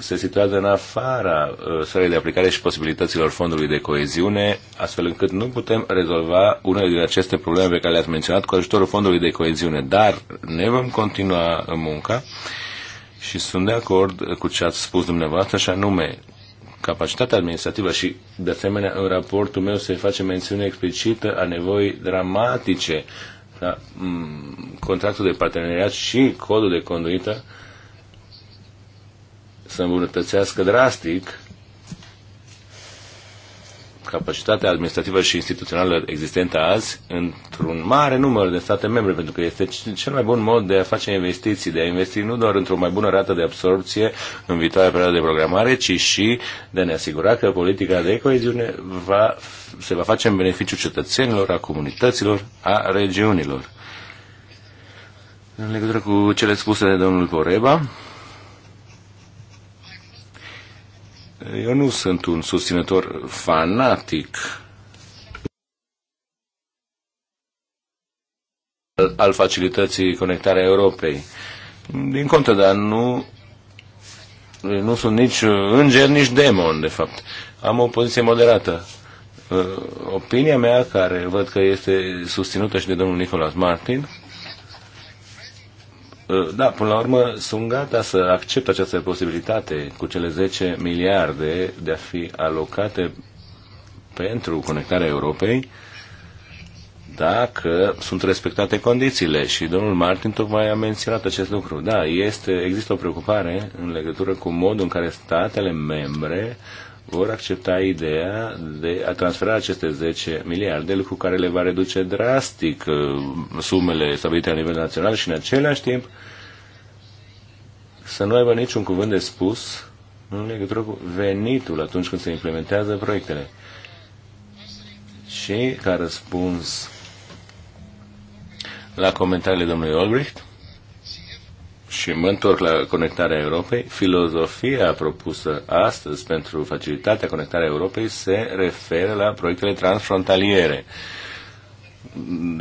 se situează în afara uh, sferei de aplicare și posibilităților fondului de coeziune, astfel încât nu putem rezolva unele din aceste probleme pe care le-ați menționat cu ajutorul fondului de coeziune. Dar ne vom continua munca și sunt de acord cu ce ați spus dumneavoastră, și anume capacitatea administrativă și, de asemenea, în raportul meu se face mențiune explicită a nevoi dramatice la mm, contractul de parteneriat și codul de conduită să îmbunătățească drastic capacitatea administrativă și instituțională existentă azi într-un mare număr de state membre, pentru că este cel mai bun mod de a face investiții, de a investi nu doar într-o mai bună rată de absorpție în viitoarea perioadă de programare, ci și de a ne asigura că politica de coeziune va, se va face în beneficiu cetățenilor, a comunităților, a regiunilor. În legătură cu cele spuse de domnul Poreba, Eu nu sunt un susținător fanatic al, al facilității conectarea Europei. Din contă, dar nu, nu sunt nici înger, nici demon, de fapt. Am o poziție moderată. Opinia mea, care văd că este susținută și de domnul Nicolas Martin, Uh, da, până la urmă sunt gata să accept această posibilitate cu cele 10 miliarde de a fi alocate pentru conectarea Europei dacă sunt respectate condițiile și domnul Martin tocmai a menționat acest lucru. Da, este, există o preocupare în legătură cu modul în care statele membre vor accepta ideea de a transfera aceste 10 miliarde, lucru care le va reduce drastic uh, sumele stabilite la nivel național și în același timp să nu aibă niciun cuvânt de spus în legătură cu venitul atunci când se implementează proiectele. Și ca răspuns la comentariile domnului Olbricht, și mă întorc la conectarea Europei, filozofia propusă astăzi pentru facilitatea conectarea Europei se referă la proiectele transfrontaliere.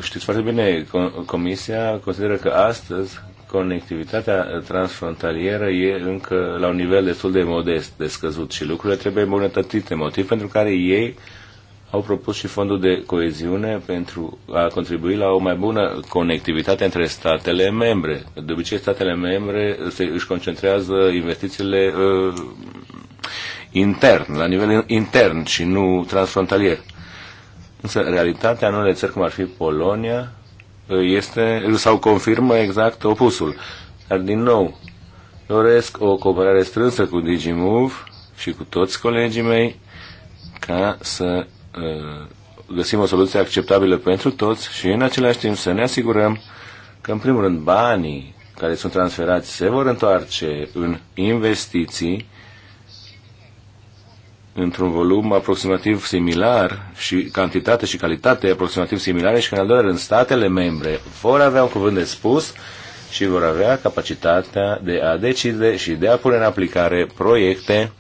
Știți foarte bine, Comisia consideră că astăzi conectivitatea transfrontalieră e încă la un nivel destul de modest, de scăzut și lucrurile trebuie îmbunătățite, motiv pentru care ei au propus și fondul de coeziune pentru a contribui la o mai bună conectivitate între statele membre. De obicei, statele membre se, își concentrează investițiile uh, intern, la nivel intern și nu transfrontalier. Însă, realitatea în unele țări, cum ar fi Polonia, uh, este, sau confirmă exact opusul. Dar, din nou, doresc o cooperare strânsă cu DigiMove și cu toți colegii mei ca să Uh, găsim o soluție acceptabilă pentru toți și în același timp să ne asigurăm că, în primul rând, banii care sunt transferați se vor întoarce în investiții într-un volum aproximativ similar și cantitate și calitate aproximativ similare și în al doilea rând, statele membre vor avea un cuvânt de spus și vor avea capacitatea de a decide și de a pune în aplicare proiecte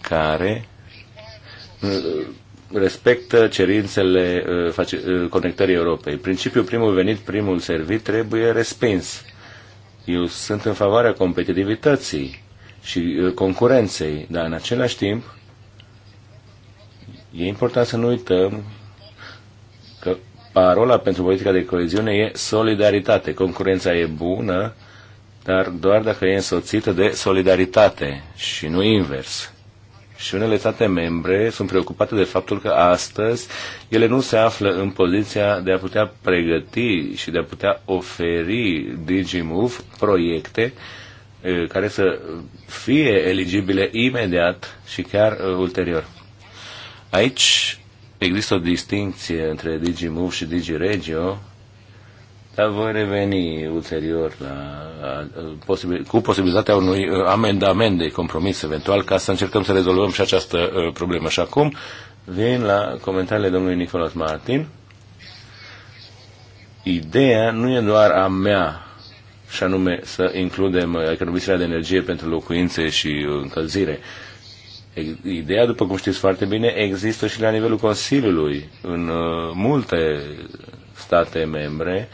care uh, respectă cerințele uh, uh, conectării Europei. Principiul primul venit, primul servit trebuie respins. Eu sunt în favoarea competitivității și uh, concurenței, dar în același timp e important să nu uităm că parola pentru politica de coeziune e solidaritate. Concurența e bună, dar doar dacă e însoțită de solidaritate și nu invers și unele state membre sunt preocupate de faptul că astăzi ele nu se află în poziția de a putea pregăti și de a putea oferi DigiMove proiecte eh, care să fie eligibile imediat și chiar eh, ulterior. Aici există o distinție între DigiMove și DigiRegio dar voi reveni ulterior la, la, posibil, cu posibilitatea unui uh, amendament de compromis eventual ca să încercăm să rezolvăm și această uh, problemă. Și acum vin la comentariile domnului Nicolas Martin. Ideea nu e doar a mea, și anume să includem uh, economisirea de energie pentru locuințe și uh, încălzire. Ideea, după cum știți foarte bine, există și la nivelul Consiliului, în uh, multe state membre,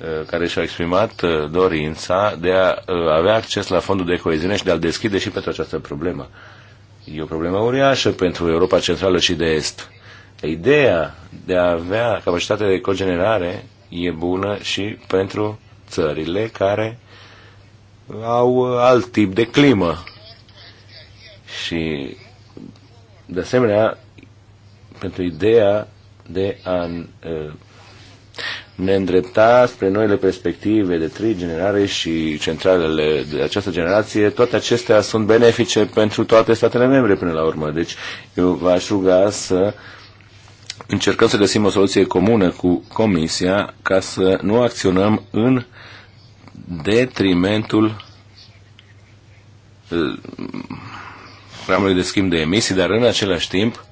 Uh, care și-au exprimat uh, dorința de a uh, avea acces la fondul de coeziune și de a-l deschide și pentru această problemă. E o problemă uriașă pentru Europa Centrală și de Est. Ideea de a avea capacitatea de cogenerare e bună și pentru țările care au alt tip de climă. Și, de asemenea, pentru ideea de a ne îndrepta spre noile perspective de trei generare și centralele de această generație, toate acestea sunt benefice pentru toate statele membre până la urmă. Deci eu v-aș ruga să încercăm să găsim o soluție comună cu Comisia ca să nu acționăm în detrimentul programului eh, de schimb de emisii, dar în același timp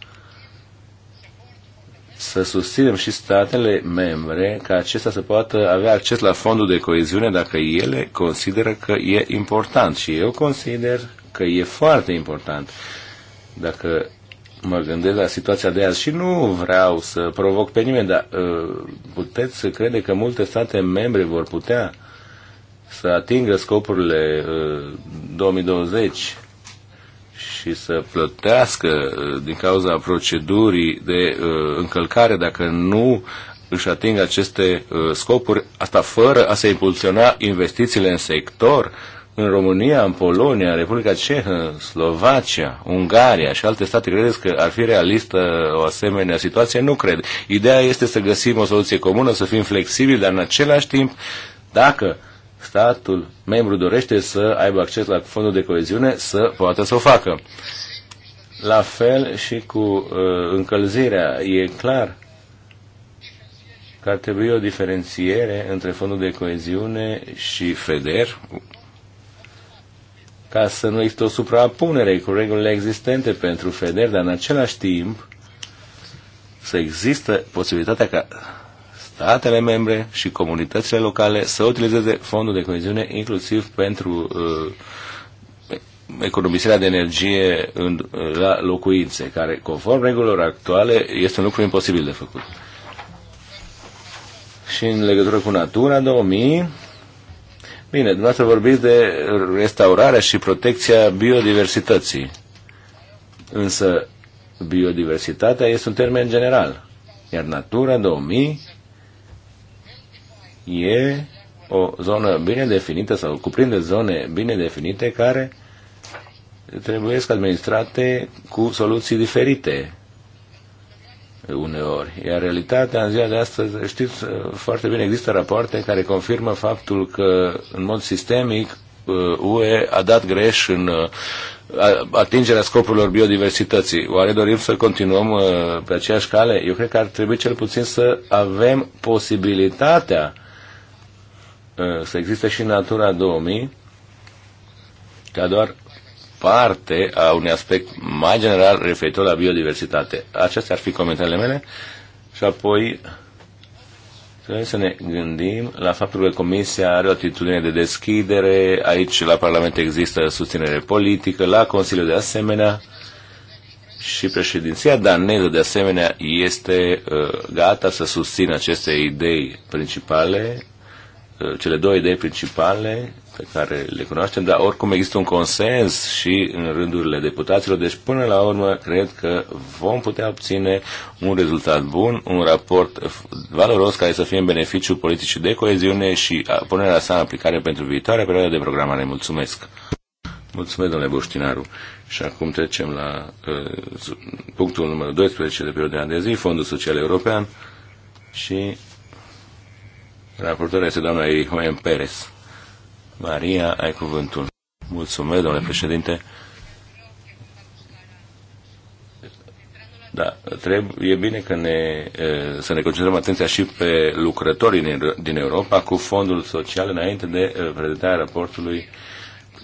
să susținem și statele membre ca acestea să poată avea acces la fondul de coeziune dacă ele consideră că e important. Și eu consider că e foarte important. Dacă mă gândesc la situația de azi și nu vreau să provoc pe nimeni, dar uh, puteți să crede că multe state membre vor putea să atingă scopurile uh, 2020 și să plătească uh, din cauza procedurii de uh, încălcare dacă nu își ating aceste uh, scopuri, asta fără a se impulsiona investițiile în sector, în România, în Polonia, în Republica Cehă, Slovacia, Ungaria și alte state, credeți că ar fi realistă o asemenea situație? Nu cred. Ideea este să găsim o soluție comună, să fim flexibili, dar în același timp, dacă uh, statul membru dorește să aibă acces la fondul de coeziune, să poată să o facă. La fel și cu uh, încălzirea. E clar că ar trebui o diferențiere între fondul de coeziune și FEDER ca să nu există o suprapunere cu regulile existente pentru FEDER, dar în același timp să există posibilitatea ca statele membre și comunitățile locale să utilizeze fondul de coeziune inclusiv pentru uh, economisirea de energie în, uh, la locuințe, care, conform regulilor actuale, este un lucru imposibil de făcut. Și în legătură cu Natura 2000, bine, dumneavoastră vorbiți de restaurarea și protecția biodiversității. Însă, biodiversitatea este un termen general, iar Natura 2000 e o zonă bine definită sau cuprinde zone bine definite care trebuie să administrate cu soluții diferite uneori. Iar realitatea în ziua de astăzi, știți uh, foarte bine, există rapoarte care confirmă faptul că în mod sistemic UE uh, a dat greș în uh, atingerea scopurilor biodiversității. Oare dorim să continuăm pe aceeași cale? Eu cred că ar trebui cel puțin să avem posibilitatea Uh, să existe și Natura 2000 ca doar parte a unui aspect mai general referitor la biodiversitate. Acestea ar fi comentariile mele și apoi trebuie să ne gândim la faptul că Comisia are o atitudine de deschidere, aici la Parlament există susținere politică, la Consiliu de asemenea și președinția daneză de asemenea este uh, gata să susțină aceste idei principale Uh, cele două idei principale pe care le cunoaștem, dar oricum există un consens și în rândurile deputaților, deci până la urmă cred că vom putea obține un rezultat bun, un raport valoros care să fie în beneficiu politicii de coeziune și punerea sa în aplicare pentru viitoarea perioadă de programare. Mulțumesc! Mulțumesc, domnule Boștinaru. Și acum trecem la uh, punctul numărul 12 de perioada de zi, Fondul Social European și Raportoarea este doamna Irihoen Perez. Maria, ai cuvântul. Mulțumesc, domnule președinte. Da, trebuie, e bine că ne, să ne concentrăm atenția și pe lucrătorii din, din Europa cu fondul social înainte de prezentarea raportului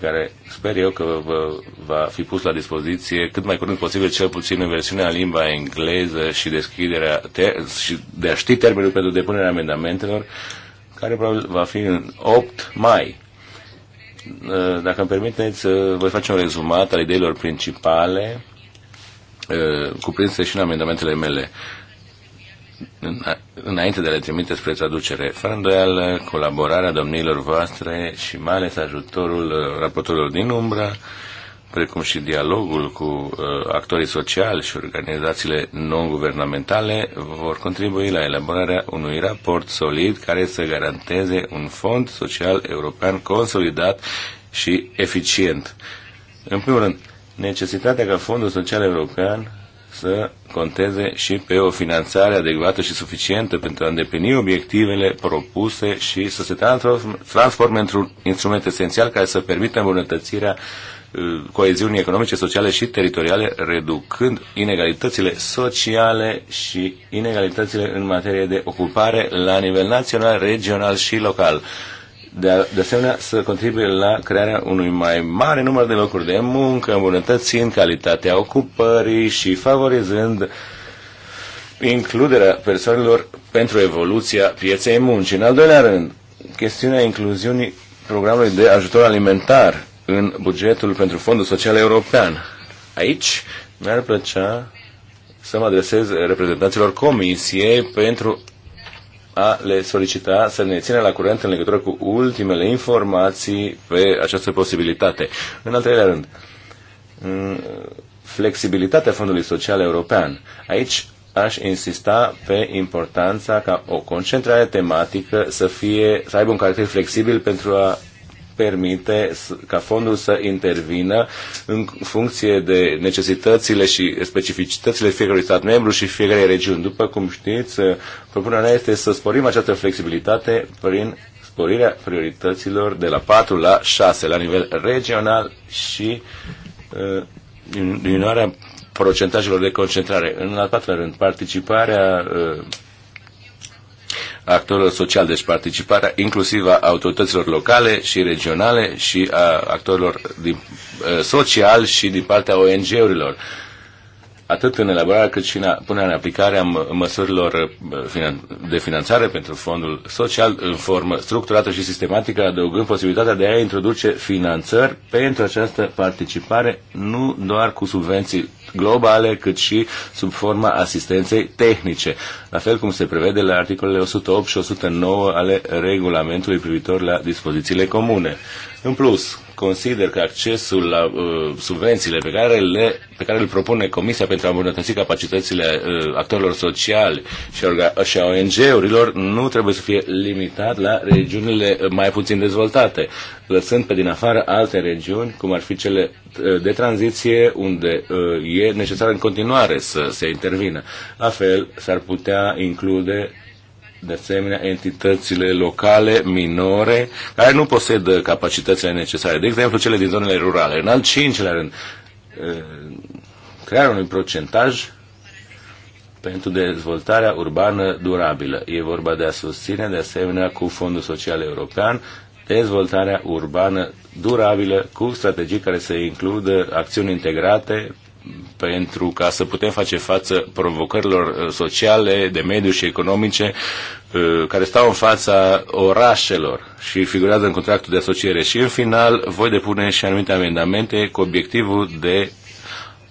care sper eu că vă, va fi pus la dispoziție cât mai curând posibil, cel puțin în versiunea limba engleză și deschiderea ter- și de a ști termenul pentru depunerea amendamentelor care probabil va fi în 8 mai. Uh, dacă îmi permiteți, uh, voi face un rezumat al ideilor principale uh, cuprinse și în amendamentele mele înainte de a le trimite spre traducere. Fără îndoială, colaborarea domnilor voastre și mai ales ajutorul raportorilor din umbră precum și dialogul cu uh, actorii sociali și organizațiile non-guvernamentale, vor contribui la elaborarea unui raport solid care să garanteze un fond social european consolidat și eficient. În primul rând, necesitatea ca Fondul Social European să conteze și pe o finanțare adecvată și suficientă pentru a îndeplini obiectivele propuse și să se transforme într-un instrument esențial care să permită îmbunătățirea uh, Eh, coeziunii economice, sociale și teritoriale, reducând inegalitățile sociale și inegalitățile în materie de ocupare la nivel național, regional și local. De, de asemenea, să contribuie la crearea unui mai mare număr de locuri de muncă, îmbunătățind calitatea ocupării și favorizând includerea persoanelor pentru evoluția pieței muncii. În al doilea rând, chestiunea incluziunii programului de ajutor alimentar în bugetul pentru Fondul Social European. Aici mi-ar plăcea să mă adresez reprezentanților Comisiei pentru a le solicita să ne țină la curent în legătură cu ultimele informații pe această posibilitate. În al treilea rând, mm, flexibilitatea Fondului Social European. Aici aș insista pe importanța ca o concentrare tematică să, fie, să aibă un caracter flexibil pentru a permite ca fondul să intervină în funcție de necesitățile și specificitățile fiecărui stat membru și fiecărei regiuni. După cum știți, propunerea este să sporim această flexibilitate prin sporirea priorităților de la 4 la 6 la nivel regional și uh, diminuarea procentajelor de concentrare. În al patrulea rând, participarea uh, actorilor sociali, deci participarea inclusiv a autorităților locale și regionale și a actorilor din, uh, social și din partea ONG-urilor atât în elaborarea cât și în punerea în aplicare a măsurilor uh, de finanțare pentru fondul social în formă structurată și sistematică, adăugând posibilitatea de a introduce finanțări pentru această participare, nu doar cu subvenții globale, cât și sub forma asistenței tehnice, la fel cum se prevede la articolele 108 și 109 ale regulamentului privitor la dispozițiile comune. În plus, consider că accesul la uh, subvențiile pe care, le, pe care le propune Comisia pentru a îmbunătăți capacitățile uh, actorilor sociali și, orga, și a ONG-urilor nu trebuie să fie limitat la regiunile mai puțin dezvoltate, lăsând pe din afară alte regiuni, cum ar fi cele uh, de tranziție, unde uh, e necesar în continuare să se intervină. La fel, s-ar putea include de asemenea entitățile locale minore care nu posedă capacitățile necesare, de exemplu cele din zonele rurale. În al cincilea rând, eh, crearea unui procentaj pentru dezvoltarea urbană durabilă. E vorba de a susține, de asemenea, cu Fondul Social European, dezvoltarea urbană durabilă cu strategii care să includă acțiuni integrate pentru ca să putem face față provocărilor uh, sociale, de mediu și economice uh, care stau în fața orașelor și figurează în contractul de asociere. Și în final voi depune și anumite amendamente cu obiectivul de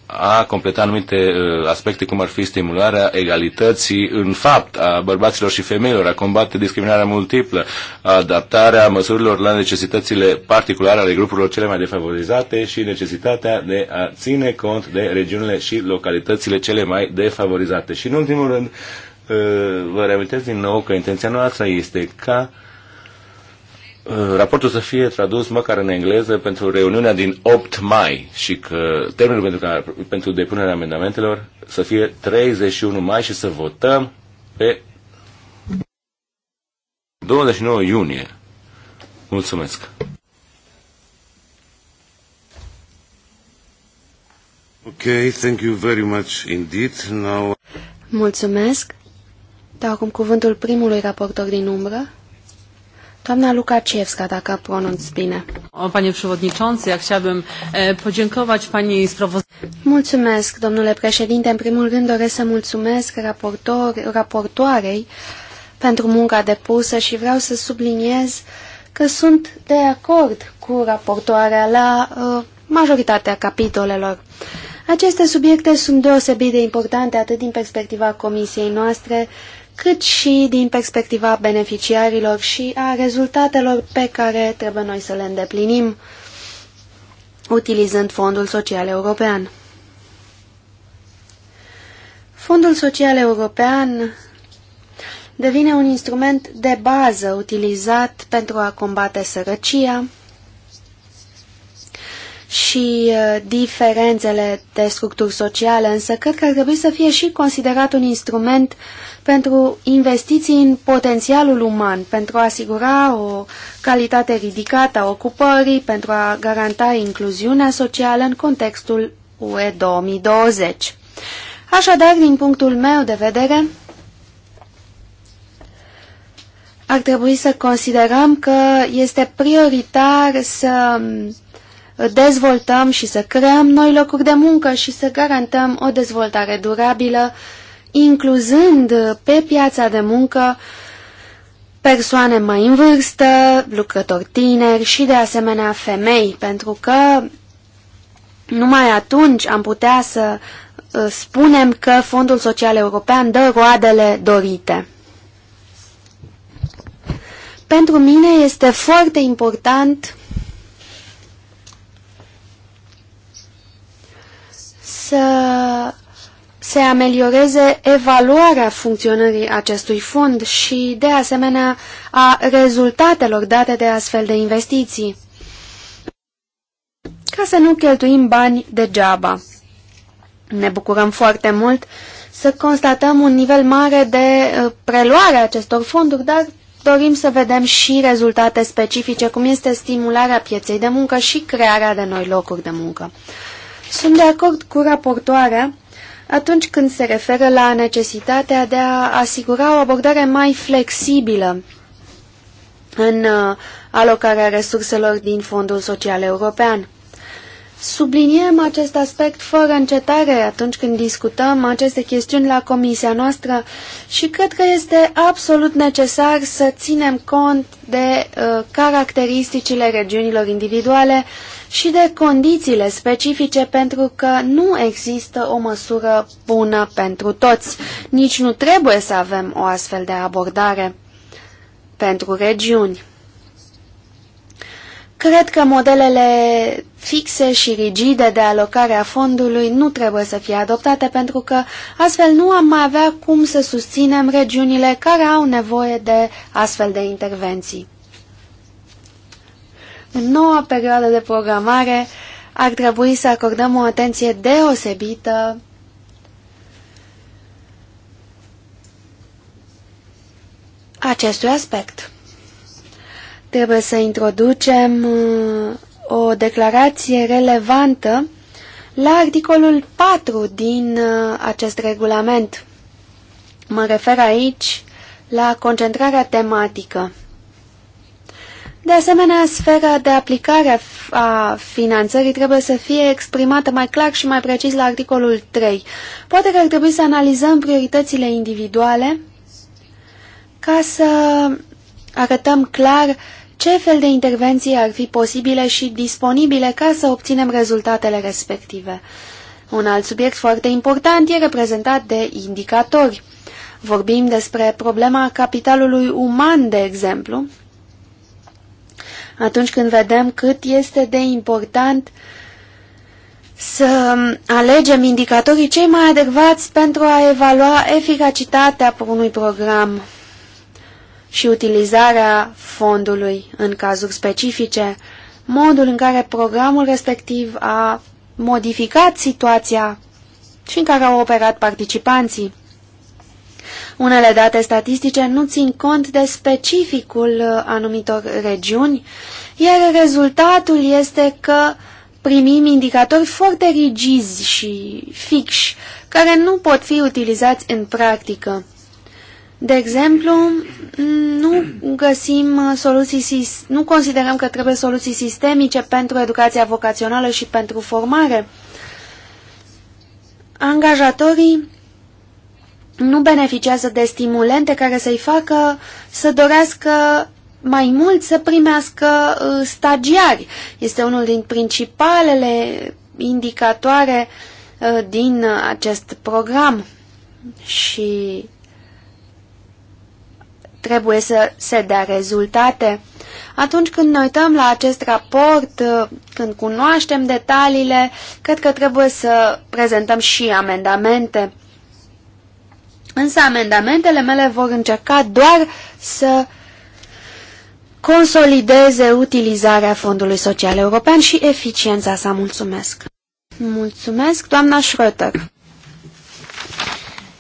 a completa anumite uh, aspecte, cum ar fi stimularea egalității în fapt a bărbaților și femeilor, a combate discriminarea multiplă, adaptarea măsurilor la necesitățile particulare ale grupurilor cele mai defavorizate și necesitatea de a ține cont de regiunile și localitățile cele mai defavorizate. Și în ultimul rând, uh, vă reamintesc din nou că intenția noastră este ca uh, Uh, raportul să fie tradus măcar în engleză pentru reuniunea din 8 mai și că termenul pentru, ca, pentru depunerea amendamentelor să fie 31 mai și să votăm pe 29 iunie. Mulțumesc! Okay, thank you very much indeed. Now... Mulțumesc! Dau acum cuvântul primului raportor din umbră, Doamna Lukaciewska, dacă pronunț bine. panie przewodniczący, ja chciałbym podziękować pani sprawozdawcy. Mulțumesc, domnule președinte. În primul rând doresc să mulțumesc raportor, raportoarei pentru munca depusă și vreau să subliniez că sunt de acord cu raportoarea la uh, majoritatea capitolelor. Aceste subiecte sunt deosebit de importante atât din perspectiva comisiei noastre, cât și din perspectiva beneficiarilor și a rezultatelor pe care trebuie noi să le îndeplinim utilizând Fondul Social European. Fondul Social European devine un instrument de bază utilizat pentru a combate sărăcia, și uh, diferențele de structuri sociale, însă cred că ar trebui să fie și considerat un instrument pentru investiții în potențialul uman, pentru a asigura o calitate ridicată a ocupării, pentru a garanta incluziunea socială în contextul UE 2020. Așadar, din punctul meu de vedere, ar trebui să considerăm că este prioritar să dezvoltăm și să creăm noi locuri de muncă și să garantăm o dezvoltare durabilă, incluzând pe piața de muncă persoane mai în vârstă, lucrători tineri și de asemenea femei, pentru că numai atunci am putea să uh, spunem că Fondul Social European dă roadele dorite. Pentru mine este foarte important să se amelioreze evaluarea funcționării acestui fond și, de asemenea, a rezultatelor date de astfel de investiții, ca să nu cheltuim bani degeaba. Ne bucurăm foarte mult să constatăm un nivel mare de uh, preluare a acestor fonduri, dar dorim să vedem și rezultate specifice, cum este stimularea pieței de muncă și crearea de noi locuri de muncă. Sunt de acord cu raportoarea atunci când se referă la necesitatea de a asigura o abordare mai flexibilă în uh, alocarea resurselor din Fondul Social European. Subliniem acest aspect fără încetare atunci când discutăm aceste chestiuni la comisia noastră și cred că este absolut necesar să ținem cont de uh, caracteristicile regiunilor individuale și de condițiile specifice pentru că nu există o măsură bună pentru toți. Nici nu trebuie să avem o astfel de abordare pentru regiuni. Cred că modelele fixe și rigide de alocare a fondului nu trebuie să fie adoptate pentru că astfel nu am mai avea cum să susținem regiunile care au nevoie de astfel de intervenții. În noua perioadă de programare ar trebui să acordăm o atenție deosebită acestui aspect. Trebuie să introducem uh, o declarație relevantă la articolul 4 din uh, acest regulament. Mă refer aici la concentrarea tematică. De asemenea, sfera de aplicare a finanțării trebuie să fie exprimată mai clar și mai precis la articolul 3. Poate că ar trebui să analizăm prioritățile individuale ca să arătăm clar ce fel de intervenții ar fi posibile și disponibile ca să obținem rezultatele respective. Un alt subiect foarte important e reprezentat de indicatori. Vorbim despre problema capitalului uman, de exemplu, atunci când vedem cât este de important să alegem indicatorii cei mai adecvați pentru a evalua eficacitatea unui program și utilizarea fondului în cazuri specifice, modul în care programul respectiv a modificat situația și în care au operat participanții. Unele date statistice nu țin cont de specificul uh, anumitor regiuni, iar rezultatul este că primim indicatori foarte rigizi și fixi, care nu pot fi utilizați în practică. De exemplu, nu găsim uh, soluții, nu considerăm că trebuie soluții sistemice pentru educația vocațională și pentru formare. Angajatorii nu beneficiază de stimulente care să-i facă să dorească mai mult să primească uh, stagiari. Este unul din principalele indicatoare uh, din acest program și trebuie să se dea rezultate. Atunci când ne uităm la acest raport, uh, când cunoaștem detaliile, cred că trebuie să prezentăm și amendamente. Însă amendamentele mele vor încerca doar să consolideze utilizarea Fondului Social European și eficiența sa. Mulțumesc! Mulțumesc, doamna Schröter!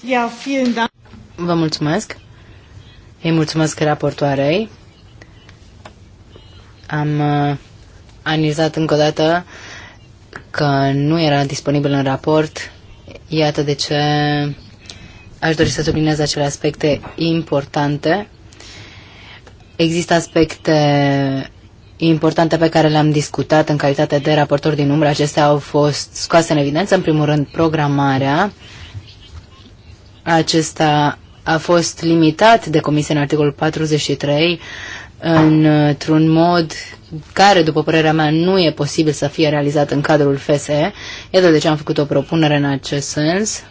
Ja, vielen Dank. Vă mulțumesc! Îi mulțumesc raportoarei. Am uh, analizat încă o dată că nu era disponibil în raport. Iată de ce Aș dori să subliniez acele aspecte importante. Există aspecte importante pe care le-am discutat în calitate de raportor din umbră. Acestea au fost scoase în evidență. În primul rând, programarea. Acesta a fost limitat de comisie în articolul 43 într-un mod care, după părerea mea, nu e posibil să fie realizat în cadrul FSE. Iată de ce am făcut o propunere în acest sens.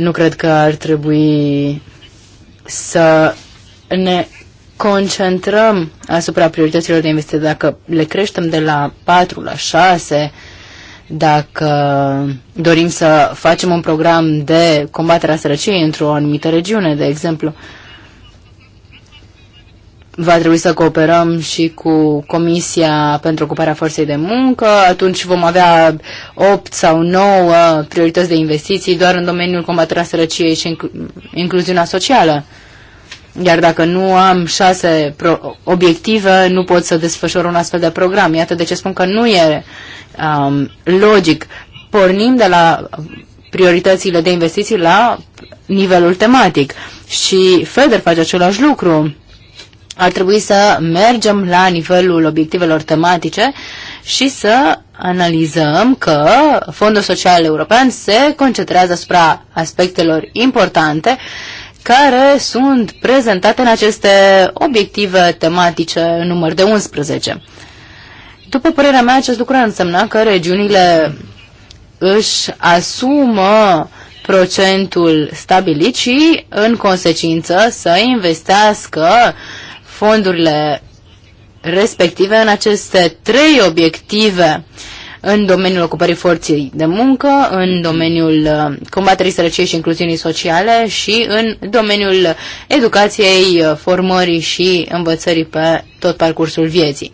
Nu cred că ar trebui să ne concentrăm asupra priorităților de investiție. Dacă le creștem de la 4 la 6, dacă dorim să facem un program de combatere a sărăciei într-o anumită regiune, de exemplu, uh, va trebui să cooperăm și cu Comisia pentru Ocuparea Forței de Muncă, atunci vom avea 8 sau 9 priorități de investiții doar în domeniul combaterea sărăciei și incluziunea socială. Iar dacă nu am șase obiective, nu pot să desfășor un astfel de program. Iată de ce spun că nu e um, logic. Pornim de la prioritățile de investiții la nivelul tematic. Și FEDER face același lucru ar trebui să mergem la nivelul obiectivelor tematice și să analizăm că Fondul Social European se concentrează asupra aspectelor importante care sunt prezentate în aceste obiective tematice număr de 11. După părerea mea, acest lucru ar însemna că regiunile își asumă procentul stabilit și, în consecință, să investească fondurile respective în aceste trei obiective în domeniul ocupării forței de muncă, în domeniul uh, combaterii sărăciei și incluziunii sociale și în domeniul educației, uh, formării și învățării pe tot parcursul vieții.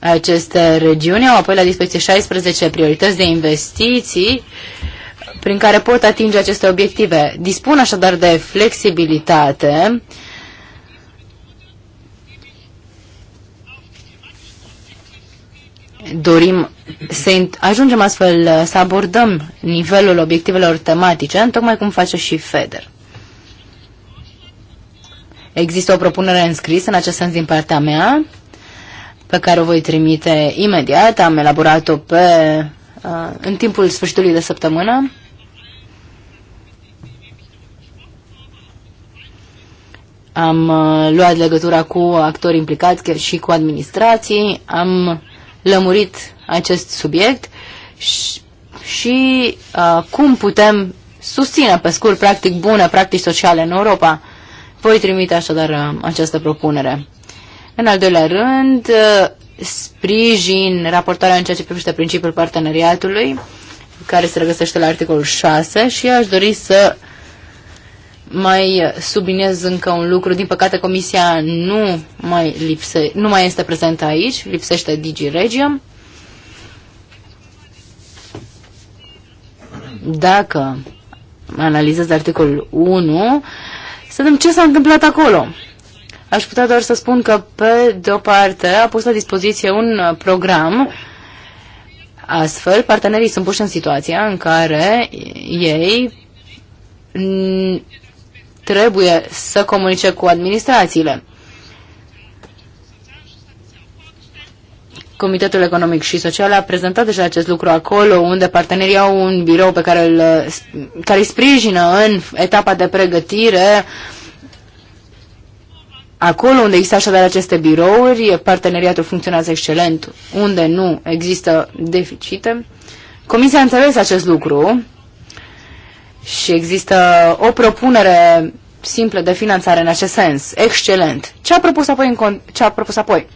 Aceste regiuni au apoi la dispoziție 16 priorități de investiții uh, prin care pot atinge aceste obiective. Dispun așadar de flexibilitate dorim să ajungem astfel să abordăm nivelul obiectivelor tematice, tocmai cum face și FEDER. Există o propunere înscrisă în acest sens din partea mea, pe care o voi trimite imediat. Am elaborat-o pe, uh, în timpul sfârșitului de săptămână. am uh, luat legătura cu actori implicați și cu administrații, am lămurit acest subiect și, și uh, cum putem susține pe scurt practic bune practici sociale în Europa. Voi trimite așadar uh, această propunere. În al doilea rând, uh, sprijin raportarea în ceea ce privește principiul parteneriatului, care se regăsește la articolul 6 și aș dori să uh, mai subliniez încă un lucru. Din păcate, comisia nu mai, lipse, nu mai este prezentă aici, lipsește Digi Regium. Dacă analizez articolul 1, să vedem ce s-a întâmplat acolo. Aș putea doar să spun că, pe de-o parte, a pus la dispoziție un program Astfel, partenerii sunt puși în situația în care ei trebuie să comunice cu administrațiile. Comitetul Economic și Social a prezentat deja acest lucru acolo, unde partenerii au un birou pe care îl, care îi sprijină în etapa de pregătire. Acolo unde există așadar aceste birouri, parteneriatul funcționează excelent, unde nu există deficite. Comisia a înțeles acest lucru și există o propunere simplă de finanțare în acest sens. Excelent. Ce a propus apoi? În ce a propus apoi?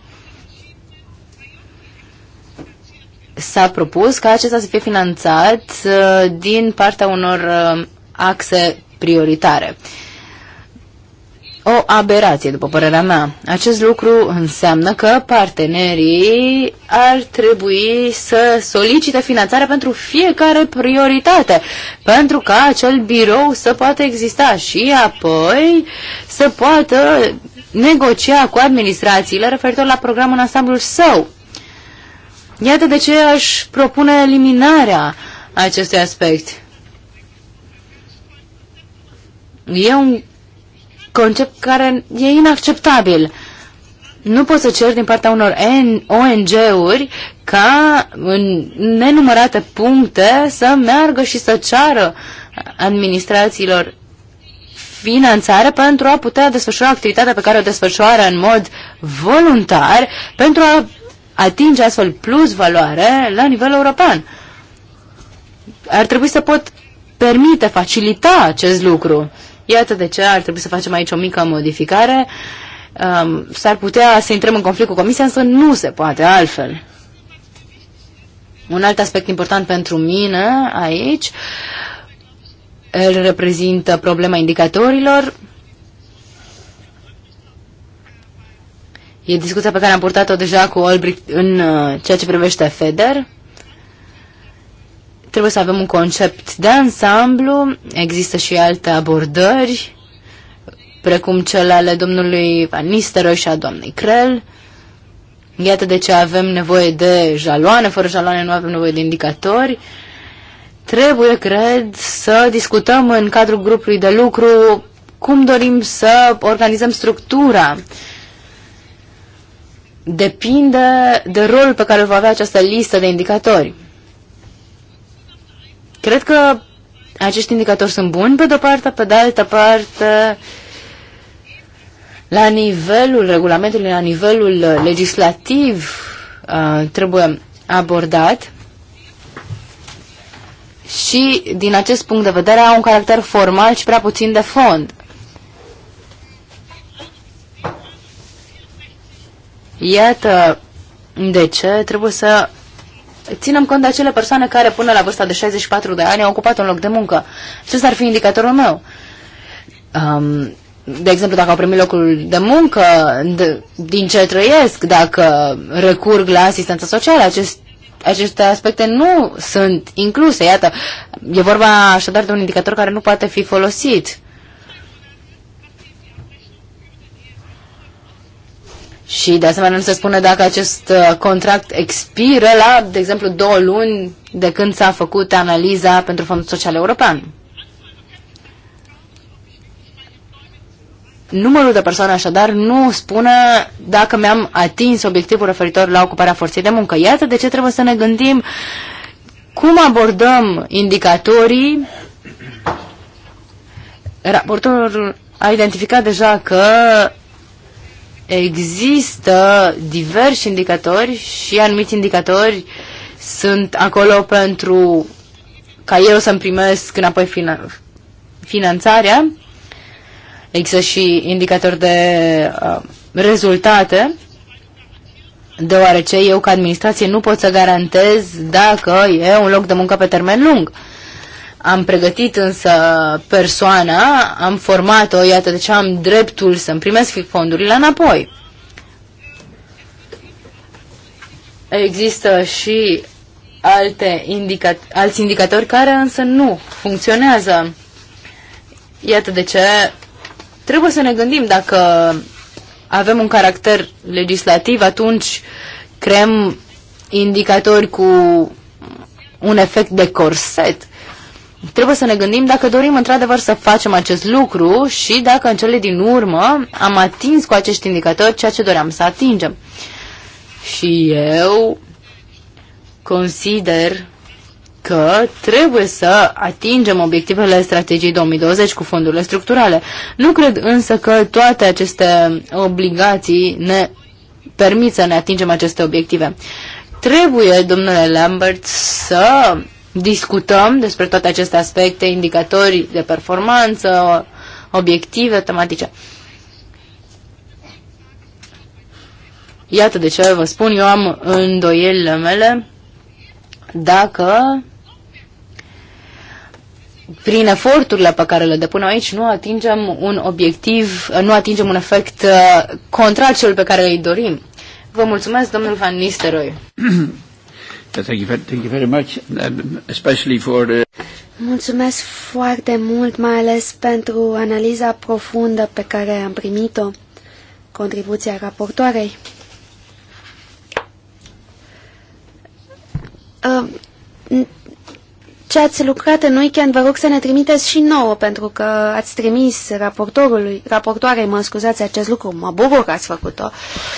S-a propus ca acesta să fie finanțat uh, din partea unor uh, axe prioritare. Uh, o aberație, după părerea mea. Acest lucru înseamnă că partenerii ar trebui să solicite finanțarea pentru fiecare prioritate, pentru ca acel birou să poată exista și apoi să poată negocia cu administrațiile referitor la programul în ansamblul său. Iată de ce aș propune eliminarea acestui aspect. E un concept care e inacceptabil. Nu poți să ceri din partea unor ONG-uri ca în nenumărate puncte să meargă și să ceară administrațiilor finanțare pentru a putea desfășura activitatea pe care o desfășoară în mod voluntar pentru a atinge astfel plus valoare la nivel european. Ar trebui să pot permite, facilita acest lucru. Iată de ce ar trebui să facem aici o mică modificare. Um, s-ar putea să intrăm în conflict cu Comisia, însă nu se poate altfel. Un alt aspect important pentru mine aici el reprezintă problema indicatorilor. E discuția pe care am purtat-o deja cu Olbricht în uh, ceea ce privește FEDER. Trebuie să avem un concept de ansamblu, există și alte abordări, precum cele ale domnului Van Nistelrooy și a doamnei Crel. Iată de ce avem nevoie de jaloane, fără jaloane nu avem nevoie de indicatori. Trebuie, cred, să discutăm în cadrul grupului de lucru cum dorim să organizăm structura. Depinde de rolul pe care îl va avea această listă de indicatori. Cred că acești indicatori sunt buni, pe de-o parte, pe de altă parte, la nivelul regulamentului, la nivelul legislativ, uh, trebuie abordat și, din acest punct de vedere, au un caracter formal și prea puțin de fond. Iată de ce trebuie să ținem cont de acele persoane care până la vârsta de 64 de ani au ocupat un loc de muncă. Acesta ar fi indicatorul meu. Um, de exemplu, dacă au primit locul de muncă, de, din ce trăiesc, dacă recurg la asistența socială, acest, aceste aspecte nu sunt incluse. Iată, e vorba așadar de un indicator care nu poate fi folosit. Și de asemenea nu se spune dacă acest uh, contract expiră la, de exemplu, două luni de când s-a făcut analiza pentru Fondul Social European. Numărul de persoane așadar nu spune dacă mi-am atins obiectivul referitor la ocuparea forței de muncă. Iată de ce trebuie să ne gândim cum abordăm indicatorii. Raportorul a identificat deja că există diversi indicatori și anumiți indicatori sunt acolo pentru ca eu să-mi primesc înapoi finan- finanțarea. Există și indicatori de uh, rezultate, deoarece eu ca administrație nu pot să garantez dacă e un loc de muncă pe termen lung. Am pregătit însă persoana, am format-o, iată de ce am dreptul să-mi primesc fondurile înapoi. Există și alte indica alți indicatori care însă nu funcționează. Iată de ce trebuie să ne gândim dacă avem un caracter legislativ, atunci creăm indicatori cu un efect de corset Trebuie să ne gândim dacă dorim într-adevăr să facem acest lucru și dacă în cele din urmă am atins cu acești indicatori ceea ce doream să atingem. Și eu consider că trebuie să atingem obiectivele strategiei 2020 cu fondurile structurale. Nu cred însă că toate aceste obligații ne permit să ne atingem aceste obiective. Trebuie, domnule Lambert, să discutăm despre toate aceste aspecte, indicatori de performanță, obiective tematice. Iată de ce vă spun, eu am îndoielile mele dacă prin eforturile pe care le depun aici nu atingem un obiectiv, nu atingem un efect uh, contrar cel pe care îi dorim. Vă mulțumesc, domnul Van Nistelrooy. [COUGHS] Thank you, thank you very much, especially for the... Mulțumesc foarte mult, mai ales pentru analiza profundă pe care am primit-o, contribuția raportoarei. Uh, ce ați lucrat în weekend, vă rog să ne trimiteți și nouă, pentru că ați trimis raportorului, raportoarei, mă scuzați acest lucru, mă bucur că ați făcut-o.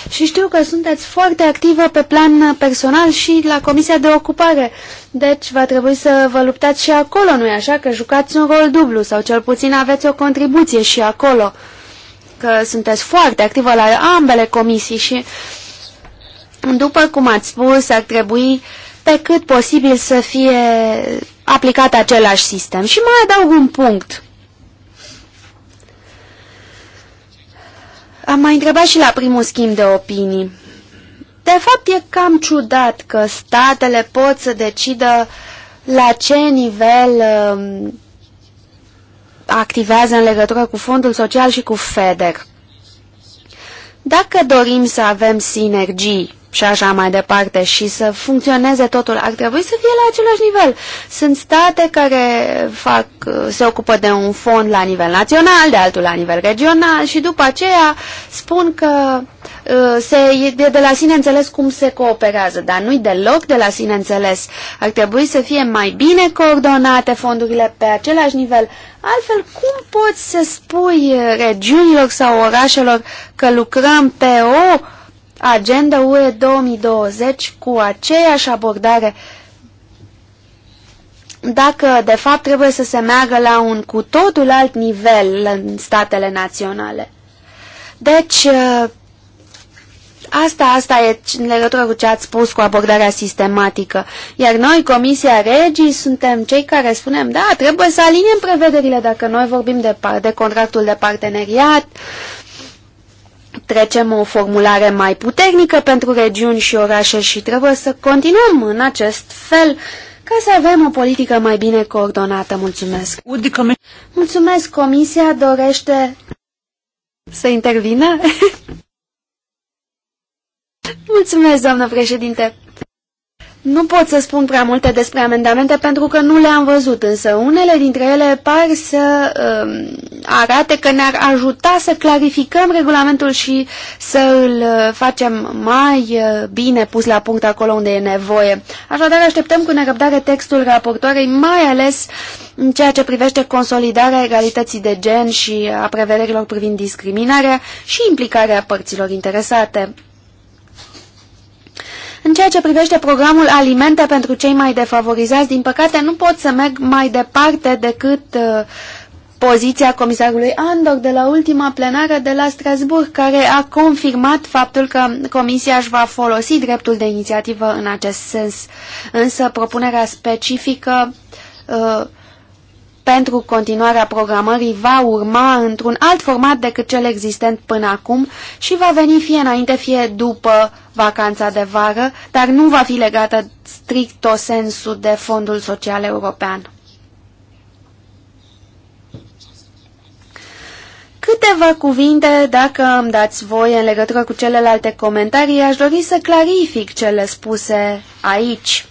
Și știu că sunteți foarte activă pe plan personal și la Comisia de Ocupare, deci va trebui să vă luptați și acolo, nu-i așa? Că jucați un rol dublu sau cel puțin aveți o contribuție și acolo, că sunteți foarte activă la ambele comisii și, după cum ați spus, ar trebui pe cât posibil să fie aplicat același sistem. Și mai adaug un punct. Am mai întrebat și la primul schimb de opinii. De fapt, e cam ciudat că statele pot să decidă la ce nivel uh, activează în legătură cu Fondul Social și cu FEDER. Dacă dorim să avem sinergii și așa mai departe și să funcționeze totul, ar trebui să fie la același nivel. Sunt state care fac, se ocupă de un fond la nivel național, de altul la nivel regional și după aceea spun că uh, se, e de la sine înțeles cum se cooperează, dar nu-i deloc de la sine înțeles. Ar trebui să fie mai bine coordonate fondurile pe același nivel. Altfel, cum poți să spui uh, regiunilor sau orașelor că lucrăm pe o uh, Agenda UE 2020 cu aceeași abordare dacă de fapt trebuie să se meargă la un cu totul alt nivel în statele naționale. Deci, ă, asta, asta e în legătură cu ce ați spus cu abordarea sistematică. Iar noi, Comisia Regii, suntem cei care spunem, da, trebuie să aliniem prevederile dacă noi vorbim de, de contractul de parteneriat, uh, trecem o formulare mai puternică pentru regiuni și orașe și trebuie să continuăm în acest fel ca să avem o politică mai bine coordonată. Mulțumesc! Mulțumesc! Comisia dorește să intervină? [LAUGHS] Mulțumesc, doamnă președinte! Nu pot să spun prea multe despre amendamente pentru că nu le-am văzut, însă unele dintre ele par să uh, arate că ne-ar ajuta să clarificăm regulamentul și să îl uh, facem mai uh, bine pus la punct acolo unde e nevoie. Așadar, așteptăm cu nerăbdare textul raportoarei, mai ales în ceea ce privește consolidarea egalității de gen și a prevederilor privind discriminarea și implicarea părților interesate. În ceea ce privește programul Alimente pentru cei mai defavorizați, din păcate nu pot să merg mai departe decât uh, poziția comisarului Andor de la ultima plenară de la Strasburg, care a confirmat faptul că comisia își va folosi dreptul de inițiativă în acest sens. Însă propunerea specifică uh, pentru continuarea programării va urma într-un alt format decât cel existent până acum și va veni fie înainte, fie după vacanța de vară, dar nu va fi legată strict o sensu de Fondul Social European. Câteva cuvinte, dacă îmi dați voie în legătură cu celelalte comentarii, aș dori să clarific cele spuse aici.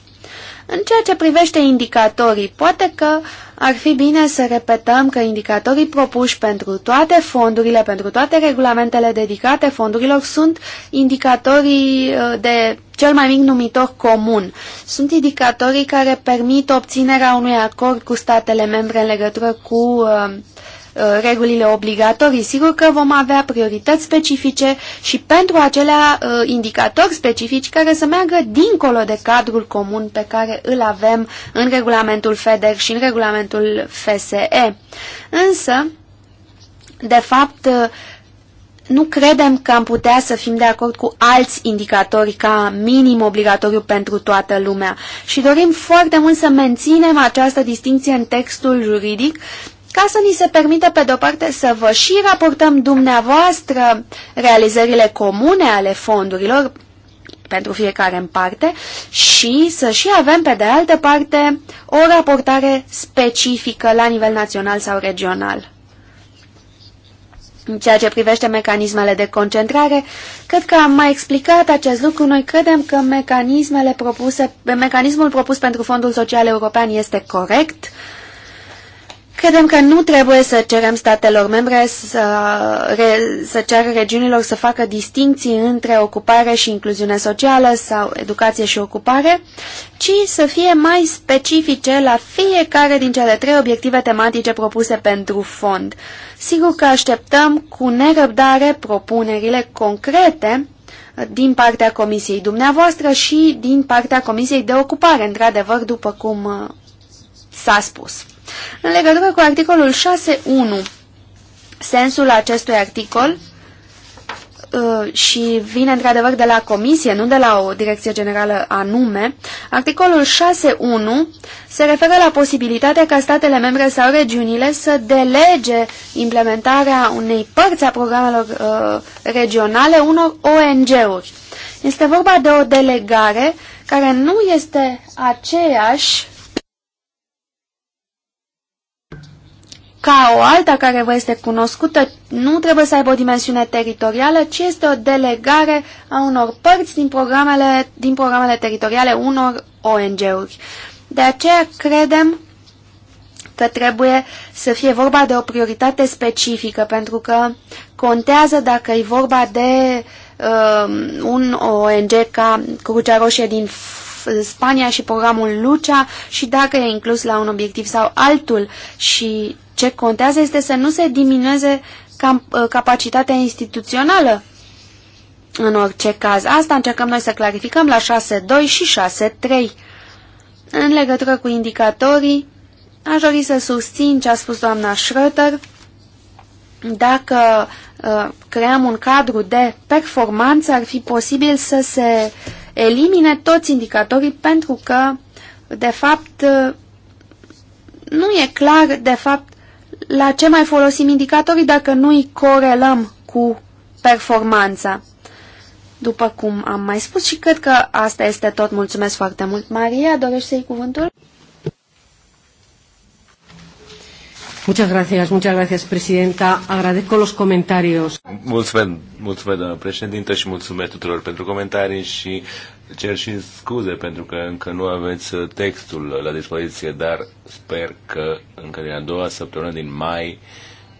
În ceea ce privește indicatorii, poate că ar fi bine să repetăm că indicatorii propuși pentru toate fondurile, pentru toate regulamentele dedicate fondurilor sunt indicatorii uh, de cel mai mic numitor comun. Sunt indicatorii care permit obținerea unui acord cu statele membre în legătură cu uh, Uh, regulile obligatorii. Sigur că vom avea priorități specifice și pentru acelea uh, indicatori specifici care să meargă dincolo de cadrul comun pe care îl avem în regulamentul FEDER și în regulamentul FSE. Însă, de fapt, uh, nu credem că am putea să fim de acord cu alți indicatori ca minim obligatoriu pentru toată lumea și dorim foarte mult să menținem această distinție în textul juridic ca să ni se permită, pe de-o parte, să vă și raportăm dumneavoastră realizările comune ale fondurilor pentru fiecare în parte și să și avem, pe de altă parte, o raportare specifică la nivel național sau regional. În ceea ce privește mecanismele de concentrare, cred că am mai explicat acest lucru. Noi credem că mecanismele propuse, mecanismul propus pentru Fondul Social European este corect. Uh, Credem că nu trebuie să cerem statelor membre să, re, să ceară regiunilor să facă distinții între ocupare și incluziune socială sau educație și ocupare, ci să fie mai specifice la fiecare din cele trei obiective tematice propuse pentru fond. Sigur că așteptăm cu nerăbdare propunerile concrete din partea Comisiei dumneavoastră și din partea Comisiei de Ocupare, într-adevăr, după cum uh, s-a spus. În legătură cu articolul 6.1, sensul acestui articol uh, și vine într-adevăr de la comisie, nu de la o direcție generală anume, articolul 6.1 se referă la posibilitatea ca statele membre sau regiunile să delege implementarea unei părți a programelor uh, regionale unor ONG-uri. Este vorba de o delegare care nu este aceeași ca o alta care vă este cunoscută, nu trebuie să aibă o dimensiune teritorială, ci este o delegare a unor părți din programele, din programele teritoriale unor ONG-uri. De aceea credem că trebuie să fie vorba de o prioritate specifică, pentru că contează dacă e vorba de uh, un ONG ca Crucea Roșie din Spania și programul Lucea și dacă e inclus la un obiectiv sau altul și ce contează este să nu se diminueze cam, uh, capacitatea instituțională. În orice caz, asta încercăm noi să clarificăm la 6.2 și 6.3. În legătură cu indicatorii, aș dori să susțin ce a spus doamna Schröter. Dacă uh, creăm un cadru de performanță, ar fi posibil să se elimine toți indicatorii pentru că, de fapt, uh, nu e clar, de fapt, la ce mai folosim indicatorii dacă nu îi corelăm cu performanța. După cum am mai spus și cred că asta este tot. Mulțumesc foarte mult. Maria, dorești să iei cuvântul? Muchas gracias, muchas gracias, presidenta. Agradezco los comentarios. Mulțumesc, mulțumesc, doamnă președintă, și mulțumesc tuturor pentru comentarii și cer și scuze pentru că încă nu aveți uh, textul la dispoziție, dar sper că încă din a doua săptămână din mai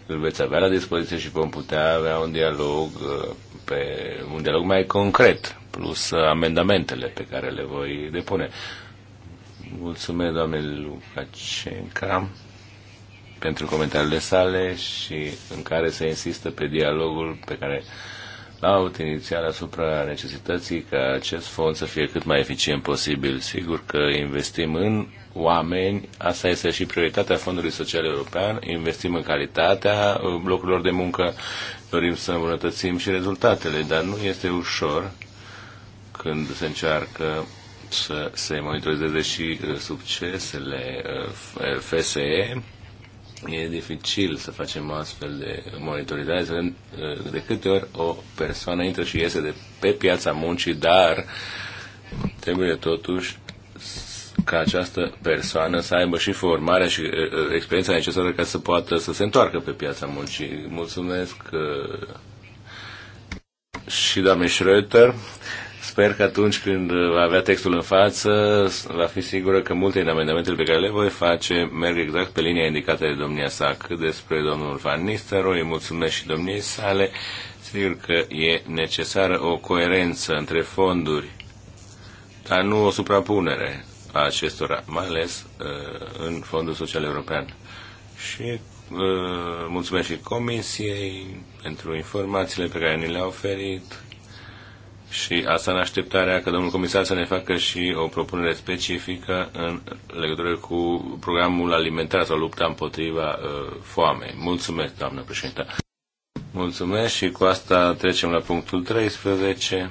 îl veți avea la dispoziție și vom putea avea un dialog uh, pe un dialog mai concret, plus uh, amendamentele pe care le voi depune. Mulțumesc, doamne Lucacenca, pentru comentariile sale și în care se insistă pe dialogul pe care laud inițial asupra necesității ca acest fond să fie cât mai eficient posibil. Sigur că investim în oameni, asta este și prioritatea Fondului Social European, investim în calitatea uh, locurilor de muncă, dorim să îmbunătățim și rezultatele, dar nu este ușor când se încearcă să se monitorizeze și uh, succesele uh, FSE E dificil să facem astfel de monitorizare, uh, de câte ori o persoană intră și iese de pe piața muncii, dar trebuie totuși ca această persoană să aibă și formarea și uh, uh, experiența necesară ca să poată să se întoarcă pe piața muncii. Mulțumesc și doamne Schröter. Sper că atunci când va avea textul în față, va fi sigură că multe din amendamentele pe care le voi face merg exact pe linia indicată de domnia sa. Cât despre domnul Van Nistelrooy, îi mulțumesc și domniei sale. Sigur că e necesară o coerență între fonduri, dar nu o suprapunere a acestora, mai ales uh, în Fondul Social European. Și uh, mulțumesc și Comisiei pentru informațiile pe care ni le-a oferit și asta în așteptarea că domnul comisar să ne facă și o propunere specifică în legătură cu programul alimentar sau lupta împotriva uh, foamei. Mulțumesc, doamnă președintă. Mulțumesc și cu asta trecem la punctul 13.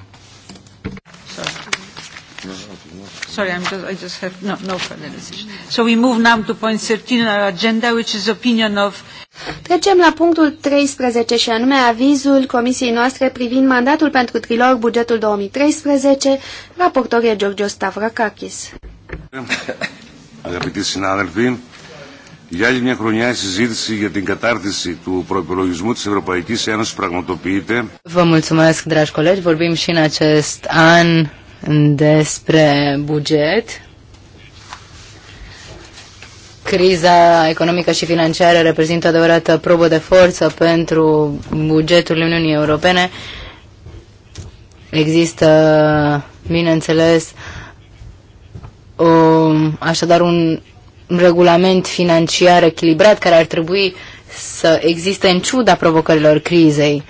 Sorry, I'm just, I just have no, no further decision. So we move now to point 13 on our agenda, which is opinion of Trecem la punctul 13 și anume avizul comisiei noastre privind mandatul pentru trilor bugetul 2013, raportorie Giorgio Stavrakakis. Αγαπητοί συνάδελφοι, για άλλη μια χρονιά η συζήτηση για την κατάρτιση του προπολογισμού της Ευρωπαϊκής Ένωσης πραγματοποιείται. Vă mulțumesc, dragi colegi, vorbim și în acest an despre buget Criza economică și financiară reprezintă adevărată probă de forță pentru bugetul Uniunii Europene. Există, bineînțeles, o, așadar un regulament financiar echilibrat care ar trebui să existe în ciuda provocărilor crizei.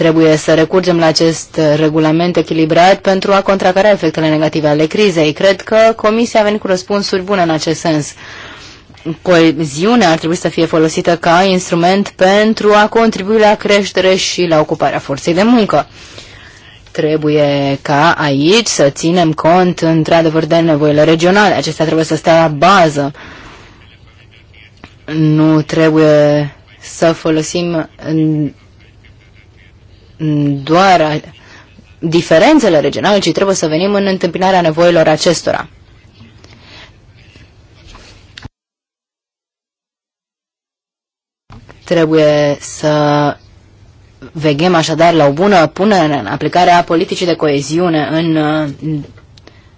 Trebuie să recurgem la acest regulament echilibrat pentru a contracara efectele negative ale crizei. Cred că Comisia a venit cu răspunsuri bune în acest sens. Coeziunea ar trebui să fie folosită ca instrument pentru a contribui la creștere și la ocuparea forței de muncă trebuie ca aici să ținem cont într-adevăr de nevoile regionale. Acestea trebuie să stea la bază. Nu trebuie să folosim doar diferențele regionale, ci trebuie să venim în întâmpinarea nevoilor acestora. Trebuie să veghem așadar la o bună punere în aplicare a politicii de coeziune în uh,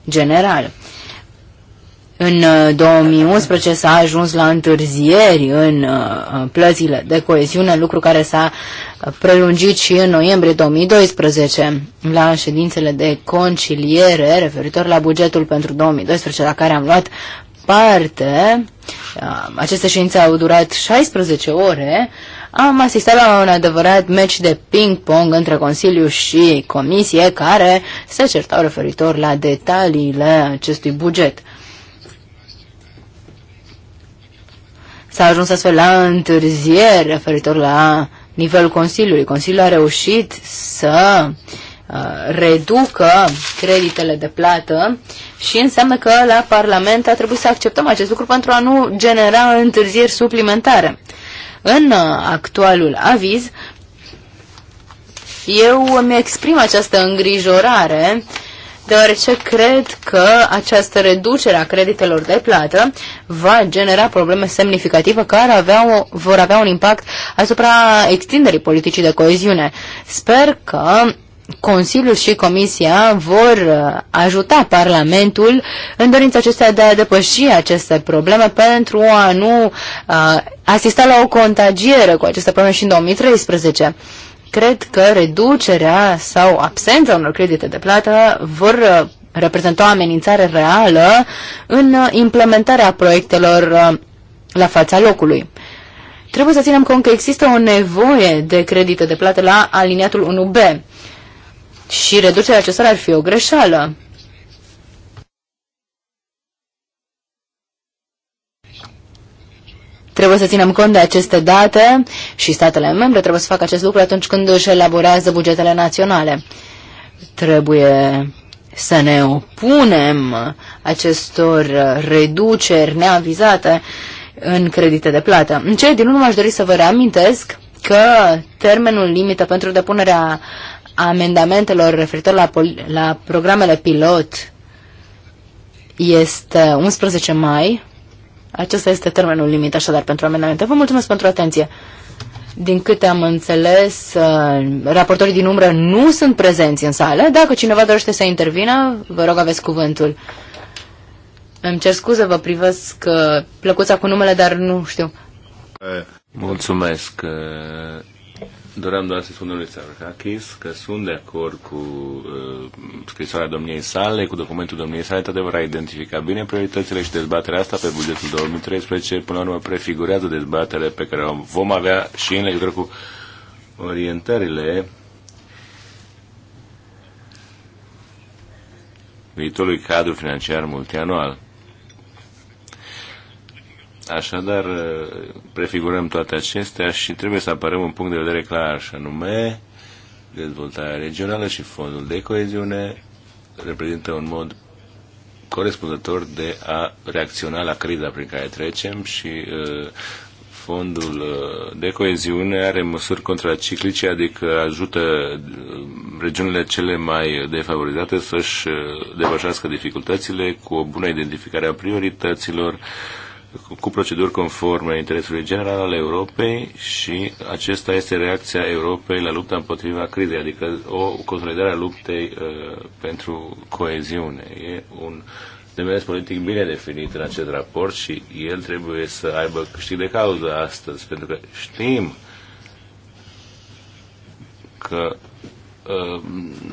general. În 2011 uh, s-a ajuns la întârzieri în uh, uh, plățile de coeziune, lucru care s-a prelungit și în noiembrie 2012 la ședințele de conciliere referitor la bugetul pentru 2012 la care am luat parte. Aceste ședințe au durat 16 ore. Am asistat la un adevărat meci de ping-pong între Consiliu și Comisie care se certau referitor la detaliile acestui buget. S-a ajuns astfel la întârzieri referitor la nivelul Consiliului. Consiliul a reușit să uh, reducă creditele de plată și înseamnă că la Parlament a trebuit să acceptăm acest lucru pentru a nu genera întârzieri suplimentare. În uh, actualul aviz, eu îmi exprim această îngrijorare deoarece cred că această reducere a creditelor de plată va genera probleme semnificative care avea o, vor avea un impact asupra extinderii politicii de coeziune. Sper că Consiliul și Comisia vor uh, ajuta Parlamentul în dorința acestea de a depăși aceste probleme pentru a nu uh, asista la o contagiere cu aceste probleme și în 2013 cred că reducerea sau absența unor credite de plată vor uh, reprezenta o amenințare reală în uh, implementarea proiectelor uh, la fața locului. Trebuie să ținem cont că există o nevoie de credite de plată la aliniatul 1B și reducerea acestora ar fi o greșeală. Trebuie să ținem cont de aceste date și statele membre trebuie să facă acest lucru atunci când își elaborează bugetele naționale. Trebuie să ne opunem acestor reduceri neavizate în credite de plată. În cele din urmă aș dori să vă reamintesc că termenul limită pentru depunerea amendamentelor referitor la, la programele pilot este 11 mai acesta este termenul limit, așadar, pentru amendamente. Vă mulțumesc pentru atenție. Din câte am înțeles, uh, raportorii din umbră nu sunt prezenți în sală. Dacă cineva dorește să intervină, vă rog aveți cuvântul. Îmi cer scuze, vă privesc uh, plăcuța cu numele, dar nu știu. Mulțumesc. Doream doar să spun lui Sarkakis că sunt de acord cu uh, scrisoarea domniei sale, cu documentul domniei sale, într-adevăr a identificat bine prioritățile și dezbaterea asta pe bugetul 2013, până la urmă prefigurează dezbatere pe care o vom avea și în legătură cu orientările viitorului cadru financiar multianual. Așadar, eh, prefigurăm toate acestea și trebuie să apărăm un punct de vedere clar, și anume dezvoltarea regională și fondul de coeziune reprezintă un mod corespunzător de a reacționa la criza prin care trecem și eh, fondul eh, de coeziune are măsuri contraciclice, adică ajută regiunile cele mai defavorizate să-și depășească dificultățile cu o bună identificare a priorităților, cu proceduri conforme interesului general al Europei și acesta este reacția Europei la lupta împotriva crizei, adică o consolidare a luptei uh, pentru coeziune. E un demers politic bine definit în acest raport și el trebuie să aibă câștig de cauză astăzi, pentru că știm că uh,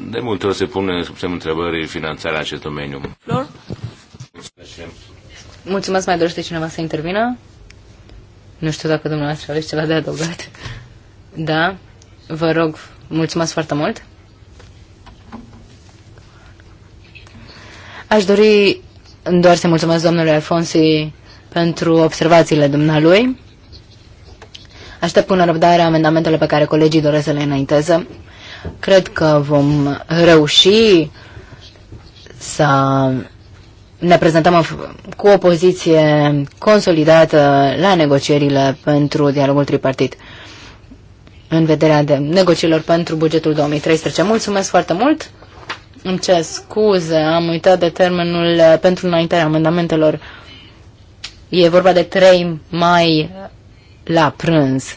de multe ori se pune sub semnul întrebării finanțarea în acest domeniu. Flor? Mulțumesc, mai dorește cineva să intervină? Nu știu dacă dumneavoastră aveți ceva de adăugat. Da, vă rog, mulțumesc foarte mult. Aș dori doar să mulțumesc domnului Alfonsi pentru observațiile dumnealui. Aștept cu nerăbdare amendamentele pe care colegii doresc să le înainteze. Cred că vom reuși să ne prezentăm cu o poziție consolidată la negocierile pentru dialogul tripartit în vederea de negocierilor pentru bugetul 2013. Mulțumesc foarte mult! Îmi cer scuze, am uitat de termenul uh, pentru înaintarea amendamentelor. E vorba de 3 mai la prânz.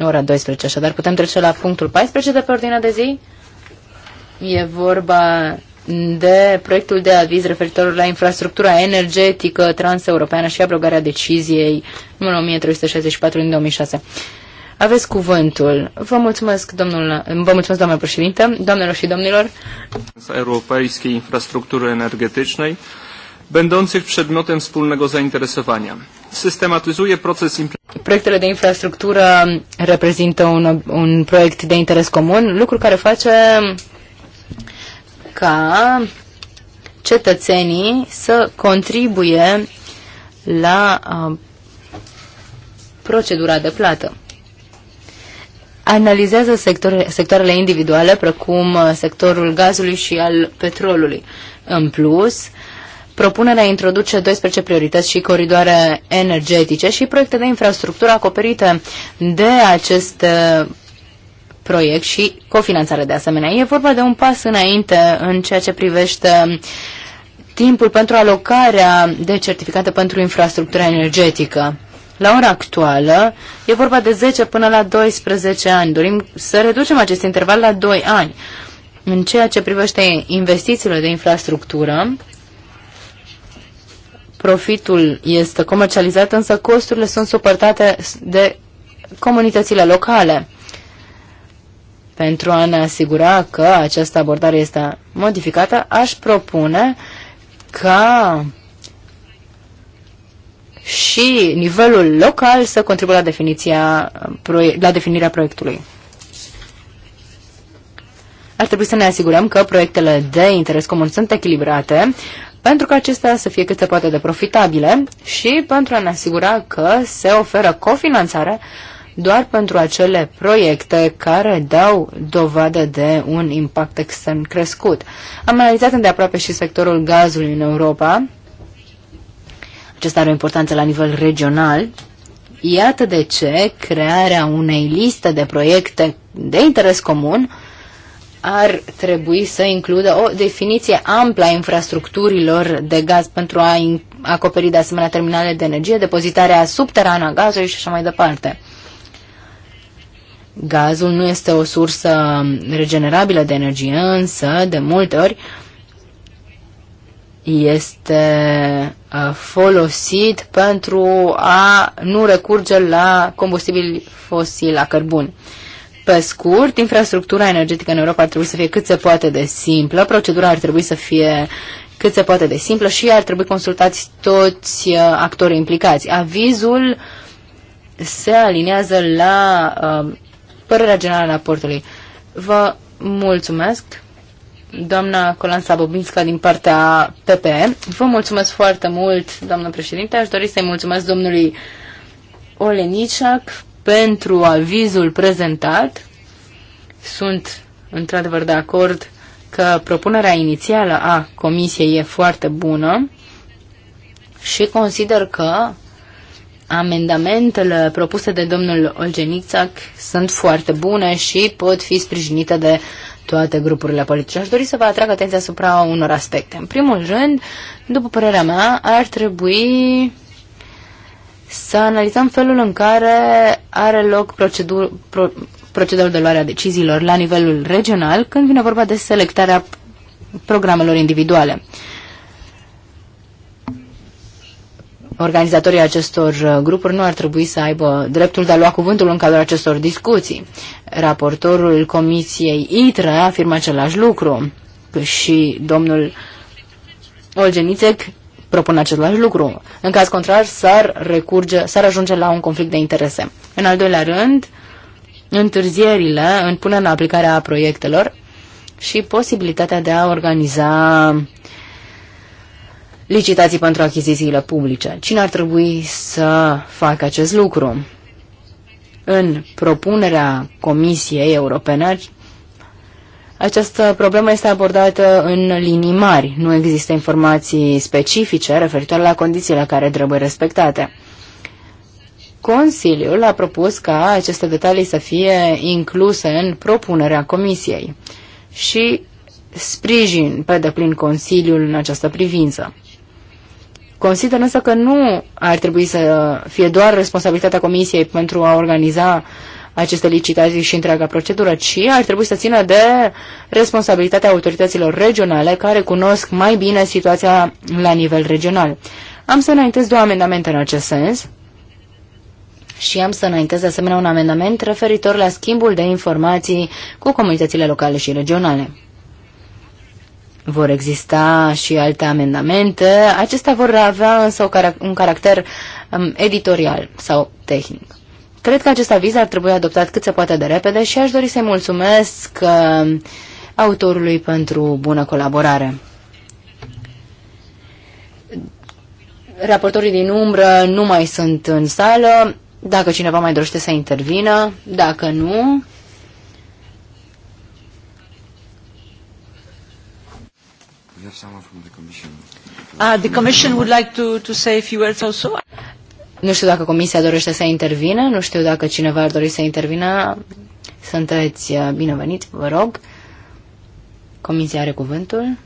Ora 12, așadar putem trece la punctul 14 de pe ordinea de zi. E vorba de proiectul de aviz referitor la infrastructura energetică transeuropeană și abrogarea deciziei numărul 1364 din 2006. Aveți cuvântul. Vă mulțumesc, domnul, vă mulțumesc, doamnă președinte, doamnelor și domnilor. Europejskiej infrastruktury energetycznej będących przedmiotem wspólnego zainteresowania. Systematyzuje proces Proiectele de infrastructură reprezintă un, un proiect de interes comun, lucru care face ca cetățenii să contribuie la procedura de plată. Analizează sectoarele individuale, precum sectorul gazului și al petrolului. În plus, propunerea introduce 12 priorități și coridoare energetice și proiecte de infrastructură acoperite de aceste proiect și cofinanțare de asemenea. E vorba de un pas înainte în ceea ce privește timpul pentru alocarea de certificate pentru infrastructura energetică. La ora actuală e vorba de 10 până la 12 ani. Dorim să reducem acest interval la 2 ani. În ceea ce privește investițiile de infrastructură, profitul este comercializat, însă costurile sunt suportate de comunitățile locale. Pentru a ne asigura că această abordare este modificată, aș propune ca și nivelul local să contribuie la, definiția, la definirea proiectului. Ar trebui să ne asigurăm că proiectele de interes comun sunt echilibrate pentru că acestea să fie cât se poate de profitabile și pentru a ne asigura că se oferă cofinanțare doar pentru acele proiecte care dau dovadă de un impact extern crescut. Am analizat îndeaproape și sectorul gazului în Europa. Acesta are o importanță la nivel regional. Iată de ce crearea unei liste de proiecte de interes comun ar trebui să includă o definiție amplă a infrastructurilor de gaz pentru a acoperi de asemenea terminale de energie, depozitarea subterană a gazului și așa mai departe. Gazul nu este o sursă regenerabilă de energie, însă, de multe ori, este uh, folosit pentru a nu recurge la combustibili fosili, la cărbun. Pe scurt, infrastructura energetică în Europa ar trebui să fie cât se poate de simplă, procedura ar trebui să fie cât se poate de simplă și ar trebui consultați toți uh, actorii implicați. Avizul se aliniază la uh, părerea generală a raportului. Vă mulțumesc, doamna Colansa Bobinska din partea PPE. Vă mulțumesc foarte mult, doamnă președinte. Aș dori să-i mulțumesc domnului Oleniciac pentru avizul prezentat. Sunt într-adevăr de acord că propunerea inițială a comisiei e foarte bună și consider că Amendamentele propuse de domnul Olgenițac sunt foarte bune și pot fi sprijinite de toate grupurile politice. Aș dori să vă atrag atenția asupra unor aspecte. În primul rând, după părerea mea, ar trebui să analizăm felul în care are loc procedur, pro, procedurul de luare a deciziilor la nivelul regional când vine vorba de selectarea programelor individuale. Uh, organizatorii acestor uh, grupuri nu ar trebui să aibă dreptul de a lua cuvântul în cadrul acestor discuții. Raportorul Comisiei ITRA afirmă același lucru și domnul Olgenițec propune același lucru. În caz contrar, s-ar, recurge, s-ar ajunge la un conflict de interese. În al doilea rând, întârzierile în punerea în aplicare a proiectelor și posibilitatea de a organiza licitații pentru achizițiile publice. Cine ar trebui să facă acest lucru? În propunerea Comisiei Europene, această problemă este abordată în linii mari. Nu există informații specifice referitoare la condițiile care trebuie respectate. Consiliul a propus ca aceste detalii să fie incluse în propunerea Comisiei și sprijin pe deplin Consiliul în această privință. Consider însă că nu ar trebui să fie doar responsabilitatea Comisiei pentru a organiza aceste licitații și întreaga procedură, ci ar trebui să țină de responsabilitatea autorităților regionale care cunosc mai bine situația la nivel regional. Am să înaintez două amendamente în acest sens și am să înaintez de asemenea un amendament referitor la schimbul de informații cu comunitățile locale și regionale. Vor exista și alte amendamente. Acestea vor avea însă un caracter um, editorial sau tehnic. Cred că acest aviz ar trebui adoptat cât se poate de repede și aș dori să-i mulțumesc um, autorului pentru bună colaborare. Raportorii din umbră nu mai sunt în sală. Dacă cineva mai dorește să intervină, dacă nu, have someone from the Commission. Uh, the Commission would like to, to say a few words also. Nu știu dacă Comisia dorește să intervină, nu știu dacă cineva ar dori să intervină. Sunteți uh, bineveniți, vă rog. Comisia are cuvântul.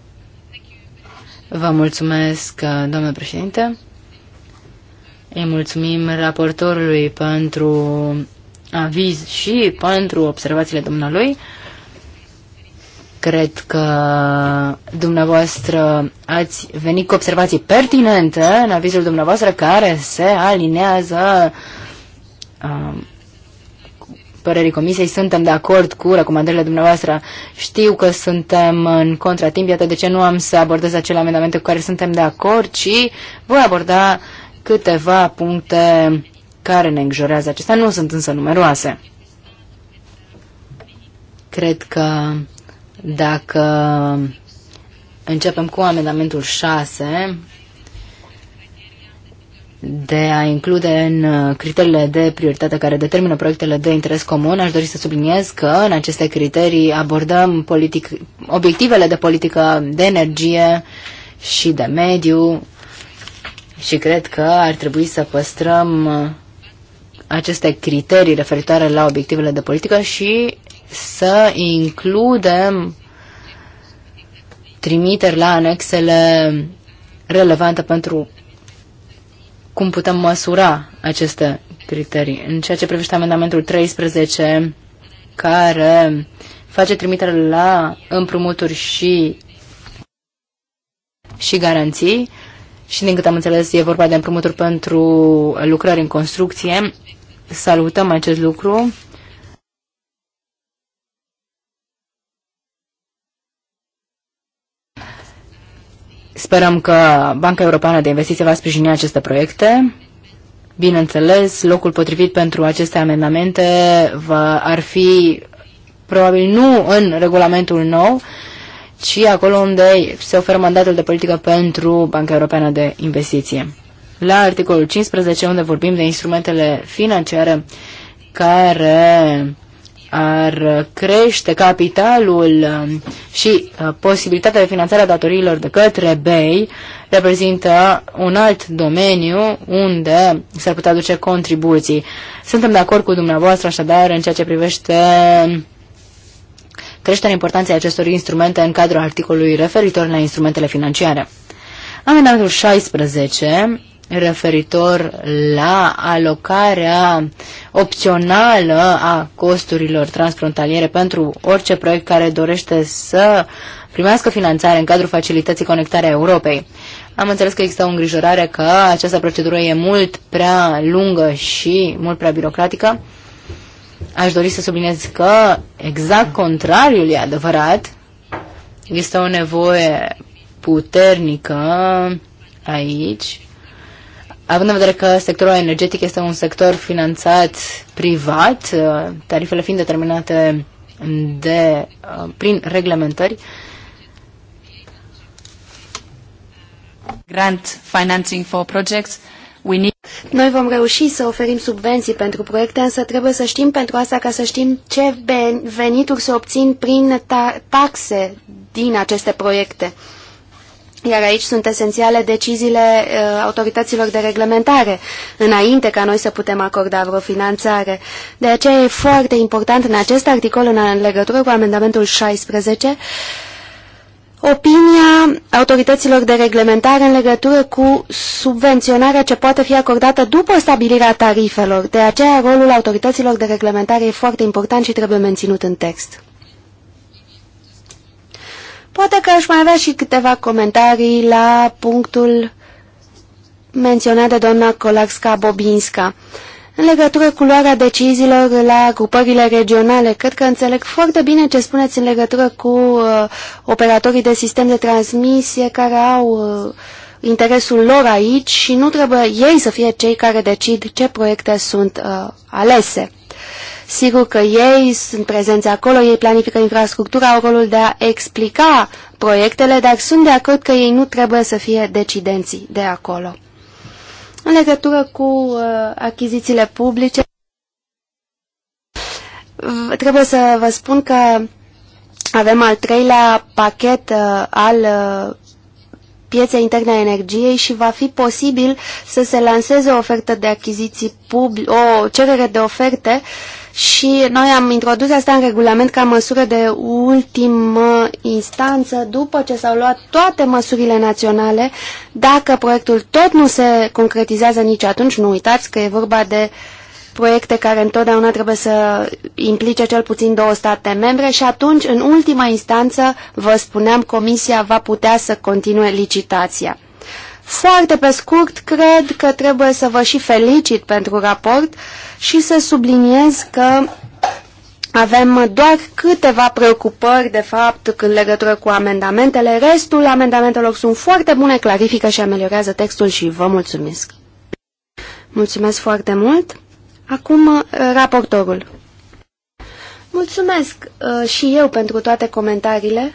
Vă mulțumesc, uh, domnule președinte. Îi mulțumim raportorului pentru aviz și pentru observațiile domnului. Cred că dumneavoastră ați venit cu observații pertinente în avizul dumneavoastră care se alinează um, părerii comisiei. Suntem de acord cu recomandările dumneavoastră. Știu că suntem în contratimp, iată de ce nu am să abordez acele amendamente cu care suntem de acord, ci voi aborda câteva puncte care ne îngrijorează. Acestea nu sunt însă numeroase. Cred că dacă începem cu amendamentul 6, de a include în uh, criteriile de prioritate care determină proiectele de interes comun, aș dori să subliniez că în aceste criterii abordăm politic, obiectivele de politică de energie și de mediu și cred că ar trebui să păstrăm uh, aceste criterii referitoare la obiectivele de politică și să includem trimiteri la anexele relevante pentru cum putem măsura aceste criterii. În ceea ce privește amendamentul 13, care face trimitere la împrumuturi și, și garanții, și din câte am înțeles e vorba de împrumuturi pentru lucrări în construcție, salutăm acest lucru. Sperăm că Banca Europeană de Investiții va sprijini aceste proiecte. Bineînțeles, locul potrivit pentru aceste amendamente va, ar fi probabil nu în regulamentul nou, ci acolo unde se oferă mandatul de politică pentru Banca Europeană de Investiție. La articolul 15, unde vorbim de instrumentele financiare care ar crește capitalul um, și uh, posibilitatea de finanțare a datoriilor de către BEI reprezintă un alt domeniu unde s-ar putea duce contribuții. Suntem de acord cu dumneavoastră așadar în ceea ce privește creșterea importanței acestor instrumente în cadrul articolului referitor la instrumentele financiare. Amendamentul 16 referitor la alocarea opțională a costurilor transfrontaliere pentru orice proiect care dorește să primească finanțare în cadrul facilității conectarea Europei. Am înțeles că există o îngrijorare că această procedură e mult prea lungă și mult prea birocratică. Aș dori să subliniez că exact contrariul e adevărat. Este o nevoie puternică aici Având în vedere că sectorul energetic este un sector finanțat privat, uh, tarifele fiind determinate de, uh, prin reglementări, grant financing for projects, we need... Noi vom reuși să oferim subvenții pentru proiecte, însă trebuie să știm pentru asta ca să știm ce venituri se obțin prin taxe din aceste proiecte. Iar aici sunt esențiale deciziile uh, autorităților de reglementare, înainte ca noi să putem acorda vreo finanțare. De aceea e foarte important în acest articol, în legătură cu amendamentul 16, opinia autorităților de reglementare în legătură cu subvenționarea ce poate fi acordată după stabilirea tarifelor. De aceea rolul autorităților de reglementare e foarte important și trebuie menținut în text. Poate că aș mai avea și câteva comentarii la punctul menționat de doamna Kolarska-Bobinska. În legătură cu luarea deciziilor la grupările regionale, cred că înțeleg foarte bine ce spuneți în legătură cu uh, operatorii de sistem de transmisie care au uh, interesul lor aici și nu trebuie ei să fie cei care decid ce proiecte sunt uh, alese. Sigur că ei sunt prezenți acolo, ei planifică infrastructura, au rolul de a explica proiectele, dar sunt de acord că ei nu trebuie să fie decidenții de acolo. În legătură cu uh, achizițiile publice, trebuie să vă spun că avem al treilea pachet uh, al uh, pieței interne a energiei și va fi posibil să se lanseze o ofertă de achiziții publice, o cerere de oferte uh, și noi am introdus asta în regulament ca măsură de ultimă instanță după ce s-au luat toate măsurile naționale. Dacă proiectul tot nu se concretizează nici atunci, nu uitați că e vorba de proiecte care întotdeauna trebuie să implice cel puțin două state membre și atunci, în ultima instanță, vă spuneam, Comisia va putea să continue licitația. Foarte pe scurt, cred că trebuie să vă și felicit pentru raport și să subliniez că avem doar câteva preocupări, de fapt, în legătură cu amendamentele. Restul amendamentelor sunt foarte bune, clarifică și ameliorează textul și vă mulțumesc. Mulțumesc foarte mult. Acum, raportorul. Mulțumesc uh, și eu pentru toate comentariile.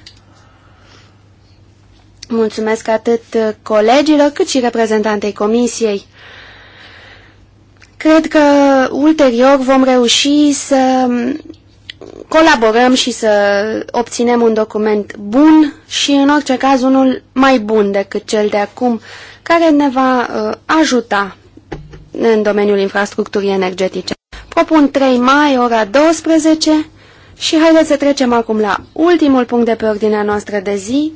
Mulțumesc atât uh, colegilor cât și reprezentantei comisiei. Cred că ulterior vom reuși să colaborăm și să obținem un document bun și în orice caz unul mai bun decât cel de acum, care ne va uh, ajuta în domeniul infrastructurii energetice. Propun 3 mai, ora 12 și haideți să trecem acum la ultimul punct de pe ordinea noastră de zi,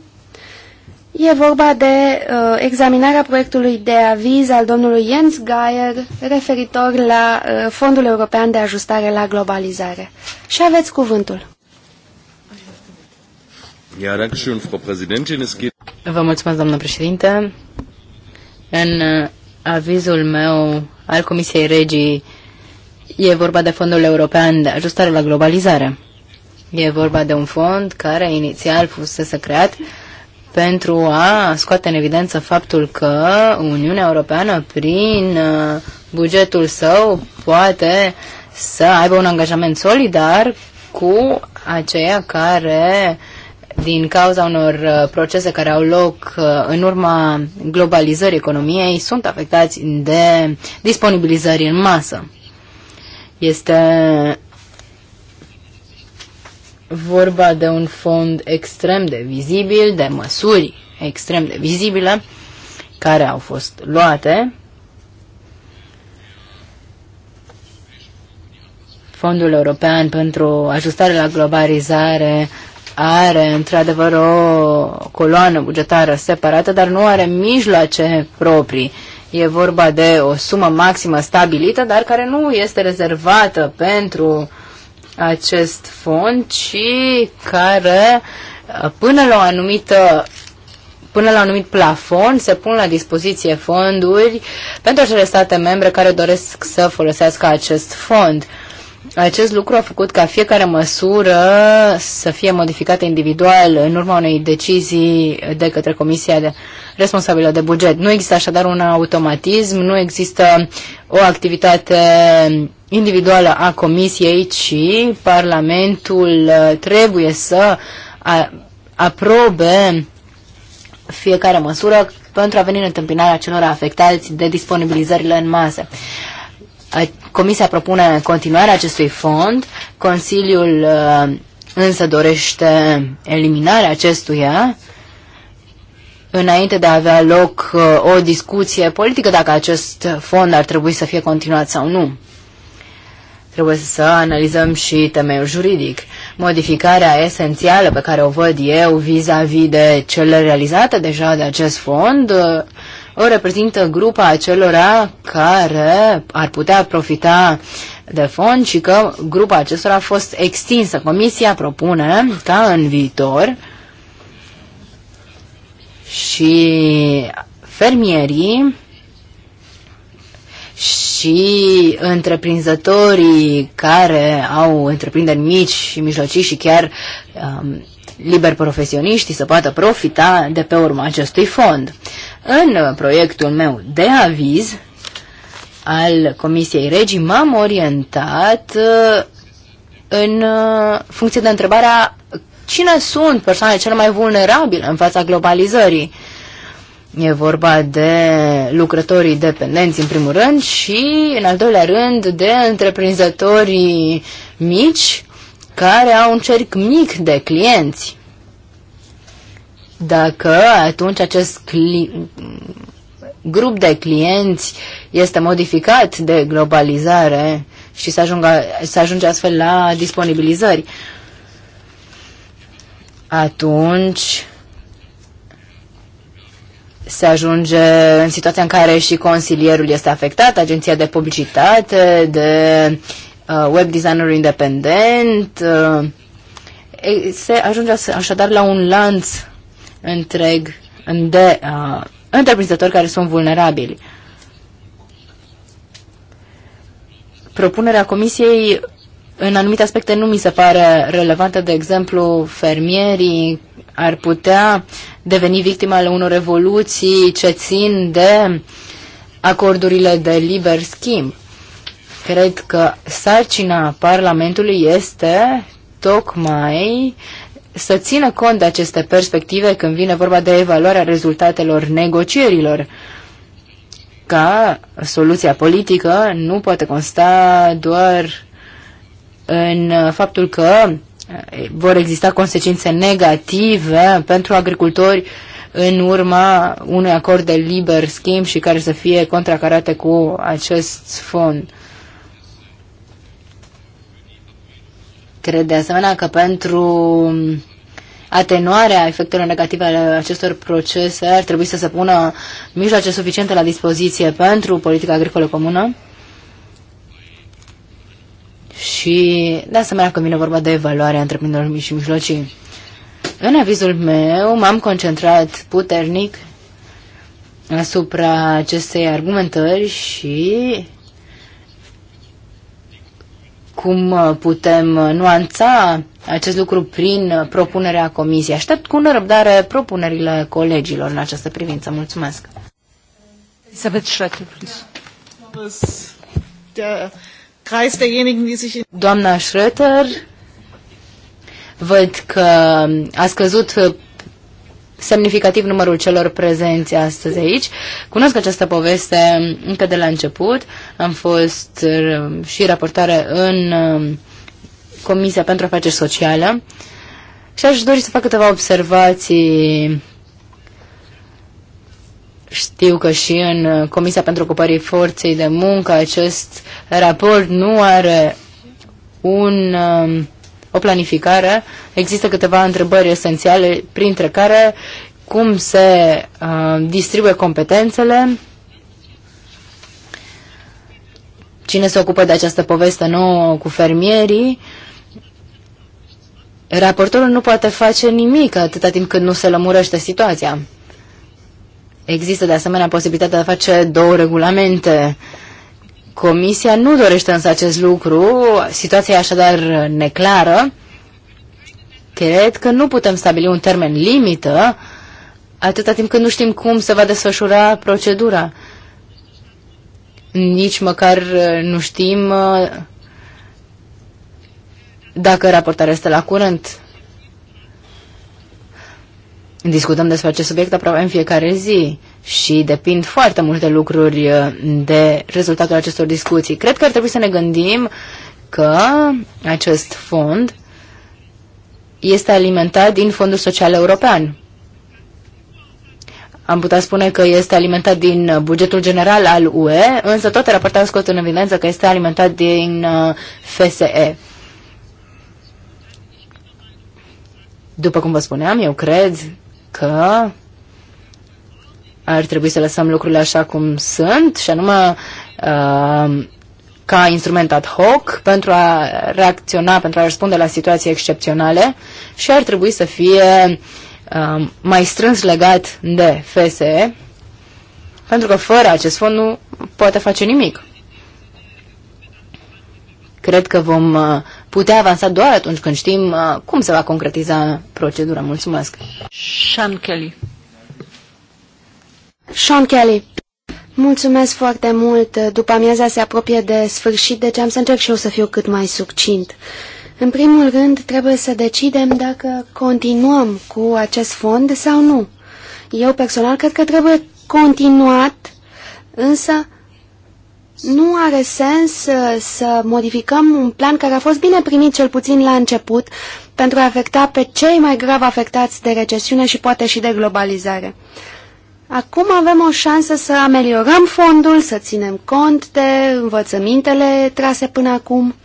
E vorba de uh, examinarea proiectului de aviz al domnului Jens Geier referitor la uh, Fondul European de Ajustare la Globalizare. Și aveți cuvântul. Vă mulțumesc, doamnă președinte. În uh, avizul meu al Comisiei Regii e vorba de Fondul European de Ajustare la Globalizare. E vorba de un fond care inițial fusese creat uh, pentru a scoate în evidență faptul că Uniunea Europeană, prin uh, bugetul său, poate să aibă un angajament solidar cu aceia care, din cauza unor uh, procese care au loc uh, în urma globalizării economiei, sunt afectați de disponibilizări în masă. Este vorba de un fond extrem de vizibil, de măsuri extrem de vizibile care au fost luate. Fondul European pentru Ajustare la Globalizare are într-adevăr o coloană bugetară separată, dar nu are mijloace proprii. E vorba de o sumă maximă stabilită, dar care nu este rezervată pentru uh, acest fond, ci care până la o anumită până la un anumit plafon se pun la dispoziție fonduri pentru acele state membre care doresc să folosească acest fond. Acest lucru a făcut ca fiecare măsură să fie modificată individual în urma unei decizii de către Comisia de responsabilă de buget. Nu există așadar un automatism, nu există o activitate individuală a Comisiei, ci Parlamentul uh, trebuie să aprobe fiecare măsură pentru a veni în întâmpinarea celor afectați de disponibilizările în masă Comisia propune continuarea acestui fond, Consiliul uh, însă dorește eliminarea acestuia înainte de a avea loc uh, o discuție politică dacă acest fond ar trebui să fie continuat sau nu. Trebuie să analizăm și temeiul juridic. Modificarea esențială pe care o văd eu vis-a-vis -vis de cele realizate deja de acest fond uh, o reprezintă grupa acelora care ar putea profita de fond și că grupa acestora a fost extinsă. Comisia propune ca în viitor și fermierii și întreprinzătorii care au întreprinderi mici și mijlocii și chiar um, liber profesioniștii să poată profita de pe urma acestui fond. În proiectul meu de aviz al Comisiei Regii m-am orientat uh, în uh, funcție de întrebarea cine sunt persoanele cele mai vulnerabile în fața globalizării. E vorba de lucrătorii dependenți în primul rând și în al doilea rând de întreprinzătorii mici care au un cerc mic de clienți dacă atunci acest cli- grup de clienți este modificat de globalizare și să, ajungă, să ajunge astfel la disponibilizări, atunci se ajunge în situația în care și consilierul este afectat, agenția de publicitate, de uh, web designer independent, uh, se ajunge așadar la un lanț întreg de uh, întreprinzători care sunt vulnerabili. Propunerea Comisiei în anumite aspecte nu mi se pare relevantă, de exemplu, fermierii ar putea deveni victime ale unor revoluții ce țin de acordurile de liber schimb. Cred că sarcina Parlamentului este tocmai să țină cont de aceste perspective când vine vorba de evaluarea rezultatelor negocierilor. Ca soluția politică nu poate consta doar în faptul că eh, vor exista consecințe negative pentru agricultori în urma unui acord de liber schimb și care să fie contracarate cu acest fond. Cred de asemenea că pentru atenuarea efectelor negative ale acestor procese ar trebui să se pună mijloace suficiente la dispoziție pentru politica agricolă comună și de asemenea când vine vorba de evaluarea întreprinderilor mici și mijlocii. În avizul meu m-am concentrat puternic asupra acestei argumentări și cum uh, putem uh, nuanța acest lucru prin uh, propunerea comisiei. Aștept cu nerăbdare propunerile colegilor în această privință. Mulțumesc. Elisabeth Doamna Schröter, văd că a scăzut semnificativ numărul celor prezenți astăzi aici. Cunosc această poveste încă de la început. Am fost uh, și raportare în uh, Comisia pentru Afaceri Sociale și aș dori să fac câteva observații știu că și în uh, Comisia pentru Ocupării Forței de Muncă acest raport nu are un o planificare, există câteva întrebări esențiale, printre care cum se uh, distribuie competențele, cine se ocupă de această poveste nouă cu fermierii. Raportorul nu poate face nimic atâta timp cât nu se lămurește situația. Există de asemenea posibilitatea de a face două regulamente uh, Comisia nu dorește însă acest lucru, situația e așadar neclară. Cred că nu putem stabili un termen limită atâta timp când nu știm cum se va desfășura procedura. Nici măcar uh, nu știm uh, dacă raportarea este la curent. Discutăm despre acest subiect aproape în fiecare zi și depind foarte multe lucruri uh, de rezultatul acestor discuții. Cred că ar trebui să ne gândim că acest fond este alimentat din Fondul Social European. Am putea spune că este alimentat din uh, bugetul general al UE, însă toate au scot în evidență că este alimentat din uh, FSE. După cum vă spuneam, eu cred că ar trebui să lăsăm lucrurile așa cum sunt și anume uh, ca instrument ad hoc pentru a reacționa, pentru a răspunde la situații excepționale și ar trebui să fie uh, mai strâns legat de FSE pentru că fără acest fond nu poate face nimic. Cred că vom uh, putea avansa doar atunci când știm uh, cum se va concretiza procedura. Mulțumesc! Sean Kelly Sean Kelly. Mulțumesc foarte mult. După amiaza se apropie de sfârșit, deci am să încerc și eu să fiu cât mai succint. În primul rând, trebuie să decidem dacă continuăm cu acest fond sau nu. Eu personal cred că trebuie continuat, însă nu are sens să, uh, să modificăm un plan care a fost bine primit cel puțin la început pentru a afecta pe cei mai grav afectați de recesiune și poate și de globalizare. Acum avem o șansă să ameliorăm fondul, să ținem cont de învățămintele trase până acum.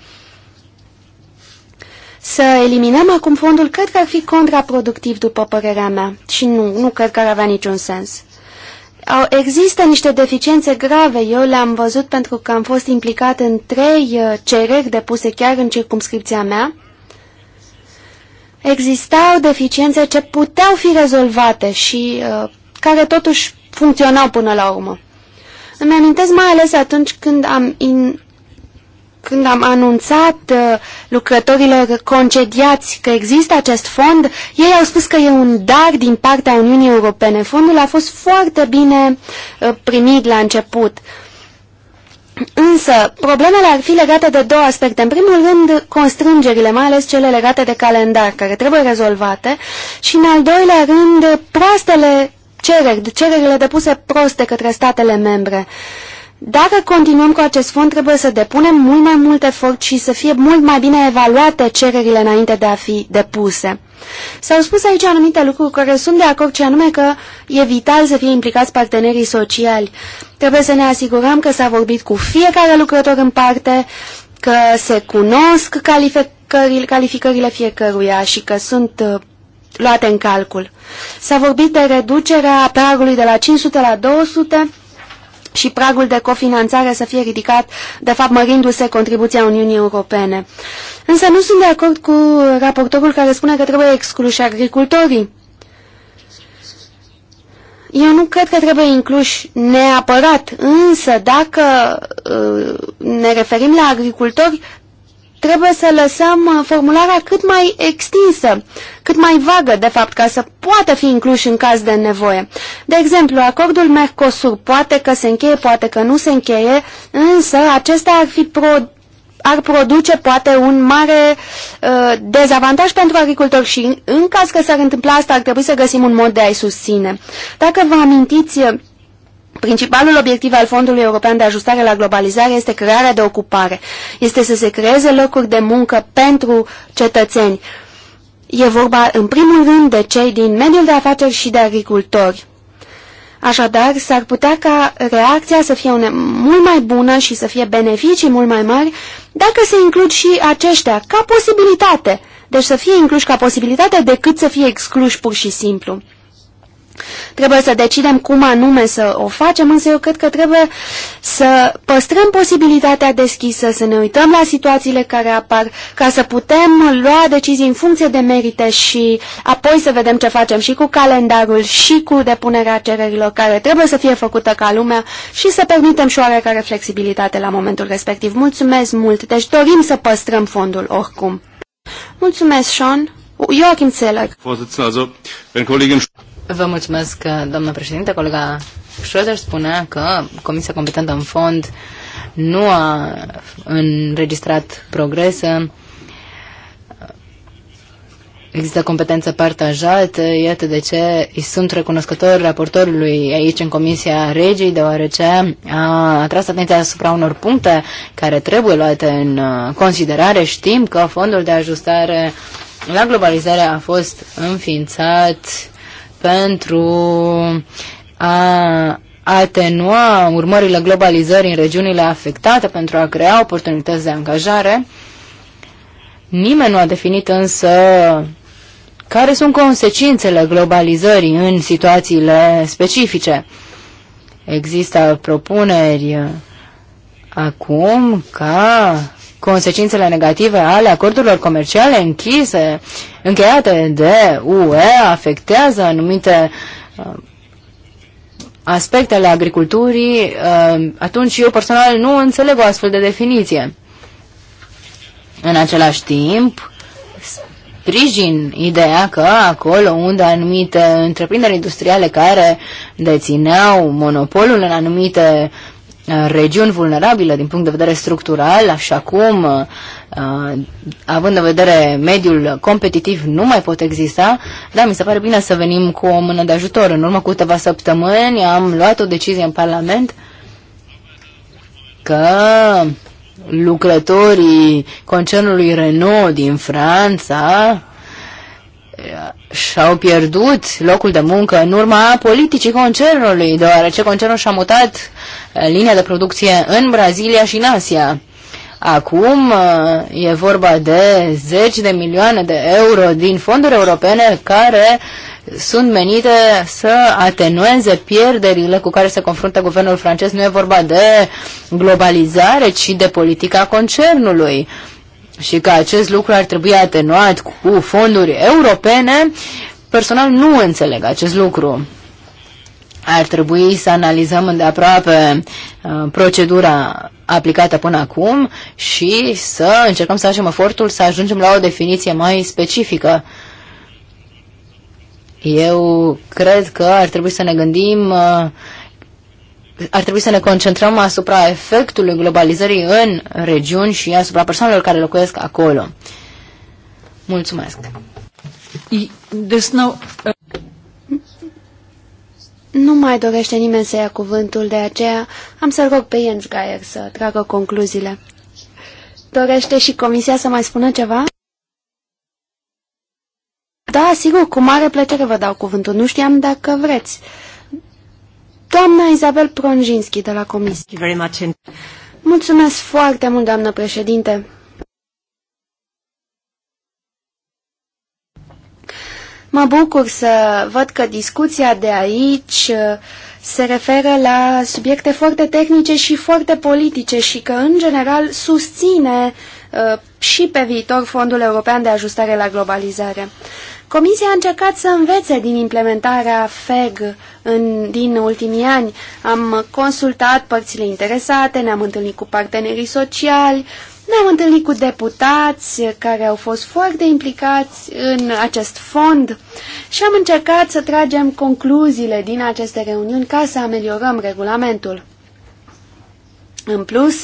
Să eliminăm acum fondul cred că ar fi contraproductiv, după părerea mea, și nu, nu cred că ar avea niciun sens. Au, există niște deficiențe grave, eu le-am văzut pentru că am fost implicat în trei uh, cereri depuse chiar în circumscripția mea. Existau deficiențe ce puteau fi rezolvate și uh, care totuși funcționau până la urmă. Îmi amintesc mai ales atunci când am, in, când am anunțat uh, lucrătorilor concediați că există acest fond, ei au spus că e un dar din partea Uniunii Europene. Fondul a fost foarte bine uh, primit la început. Însă, problemele ar fi legate de două aspecte. În primul rând, constrângerile, mai ales cele legate de calendar, care trebuie rezolvate, și în al doilea rând, proastele cereri, cererile depuse proste către statele membre. Dacă continuăm cu acest fond, trebuie să depunem mult mai mult efort și să fie mult mai bine evaluate cererile înainte de a fi depuse. S-au spus aici anumite lucruri care sunt de acord, ce anume că e vital să fie implicați partenerii sociali. Trebuie să ne asigurăm că s-a vorbit cu fiecare lucrător în parte, că se cunosc calificările, calificările fiecăruia și că sunt uh, luate în calcul. S-a vorbit de reducerea pragului de la 500 la 200 și pragul de cofinanțare să fie ridicat, de fapt mărindu-se contribuția Uniunii Europene. Însă nu sunt de acord cu raportorul care spune că trebuie excluși agricultorii. Eu nu cred că trebuie incluși neapărat, însă dacă uh, ne referim la agricultori, trebuie să lăsăm uh, formularea cât mai extinsă, cât mai vagă, de fapt, ca să poată fi incluși în caz de nevoie. De exemplu, acordul Mercosur poate că se încheie, poate că nu se încheie, însă acesta ar fi pro ar produce poate un mare uh, dezavantaj pentru agricultori și în caz că s-ar întâmpla asta ar trebui să găsim un mod de a-i susține. Dacă vă amintiți, uh, Principalul obiectiv al Fondului European de Ajustare la Globalizare este crearea de ocupare. Este să se creeze locuri de muncă pentru cetățeni. E vorba, în primul rând, de cei din mediul de afaceri și de agricultori. Așadar, s-ar putea ca reacția să fie une, mult mai bună și să fie beneficii mult mai mari dacă se includ și aceștia ca posibilitate. Deci să fie incluși ca posibilitate decât să fie excluși pur și simplu. Trebuie să decidem cum anume să o facem, însă eu cred că trebuie să păstrăm posibilitatea deschisă, să ne uităm la situațiile care apar, ca să putem lua decizii în funcție de merite și apoi să vedem ce facem și cu calendarul și cu depunerea cererilor care trebuie să fie făcută ca lumea și să permitem și oarecare flexibilitate la momentul respectiv. Mulțumesc mult! Deci dorim să păstrăm fondul oricum. Mulțumesc, Sean! Joachim Zeller. Vă mulțumesc, doamnă președinte. Colega Schroeder spunea că Comisia Competentă în Fond nu a înregistrat progrese. Există competență partajată, iată de ce îi sunt recunoscător raportorului aici în Comisia Regii, deoarece a atras atenția asupra unor puncte care trebuie luate în considerare. Știm că fondul de ajustare la globalizare a fost înființat pentru a atenua urmările globalizării în regiunile afectate, pentru a crea oportunități de angajare. Nimeni nu a definit însă care sunt consecințele globalizării în situațiile specifice. Există propuneri acum ca consecințele negative ale acordurilor comerciale închise, încheiate de UE, afectează anumite uh, aspecte ale agriculturii, uh, atunci eu personal nu înțeleg o astfel de definiție. În același timp, sprijin ideea că acolo unde anumite întreprinderi industriale care dețineau monopolul în anumite uh, Uh, regiuni vulnerabile din punct de vedere structural, așa cum, uh, uh, având în vedere mediul competitiv, nu mai pot exista, Da, mi se pare bine să venim cu o mână de ajutor. În urmă cu câteva săptămâni am luat o decizie în Parlament că lucrătorii concernului Renault din Franța și-au pierdut locul de muncă în urma politicii concernului, deoarece concernul și-a mutat eh, linia de producție în Brazilia și în Asia. Acum eh, e vorba de zeci de milioane de euro din fonduri europene care sunt menite să atenueze pierderile cu care se confruntă guvernul francez. Nu e vorba de globalizare, ci de politica concernului și că acest lucru ar trebui atenuat cu fonduri europene, personal nu înțeleg acest lucru. Ar trebui să analizăm îndeaproape uh, procedura aplicată până acum și să încercăm să facem efortul să ajungem la o definiție mai specifică. Eu cred că ar trebui să ne gândim uh, ar trebui să ne concentrăm asupra efectului globalizării în regiuni și asupra persoanelor care locuiesc acolo. Mulțumesc. Uh, nu mai dorește nimeni să ia cuvântul, de aceea am să rog pe Jens Geier să tragă concluziile. Dorește și comisia să mai spună ceva? Da, sigur, cu mare plăcere vă dau cuvântul. Nu știam dacă vreți. Uh, Doamna Isabel Pronjinski de la Comisie. Mulțumesc foarte mult, doamnă președinte. Mă bucur să văd că discuția de aici uh, se referă la subiecte foarte tehnice și foarte politice și că, în general, susține uh, și pe viitor Fondul European de Ajustare la Globalizare. Comisia a încercat să învețe din implementarea FEG în, din ultimii ani. Am consultat părțile interesate, ne-am întâlnit cu partenerii sociali, ne-am întâlnit cu deputați care au fost foarte implicați în acest fond și am încercat să tragem concluziile din aceste reuniuni ca să ameliorăm regulamentul. În plus,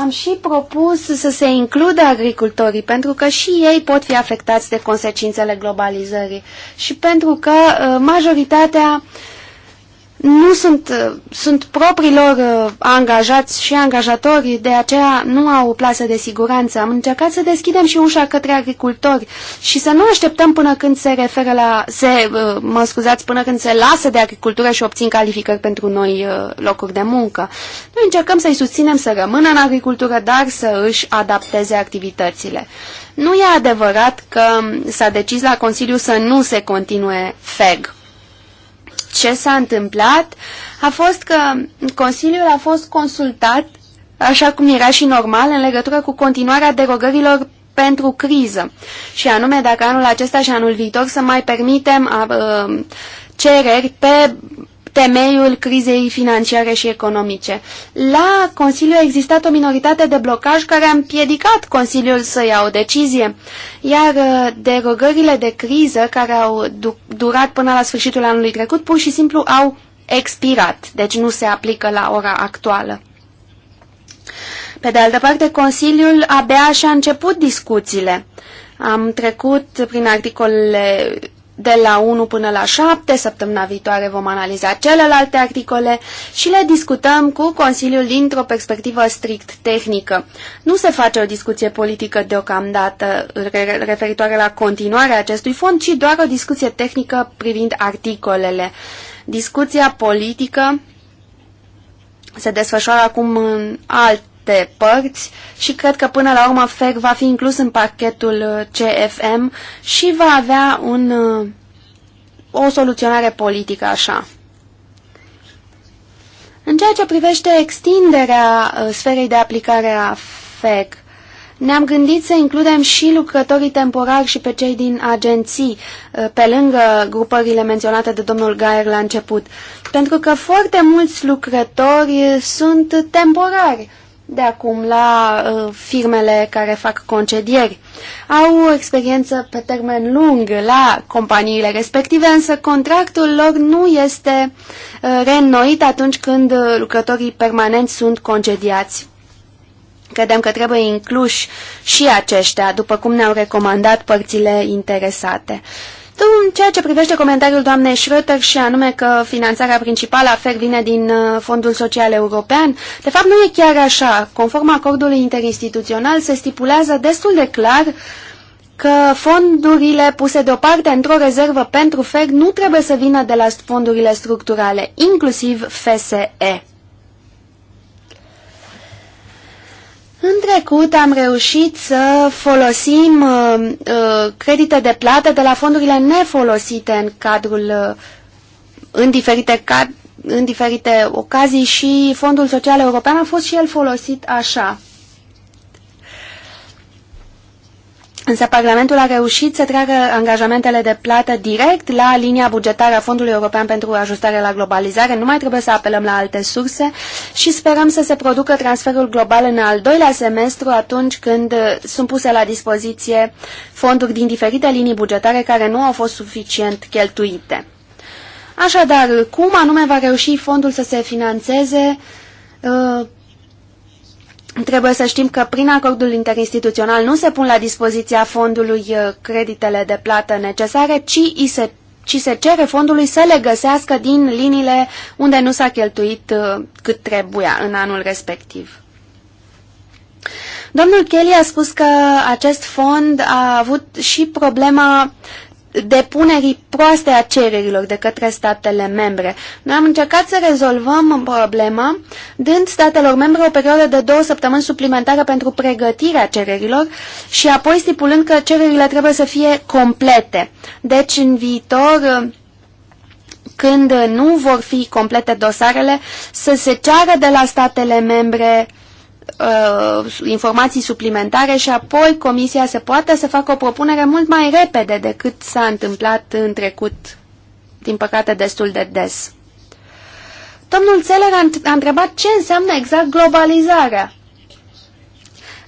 am și propus să se includă agricultorii, pentru că și ei pot fi afectați de consecințele globalizării și pentru că uh, majoritatea uh, nu sunt, sunt propriilor uh, angajați și angajatori, de aceea nu au o plasă de siguranță. Am încercat să deschidem și ușa către agricultori și să nu așteptăm până când se referă la, se, uh, mă scuzați, până când se lasă de agricultură și obțin calificări pentru noi uh, locuri de muncă. Noi încercăm să-i susținem să rămână în agricultură, dar să își adapteze activitățile. Nu e adevărat că s-a decis la Consiliu să nu se continue FEG ce s-a întâmplat a fost că Consiliul a fost consultat, așa cum era și normal, în legătură cu continuarea derogărilor pentru criză. Și anume, dacă anul acesta și anul viitor să mai permitem a, a, uh, cereri pe temeiul crizei financiare și economice. La Consiliu a existat o minoritate de blocaj care a împiedicat Consiliul să ia o decizie, iar uh, derogările de criză care au durat până la sfârșitul anului trecut pur și simplu au expirat, deci nu se aplică la ora actuală. Pe de altă parte, Consiliul abia și-a început discuțiile. Am trecut prin articolele de la 1 până la 7, săptămâna viitoare vom analiza celelalte articole și le discutăm cu Consiliul dintr-o perspectivă strict tehnică. Nu se face o discuție politică deocamdată referitoare la continuarea acestui fond, ci doar o discuție tehnică privind articolele. Discuția politică se desfășoară acum în alt de părți și cred că până la urmă FEC va fi inclus în pachetul uh, CFM și va avea un, uh, o soluționare politică așa. În ceea ce privește extinderea uh, sferei de aplicare a FEC, ne-am gândit să includem și lucrătorii temporari și pe cei din agenții, pe lângă grupările menționate de domnul Gaier la început, pentru că foarte mulți lucrători sunt temporari de acum la uh, firmele care fac concedieri. Au o experiență pe termen lung la companiile respective, însă contractul lor nu este uh, reînnoit atunci când lucrătorii permanenți sunt concediați. Credem că trebuie incluși și aceștia, după cum ne-au recomandat părțile interesate. Uh, în ceea ce privește comentariul doamnei Schröter și anume că finanțarea principală a FER vine din uh, Fondul Social European, de fapt nu e chiar așa. Conform acordului interinstituțional se stipulează destul de clar că fondurile puse deoparte într-o rezervă pentru FER nu trebuie să vină de la fondurile structurale, inclusiv FSE. În trecut am reușit să folosim uh, uh, credite de plată de la fondurile nefolosite în cadrul uh, în diferite cad în diferite ocazii și Fondul Social European a fost și el folosit așa. Însă Parlamentul a reușit să treacă angajamentele de plată direct la linia bugetară a Fondului European pentru Ajustare la Globalizare. Nu mai trebuie să apelăm la alte surse și sperăm să se producă transferul global în al doilea semestru atunci când sunt puse la dispoziție fonduri din diferite linii bugetare care nu au fost suficient cheltuite. Așadar, cum anume va reuși fondul să se financeze uh, Trebuie să știm că prin acordul interinstituțional nu se pun la dispoziția fondului uh, creditele de plată necesare, ci i se, ci se cere fondului să le găsească din liniile unde nu s-a cheltuit uh, cât trebuia în anul respectiv. Domnul Kelly a spus că acest fond a avut și problema uh, depunerii proaste a cererilor de către statele membre. Noi am încercat să rezolvăm problema dând statelor membre o perioadă de două săptămâni suplimentară pentru pregătirea cererilor și apoi stipulând că cererile trebuie să fie complete. Deci în viitor când nu vor fi complete dosarele, să se ceară de la statele membre uh, uh, informații suplimentare și apoi comisia să poată să facă o propunere mult mai repede decât s-a întâmplat în trecut, din păcate destul de des. Domnul Țeler a întrebat ce înseamnă exact globalizarea.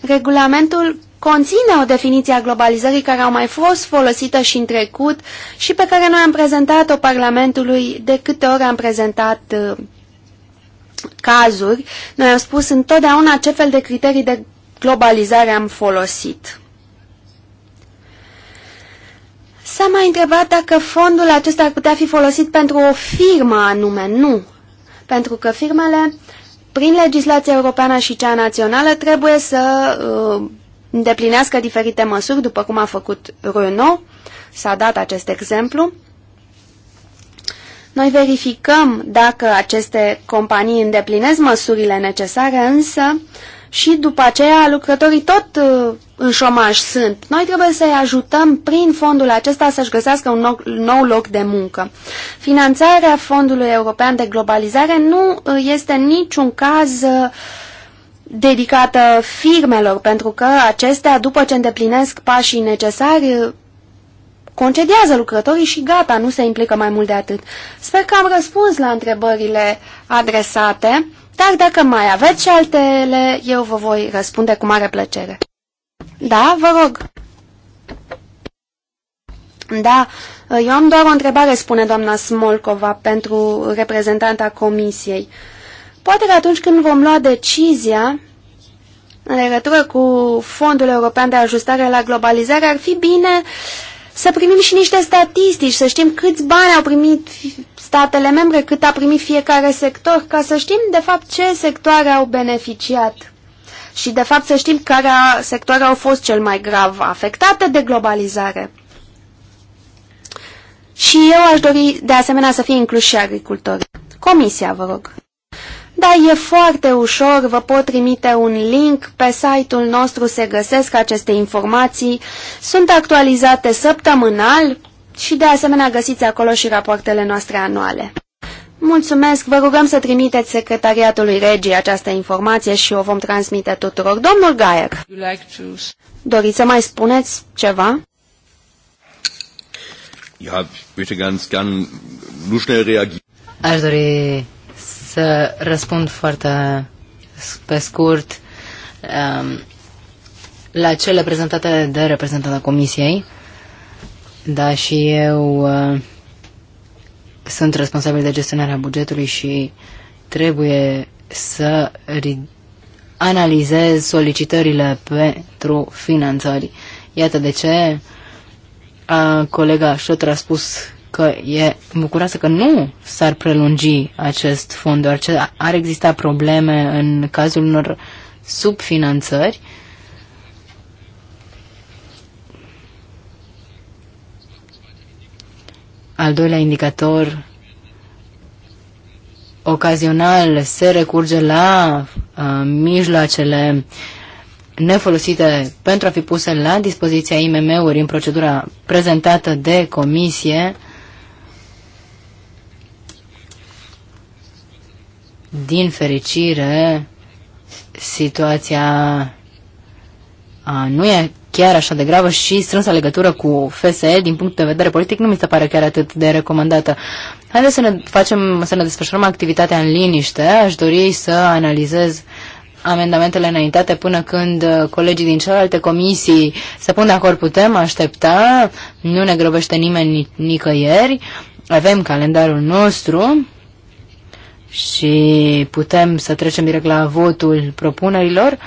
Regulamentul conține o definiție a globalizării care a mai fost folosită și în trecut și pe care noi am prezentat-o Parlamentului de câte ori am prezentat uh, cazuri, noi am spus întotdeauna ce fel de criterii de globalizare am folosit. S-a mai întrebat dacă fondul acesta ar putea fi folosit pentru o firmă anume. Nu, pentru că firmele, prin legislația europeană și cea națională, trebuie să uh, îndeplinească diferite măsuri, după cum a făcut Renault, s-a dat acest exemplu, noi verificăm dacă aceste companii îndeplinesc măsurile necesare, însă și după aceea lucrătorii tot uh, în șomaj sunt. Noi trebuie să-i ajutăm prin fondul acesta să-și găsească un nou, nou loc de muncă. Finanțarea Fondului European de Globalizare nu uh, este în niciun caz uh, dedicată firmelor, pentru că acestea, după ce îndeplinesc pașii necesari, concediază lucrătorii și gata, nu se implică mai mult de atât. Sper că am răspuns la întrebările adresate, dar dacă mai aveți și altele, eu vă voi răspunde cu mare plăcere. Da, vă rog. Da, eu am doar o întrebare, spune doamna Smolcova, pentru reprezentanta comisiei. Poate că atunci când vom lua decizia în legătură cu Fondul European de Ajustare la Globalizare, ar fi bine uh, să primim și niște statistici, să știm câți bani au primit statele membre, cât a primit fiecare sector, ca să știm de fapt ce sectoare au beneficiat. Și de fapt să știm care sectoare au fost cel mai grav afectate de globalizare. Și eu aș dori de asemenea să fie inclus și agricultorii. Comisia, vă rog. Da, e foarte ușor, vă pot trimite un link, pe site-ul nostru se găsesc aceste informații, sunt actualizate săptămânal și de asemenea găsiți acolo și rapoartele noastre anuale. Mulțumesc, vă rugăm să trimiteți secretariatului regii această informație și o vom transmite tuturor. Domnul Gaier, doriți să mai spuneți ceva? Ja, bitte ganz gern, nur schnell reagieren. Aș dori să răspund foarte pe scurt um, la cele prezentate de reprezentanta Comisiei. Da, și eu uh, sunt responsabil de gestionarea bugetului și trebuie să analizez solicitările pentru finanțări. Iată de ce uh, colega Șotra a spus că e bucuroasă că nu s-ar prelungi acest fond, deoarece ar exista probleme în cazul unor subfinanțări. Al doilea indicator ocazional se recurge la uh, mijloacele nefolosite pentru a fi puse la dispoziția IMM-uri în procedura prezentată de comisie. Din fericire, situația nu e chiar așa de gravă și strânsa legătură cu FSE din punct de vedere politic nu mi se pare chiar atât de recomandată. Haideți să ne facem, să ne desfășurăm activitatea în liniște. Aș dori să analizez amendamentele înaintate până când colegii din celelalte comisii se pun de acord. Putem aștepta, nu ne grăbește nimeni nicăieri. Avem calendarul nostru și putem să trecem direct la votul propunerilor.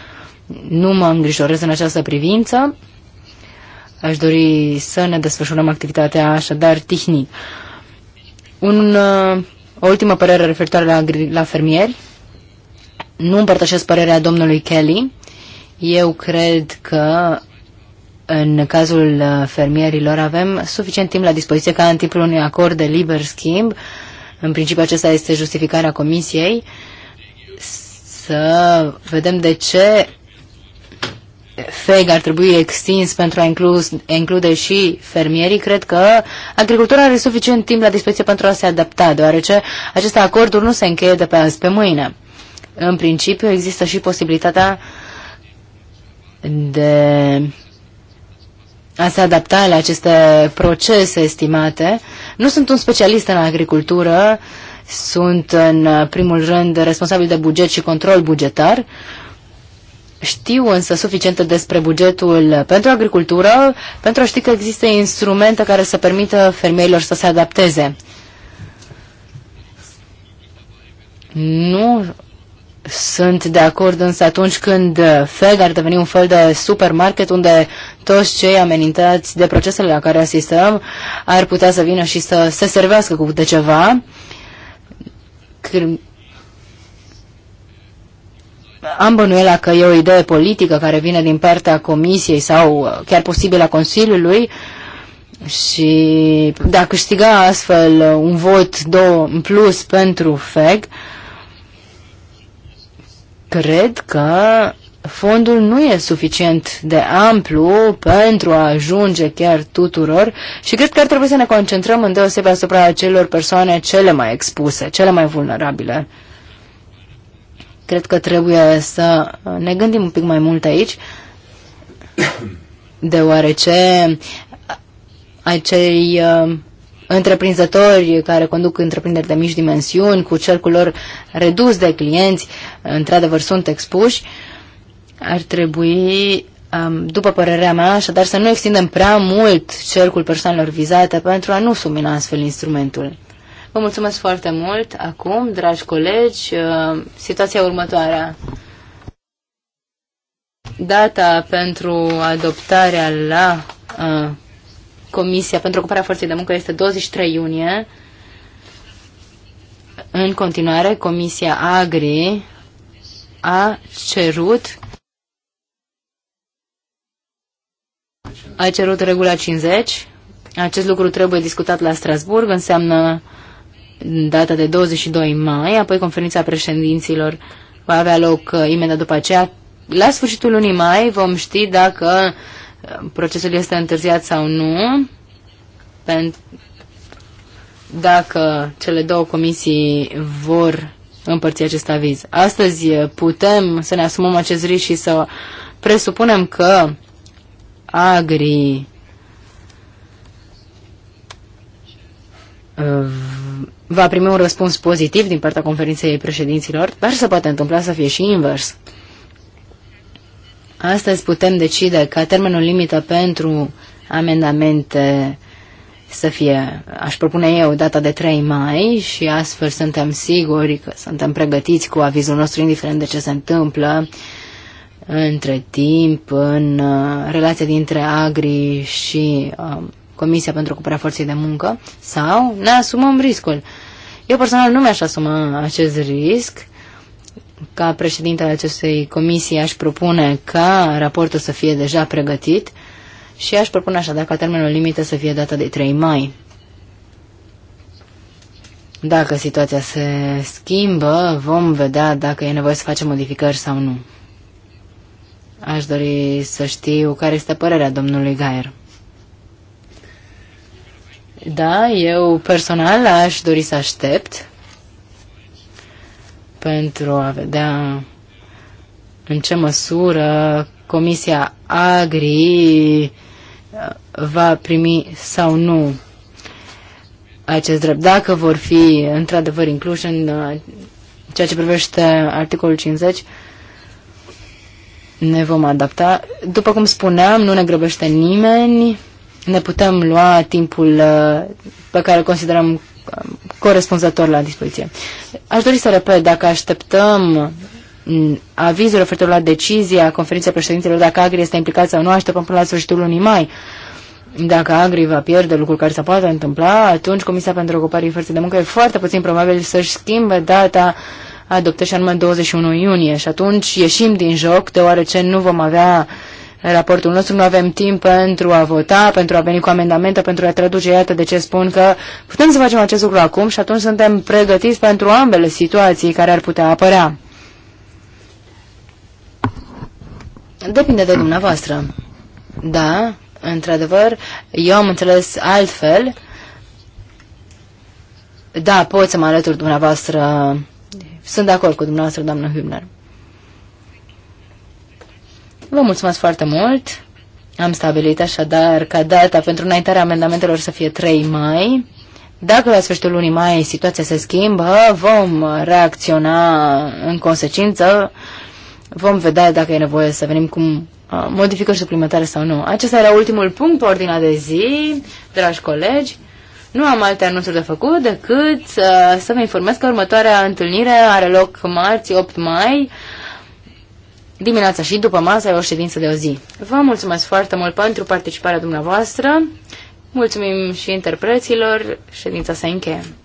Nu mă îngrijorez în această privință. Aș dori să ne desfășurăm activitatea așadar tehnic. Un, uh, o ultimă părere referitoare la, la fermieri. Nu împărtășesc părerea domnului Kelly. Eu cred că în cazul uh, fermierilor avem suficient timp la dispoziție ca în timpul unui acord de liber schimb uh, în principiu acesta este justificarea comisiei. Să vedem de ce FEG ar trebui extins pentru a inclus, include și fermierii, cred că agricultura are suficient timp la dispoziție pentru a se adapta, deoarece aceste acorduri nu se încheie de pe azi pe mâine. În principiu există și posibilitatea de a se adapta la aceste procese estimate. Nu sunt un specialist în agricultură, sunt în primul rând responsabil de buget și control bugetar. Știu însă suficiente despre bugetul pentru agricultură pentru a ști că există instrumente care să permită fermierilor să se adapteze. Nu sunt de acord însă atunci când uh, FEG ar deveni un fel de supermarket unde toți cei amenințați de procesele la care asistăm ar putea să vină și să se servească cu de ceva. Când am bănuiela că e o idee politică care vine din partea Comisiei sau uh, chiar posibil a Consiliului și de a câștiga astfel uh, un vot două în plus pentru FEG, uh, Cred că fondul nu e suficient de amplu pentru a ajunge chiar tuturor și cred că ar trebui să ne concentrăm îndeosebe asupra acelor persoane cele mai expuse, cele mai vulnerabile. Cred că trebuie să ne gândim un pic mai mult aici, [COUGHS] deoarece acei uh, întreprinzători care conduc întreprinderi de mici dimensiuni, cu cercul lor redus de clienți, într-adevăr sunt expuși, ar trebui, după părerea mea, așadar să nu extindem prea mult cercul persoanelor vizate pentru a nu sumina astfel instrumentul. Vă mulțumesc foarte mult. Acum, dragi colegi, uh, situația următoarea. Data pentru adoptarea la uh, Comisia pentru Ocuparea Forței de Muncă este 23 iunie. În continuare, Comisia Agri a cerut a cerut regula 50. Acest lucru trebuie discutat la Strasburg, înseamnă data de 22 mai, apoi conferința președinților va avea loc uh, imediat după aceea. La sfârșitul lunii mai vom ști dacă uh, procesul este întârziat sau nu, pentru dacă cele două comisii vor împărți acest aviz. Astăzi eh, putem să ne asumăm acest risc și să presupunem că agri eh, va primi un răspuns pozitiv din partea conferinței președinților, dar se poate întâmpla să fie și invers. Astăzi putem decide ca termenul limită pentru amendamente să fie, aș propune eu, data de 3 mai și astfel suntem siguri că suntem pregătiți cu avizul nostru, indiferent de ce se întâmplă între timp, în uh, relația dintre Agri și um, Comisia pentru cuprarea Forței de Muncă, sau ne asumăm riscul. Eu personal nu mi-aș asuma acest risc. Ca președintele acestei comisii aș propune ca raportul să fie deja pregătit și aș propune așa dacă termenul limită să fie data de 3 mai. Dacă situația se schimbă, vom vedea dacă e nevoie să facem modificări sau nu. Aș dori să știu care este părerea domnului Gaier. Da, eu personal aș dori să aștept pentru a vedea în ce măsură Comisia Agri va primi sau nu acest drept, dacă vor fi într-adevăr incluși în uh, ceea ce privește articolul 50, ne vom adapta. După cum spuneam, nu ne grăbește nimeni, ne putem lua timpul uh, pe care îl considerăm um, corespunzător la dispoziție. Aș dori să repet, dacă așteptăm mm, avizul referitor la decizia conferinței președinților, dacă Agri este implicat sau nu, așteptăm până la sfârșitul lunii mai. Dacă Agri va pierde lucruri care se poate întâmpla, atunci Comisia pentru Ocuparii Forței de Muncă e foarte puțin probabil să-și schimbe data adoptă și anume 21 iunie și atunci ieșim din joc deoarece nu vom avea raportul nostru, nu avem timp pentru a vota, pentru a veni cu amendamente, pentru a traduce. Iată de ce spun că putem să facem acest lucru acum și atunci suntem pregătiți pentru ambele situații care ar putea apărea. Depinde de dumneavoastră. Da, Într-adevăr, eu am înțeles altfel. Da, pot să mă alătur dumneavoastră. Sunt de acord cu dumneavoastră, doamnă Hübner. Vă mulțumesc foarte mult. Am stabilit așadar ca data pentru înaintarea amendamentelor să fie 3 mai. Dacă la sfârșitul lunii mai situația se schimbă, vom reacționa în consecință. Vom vedea dacă e nevoie să venim cu Uh, modificări suplimentare sau nu. Acesta era ultimul punct pe ordinea de zi, dragi colegi. Nu am alte anunțuri de făcut decât uh, să vă informez că următoarea întâlnire are loc marți 8 mai, dimineața și după masă e o ședință de o zi. Vă mulțumesc foarte mult pentru participarea dumneavoastră, mulțumim și interpreților, ședința se încheie.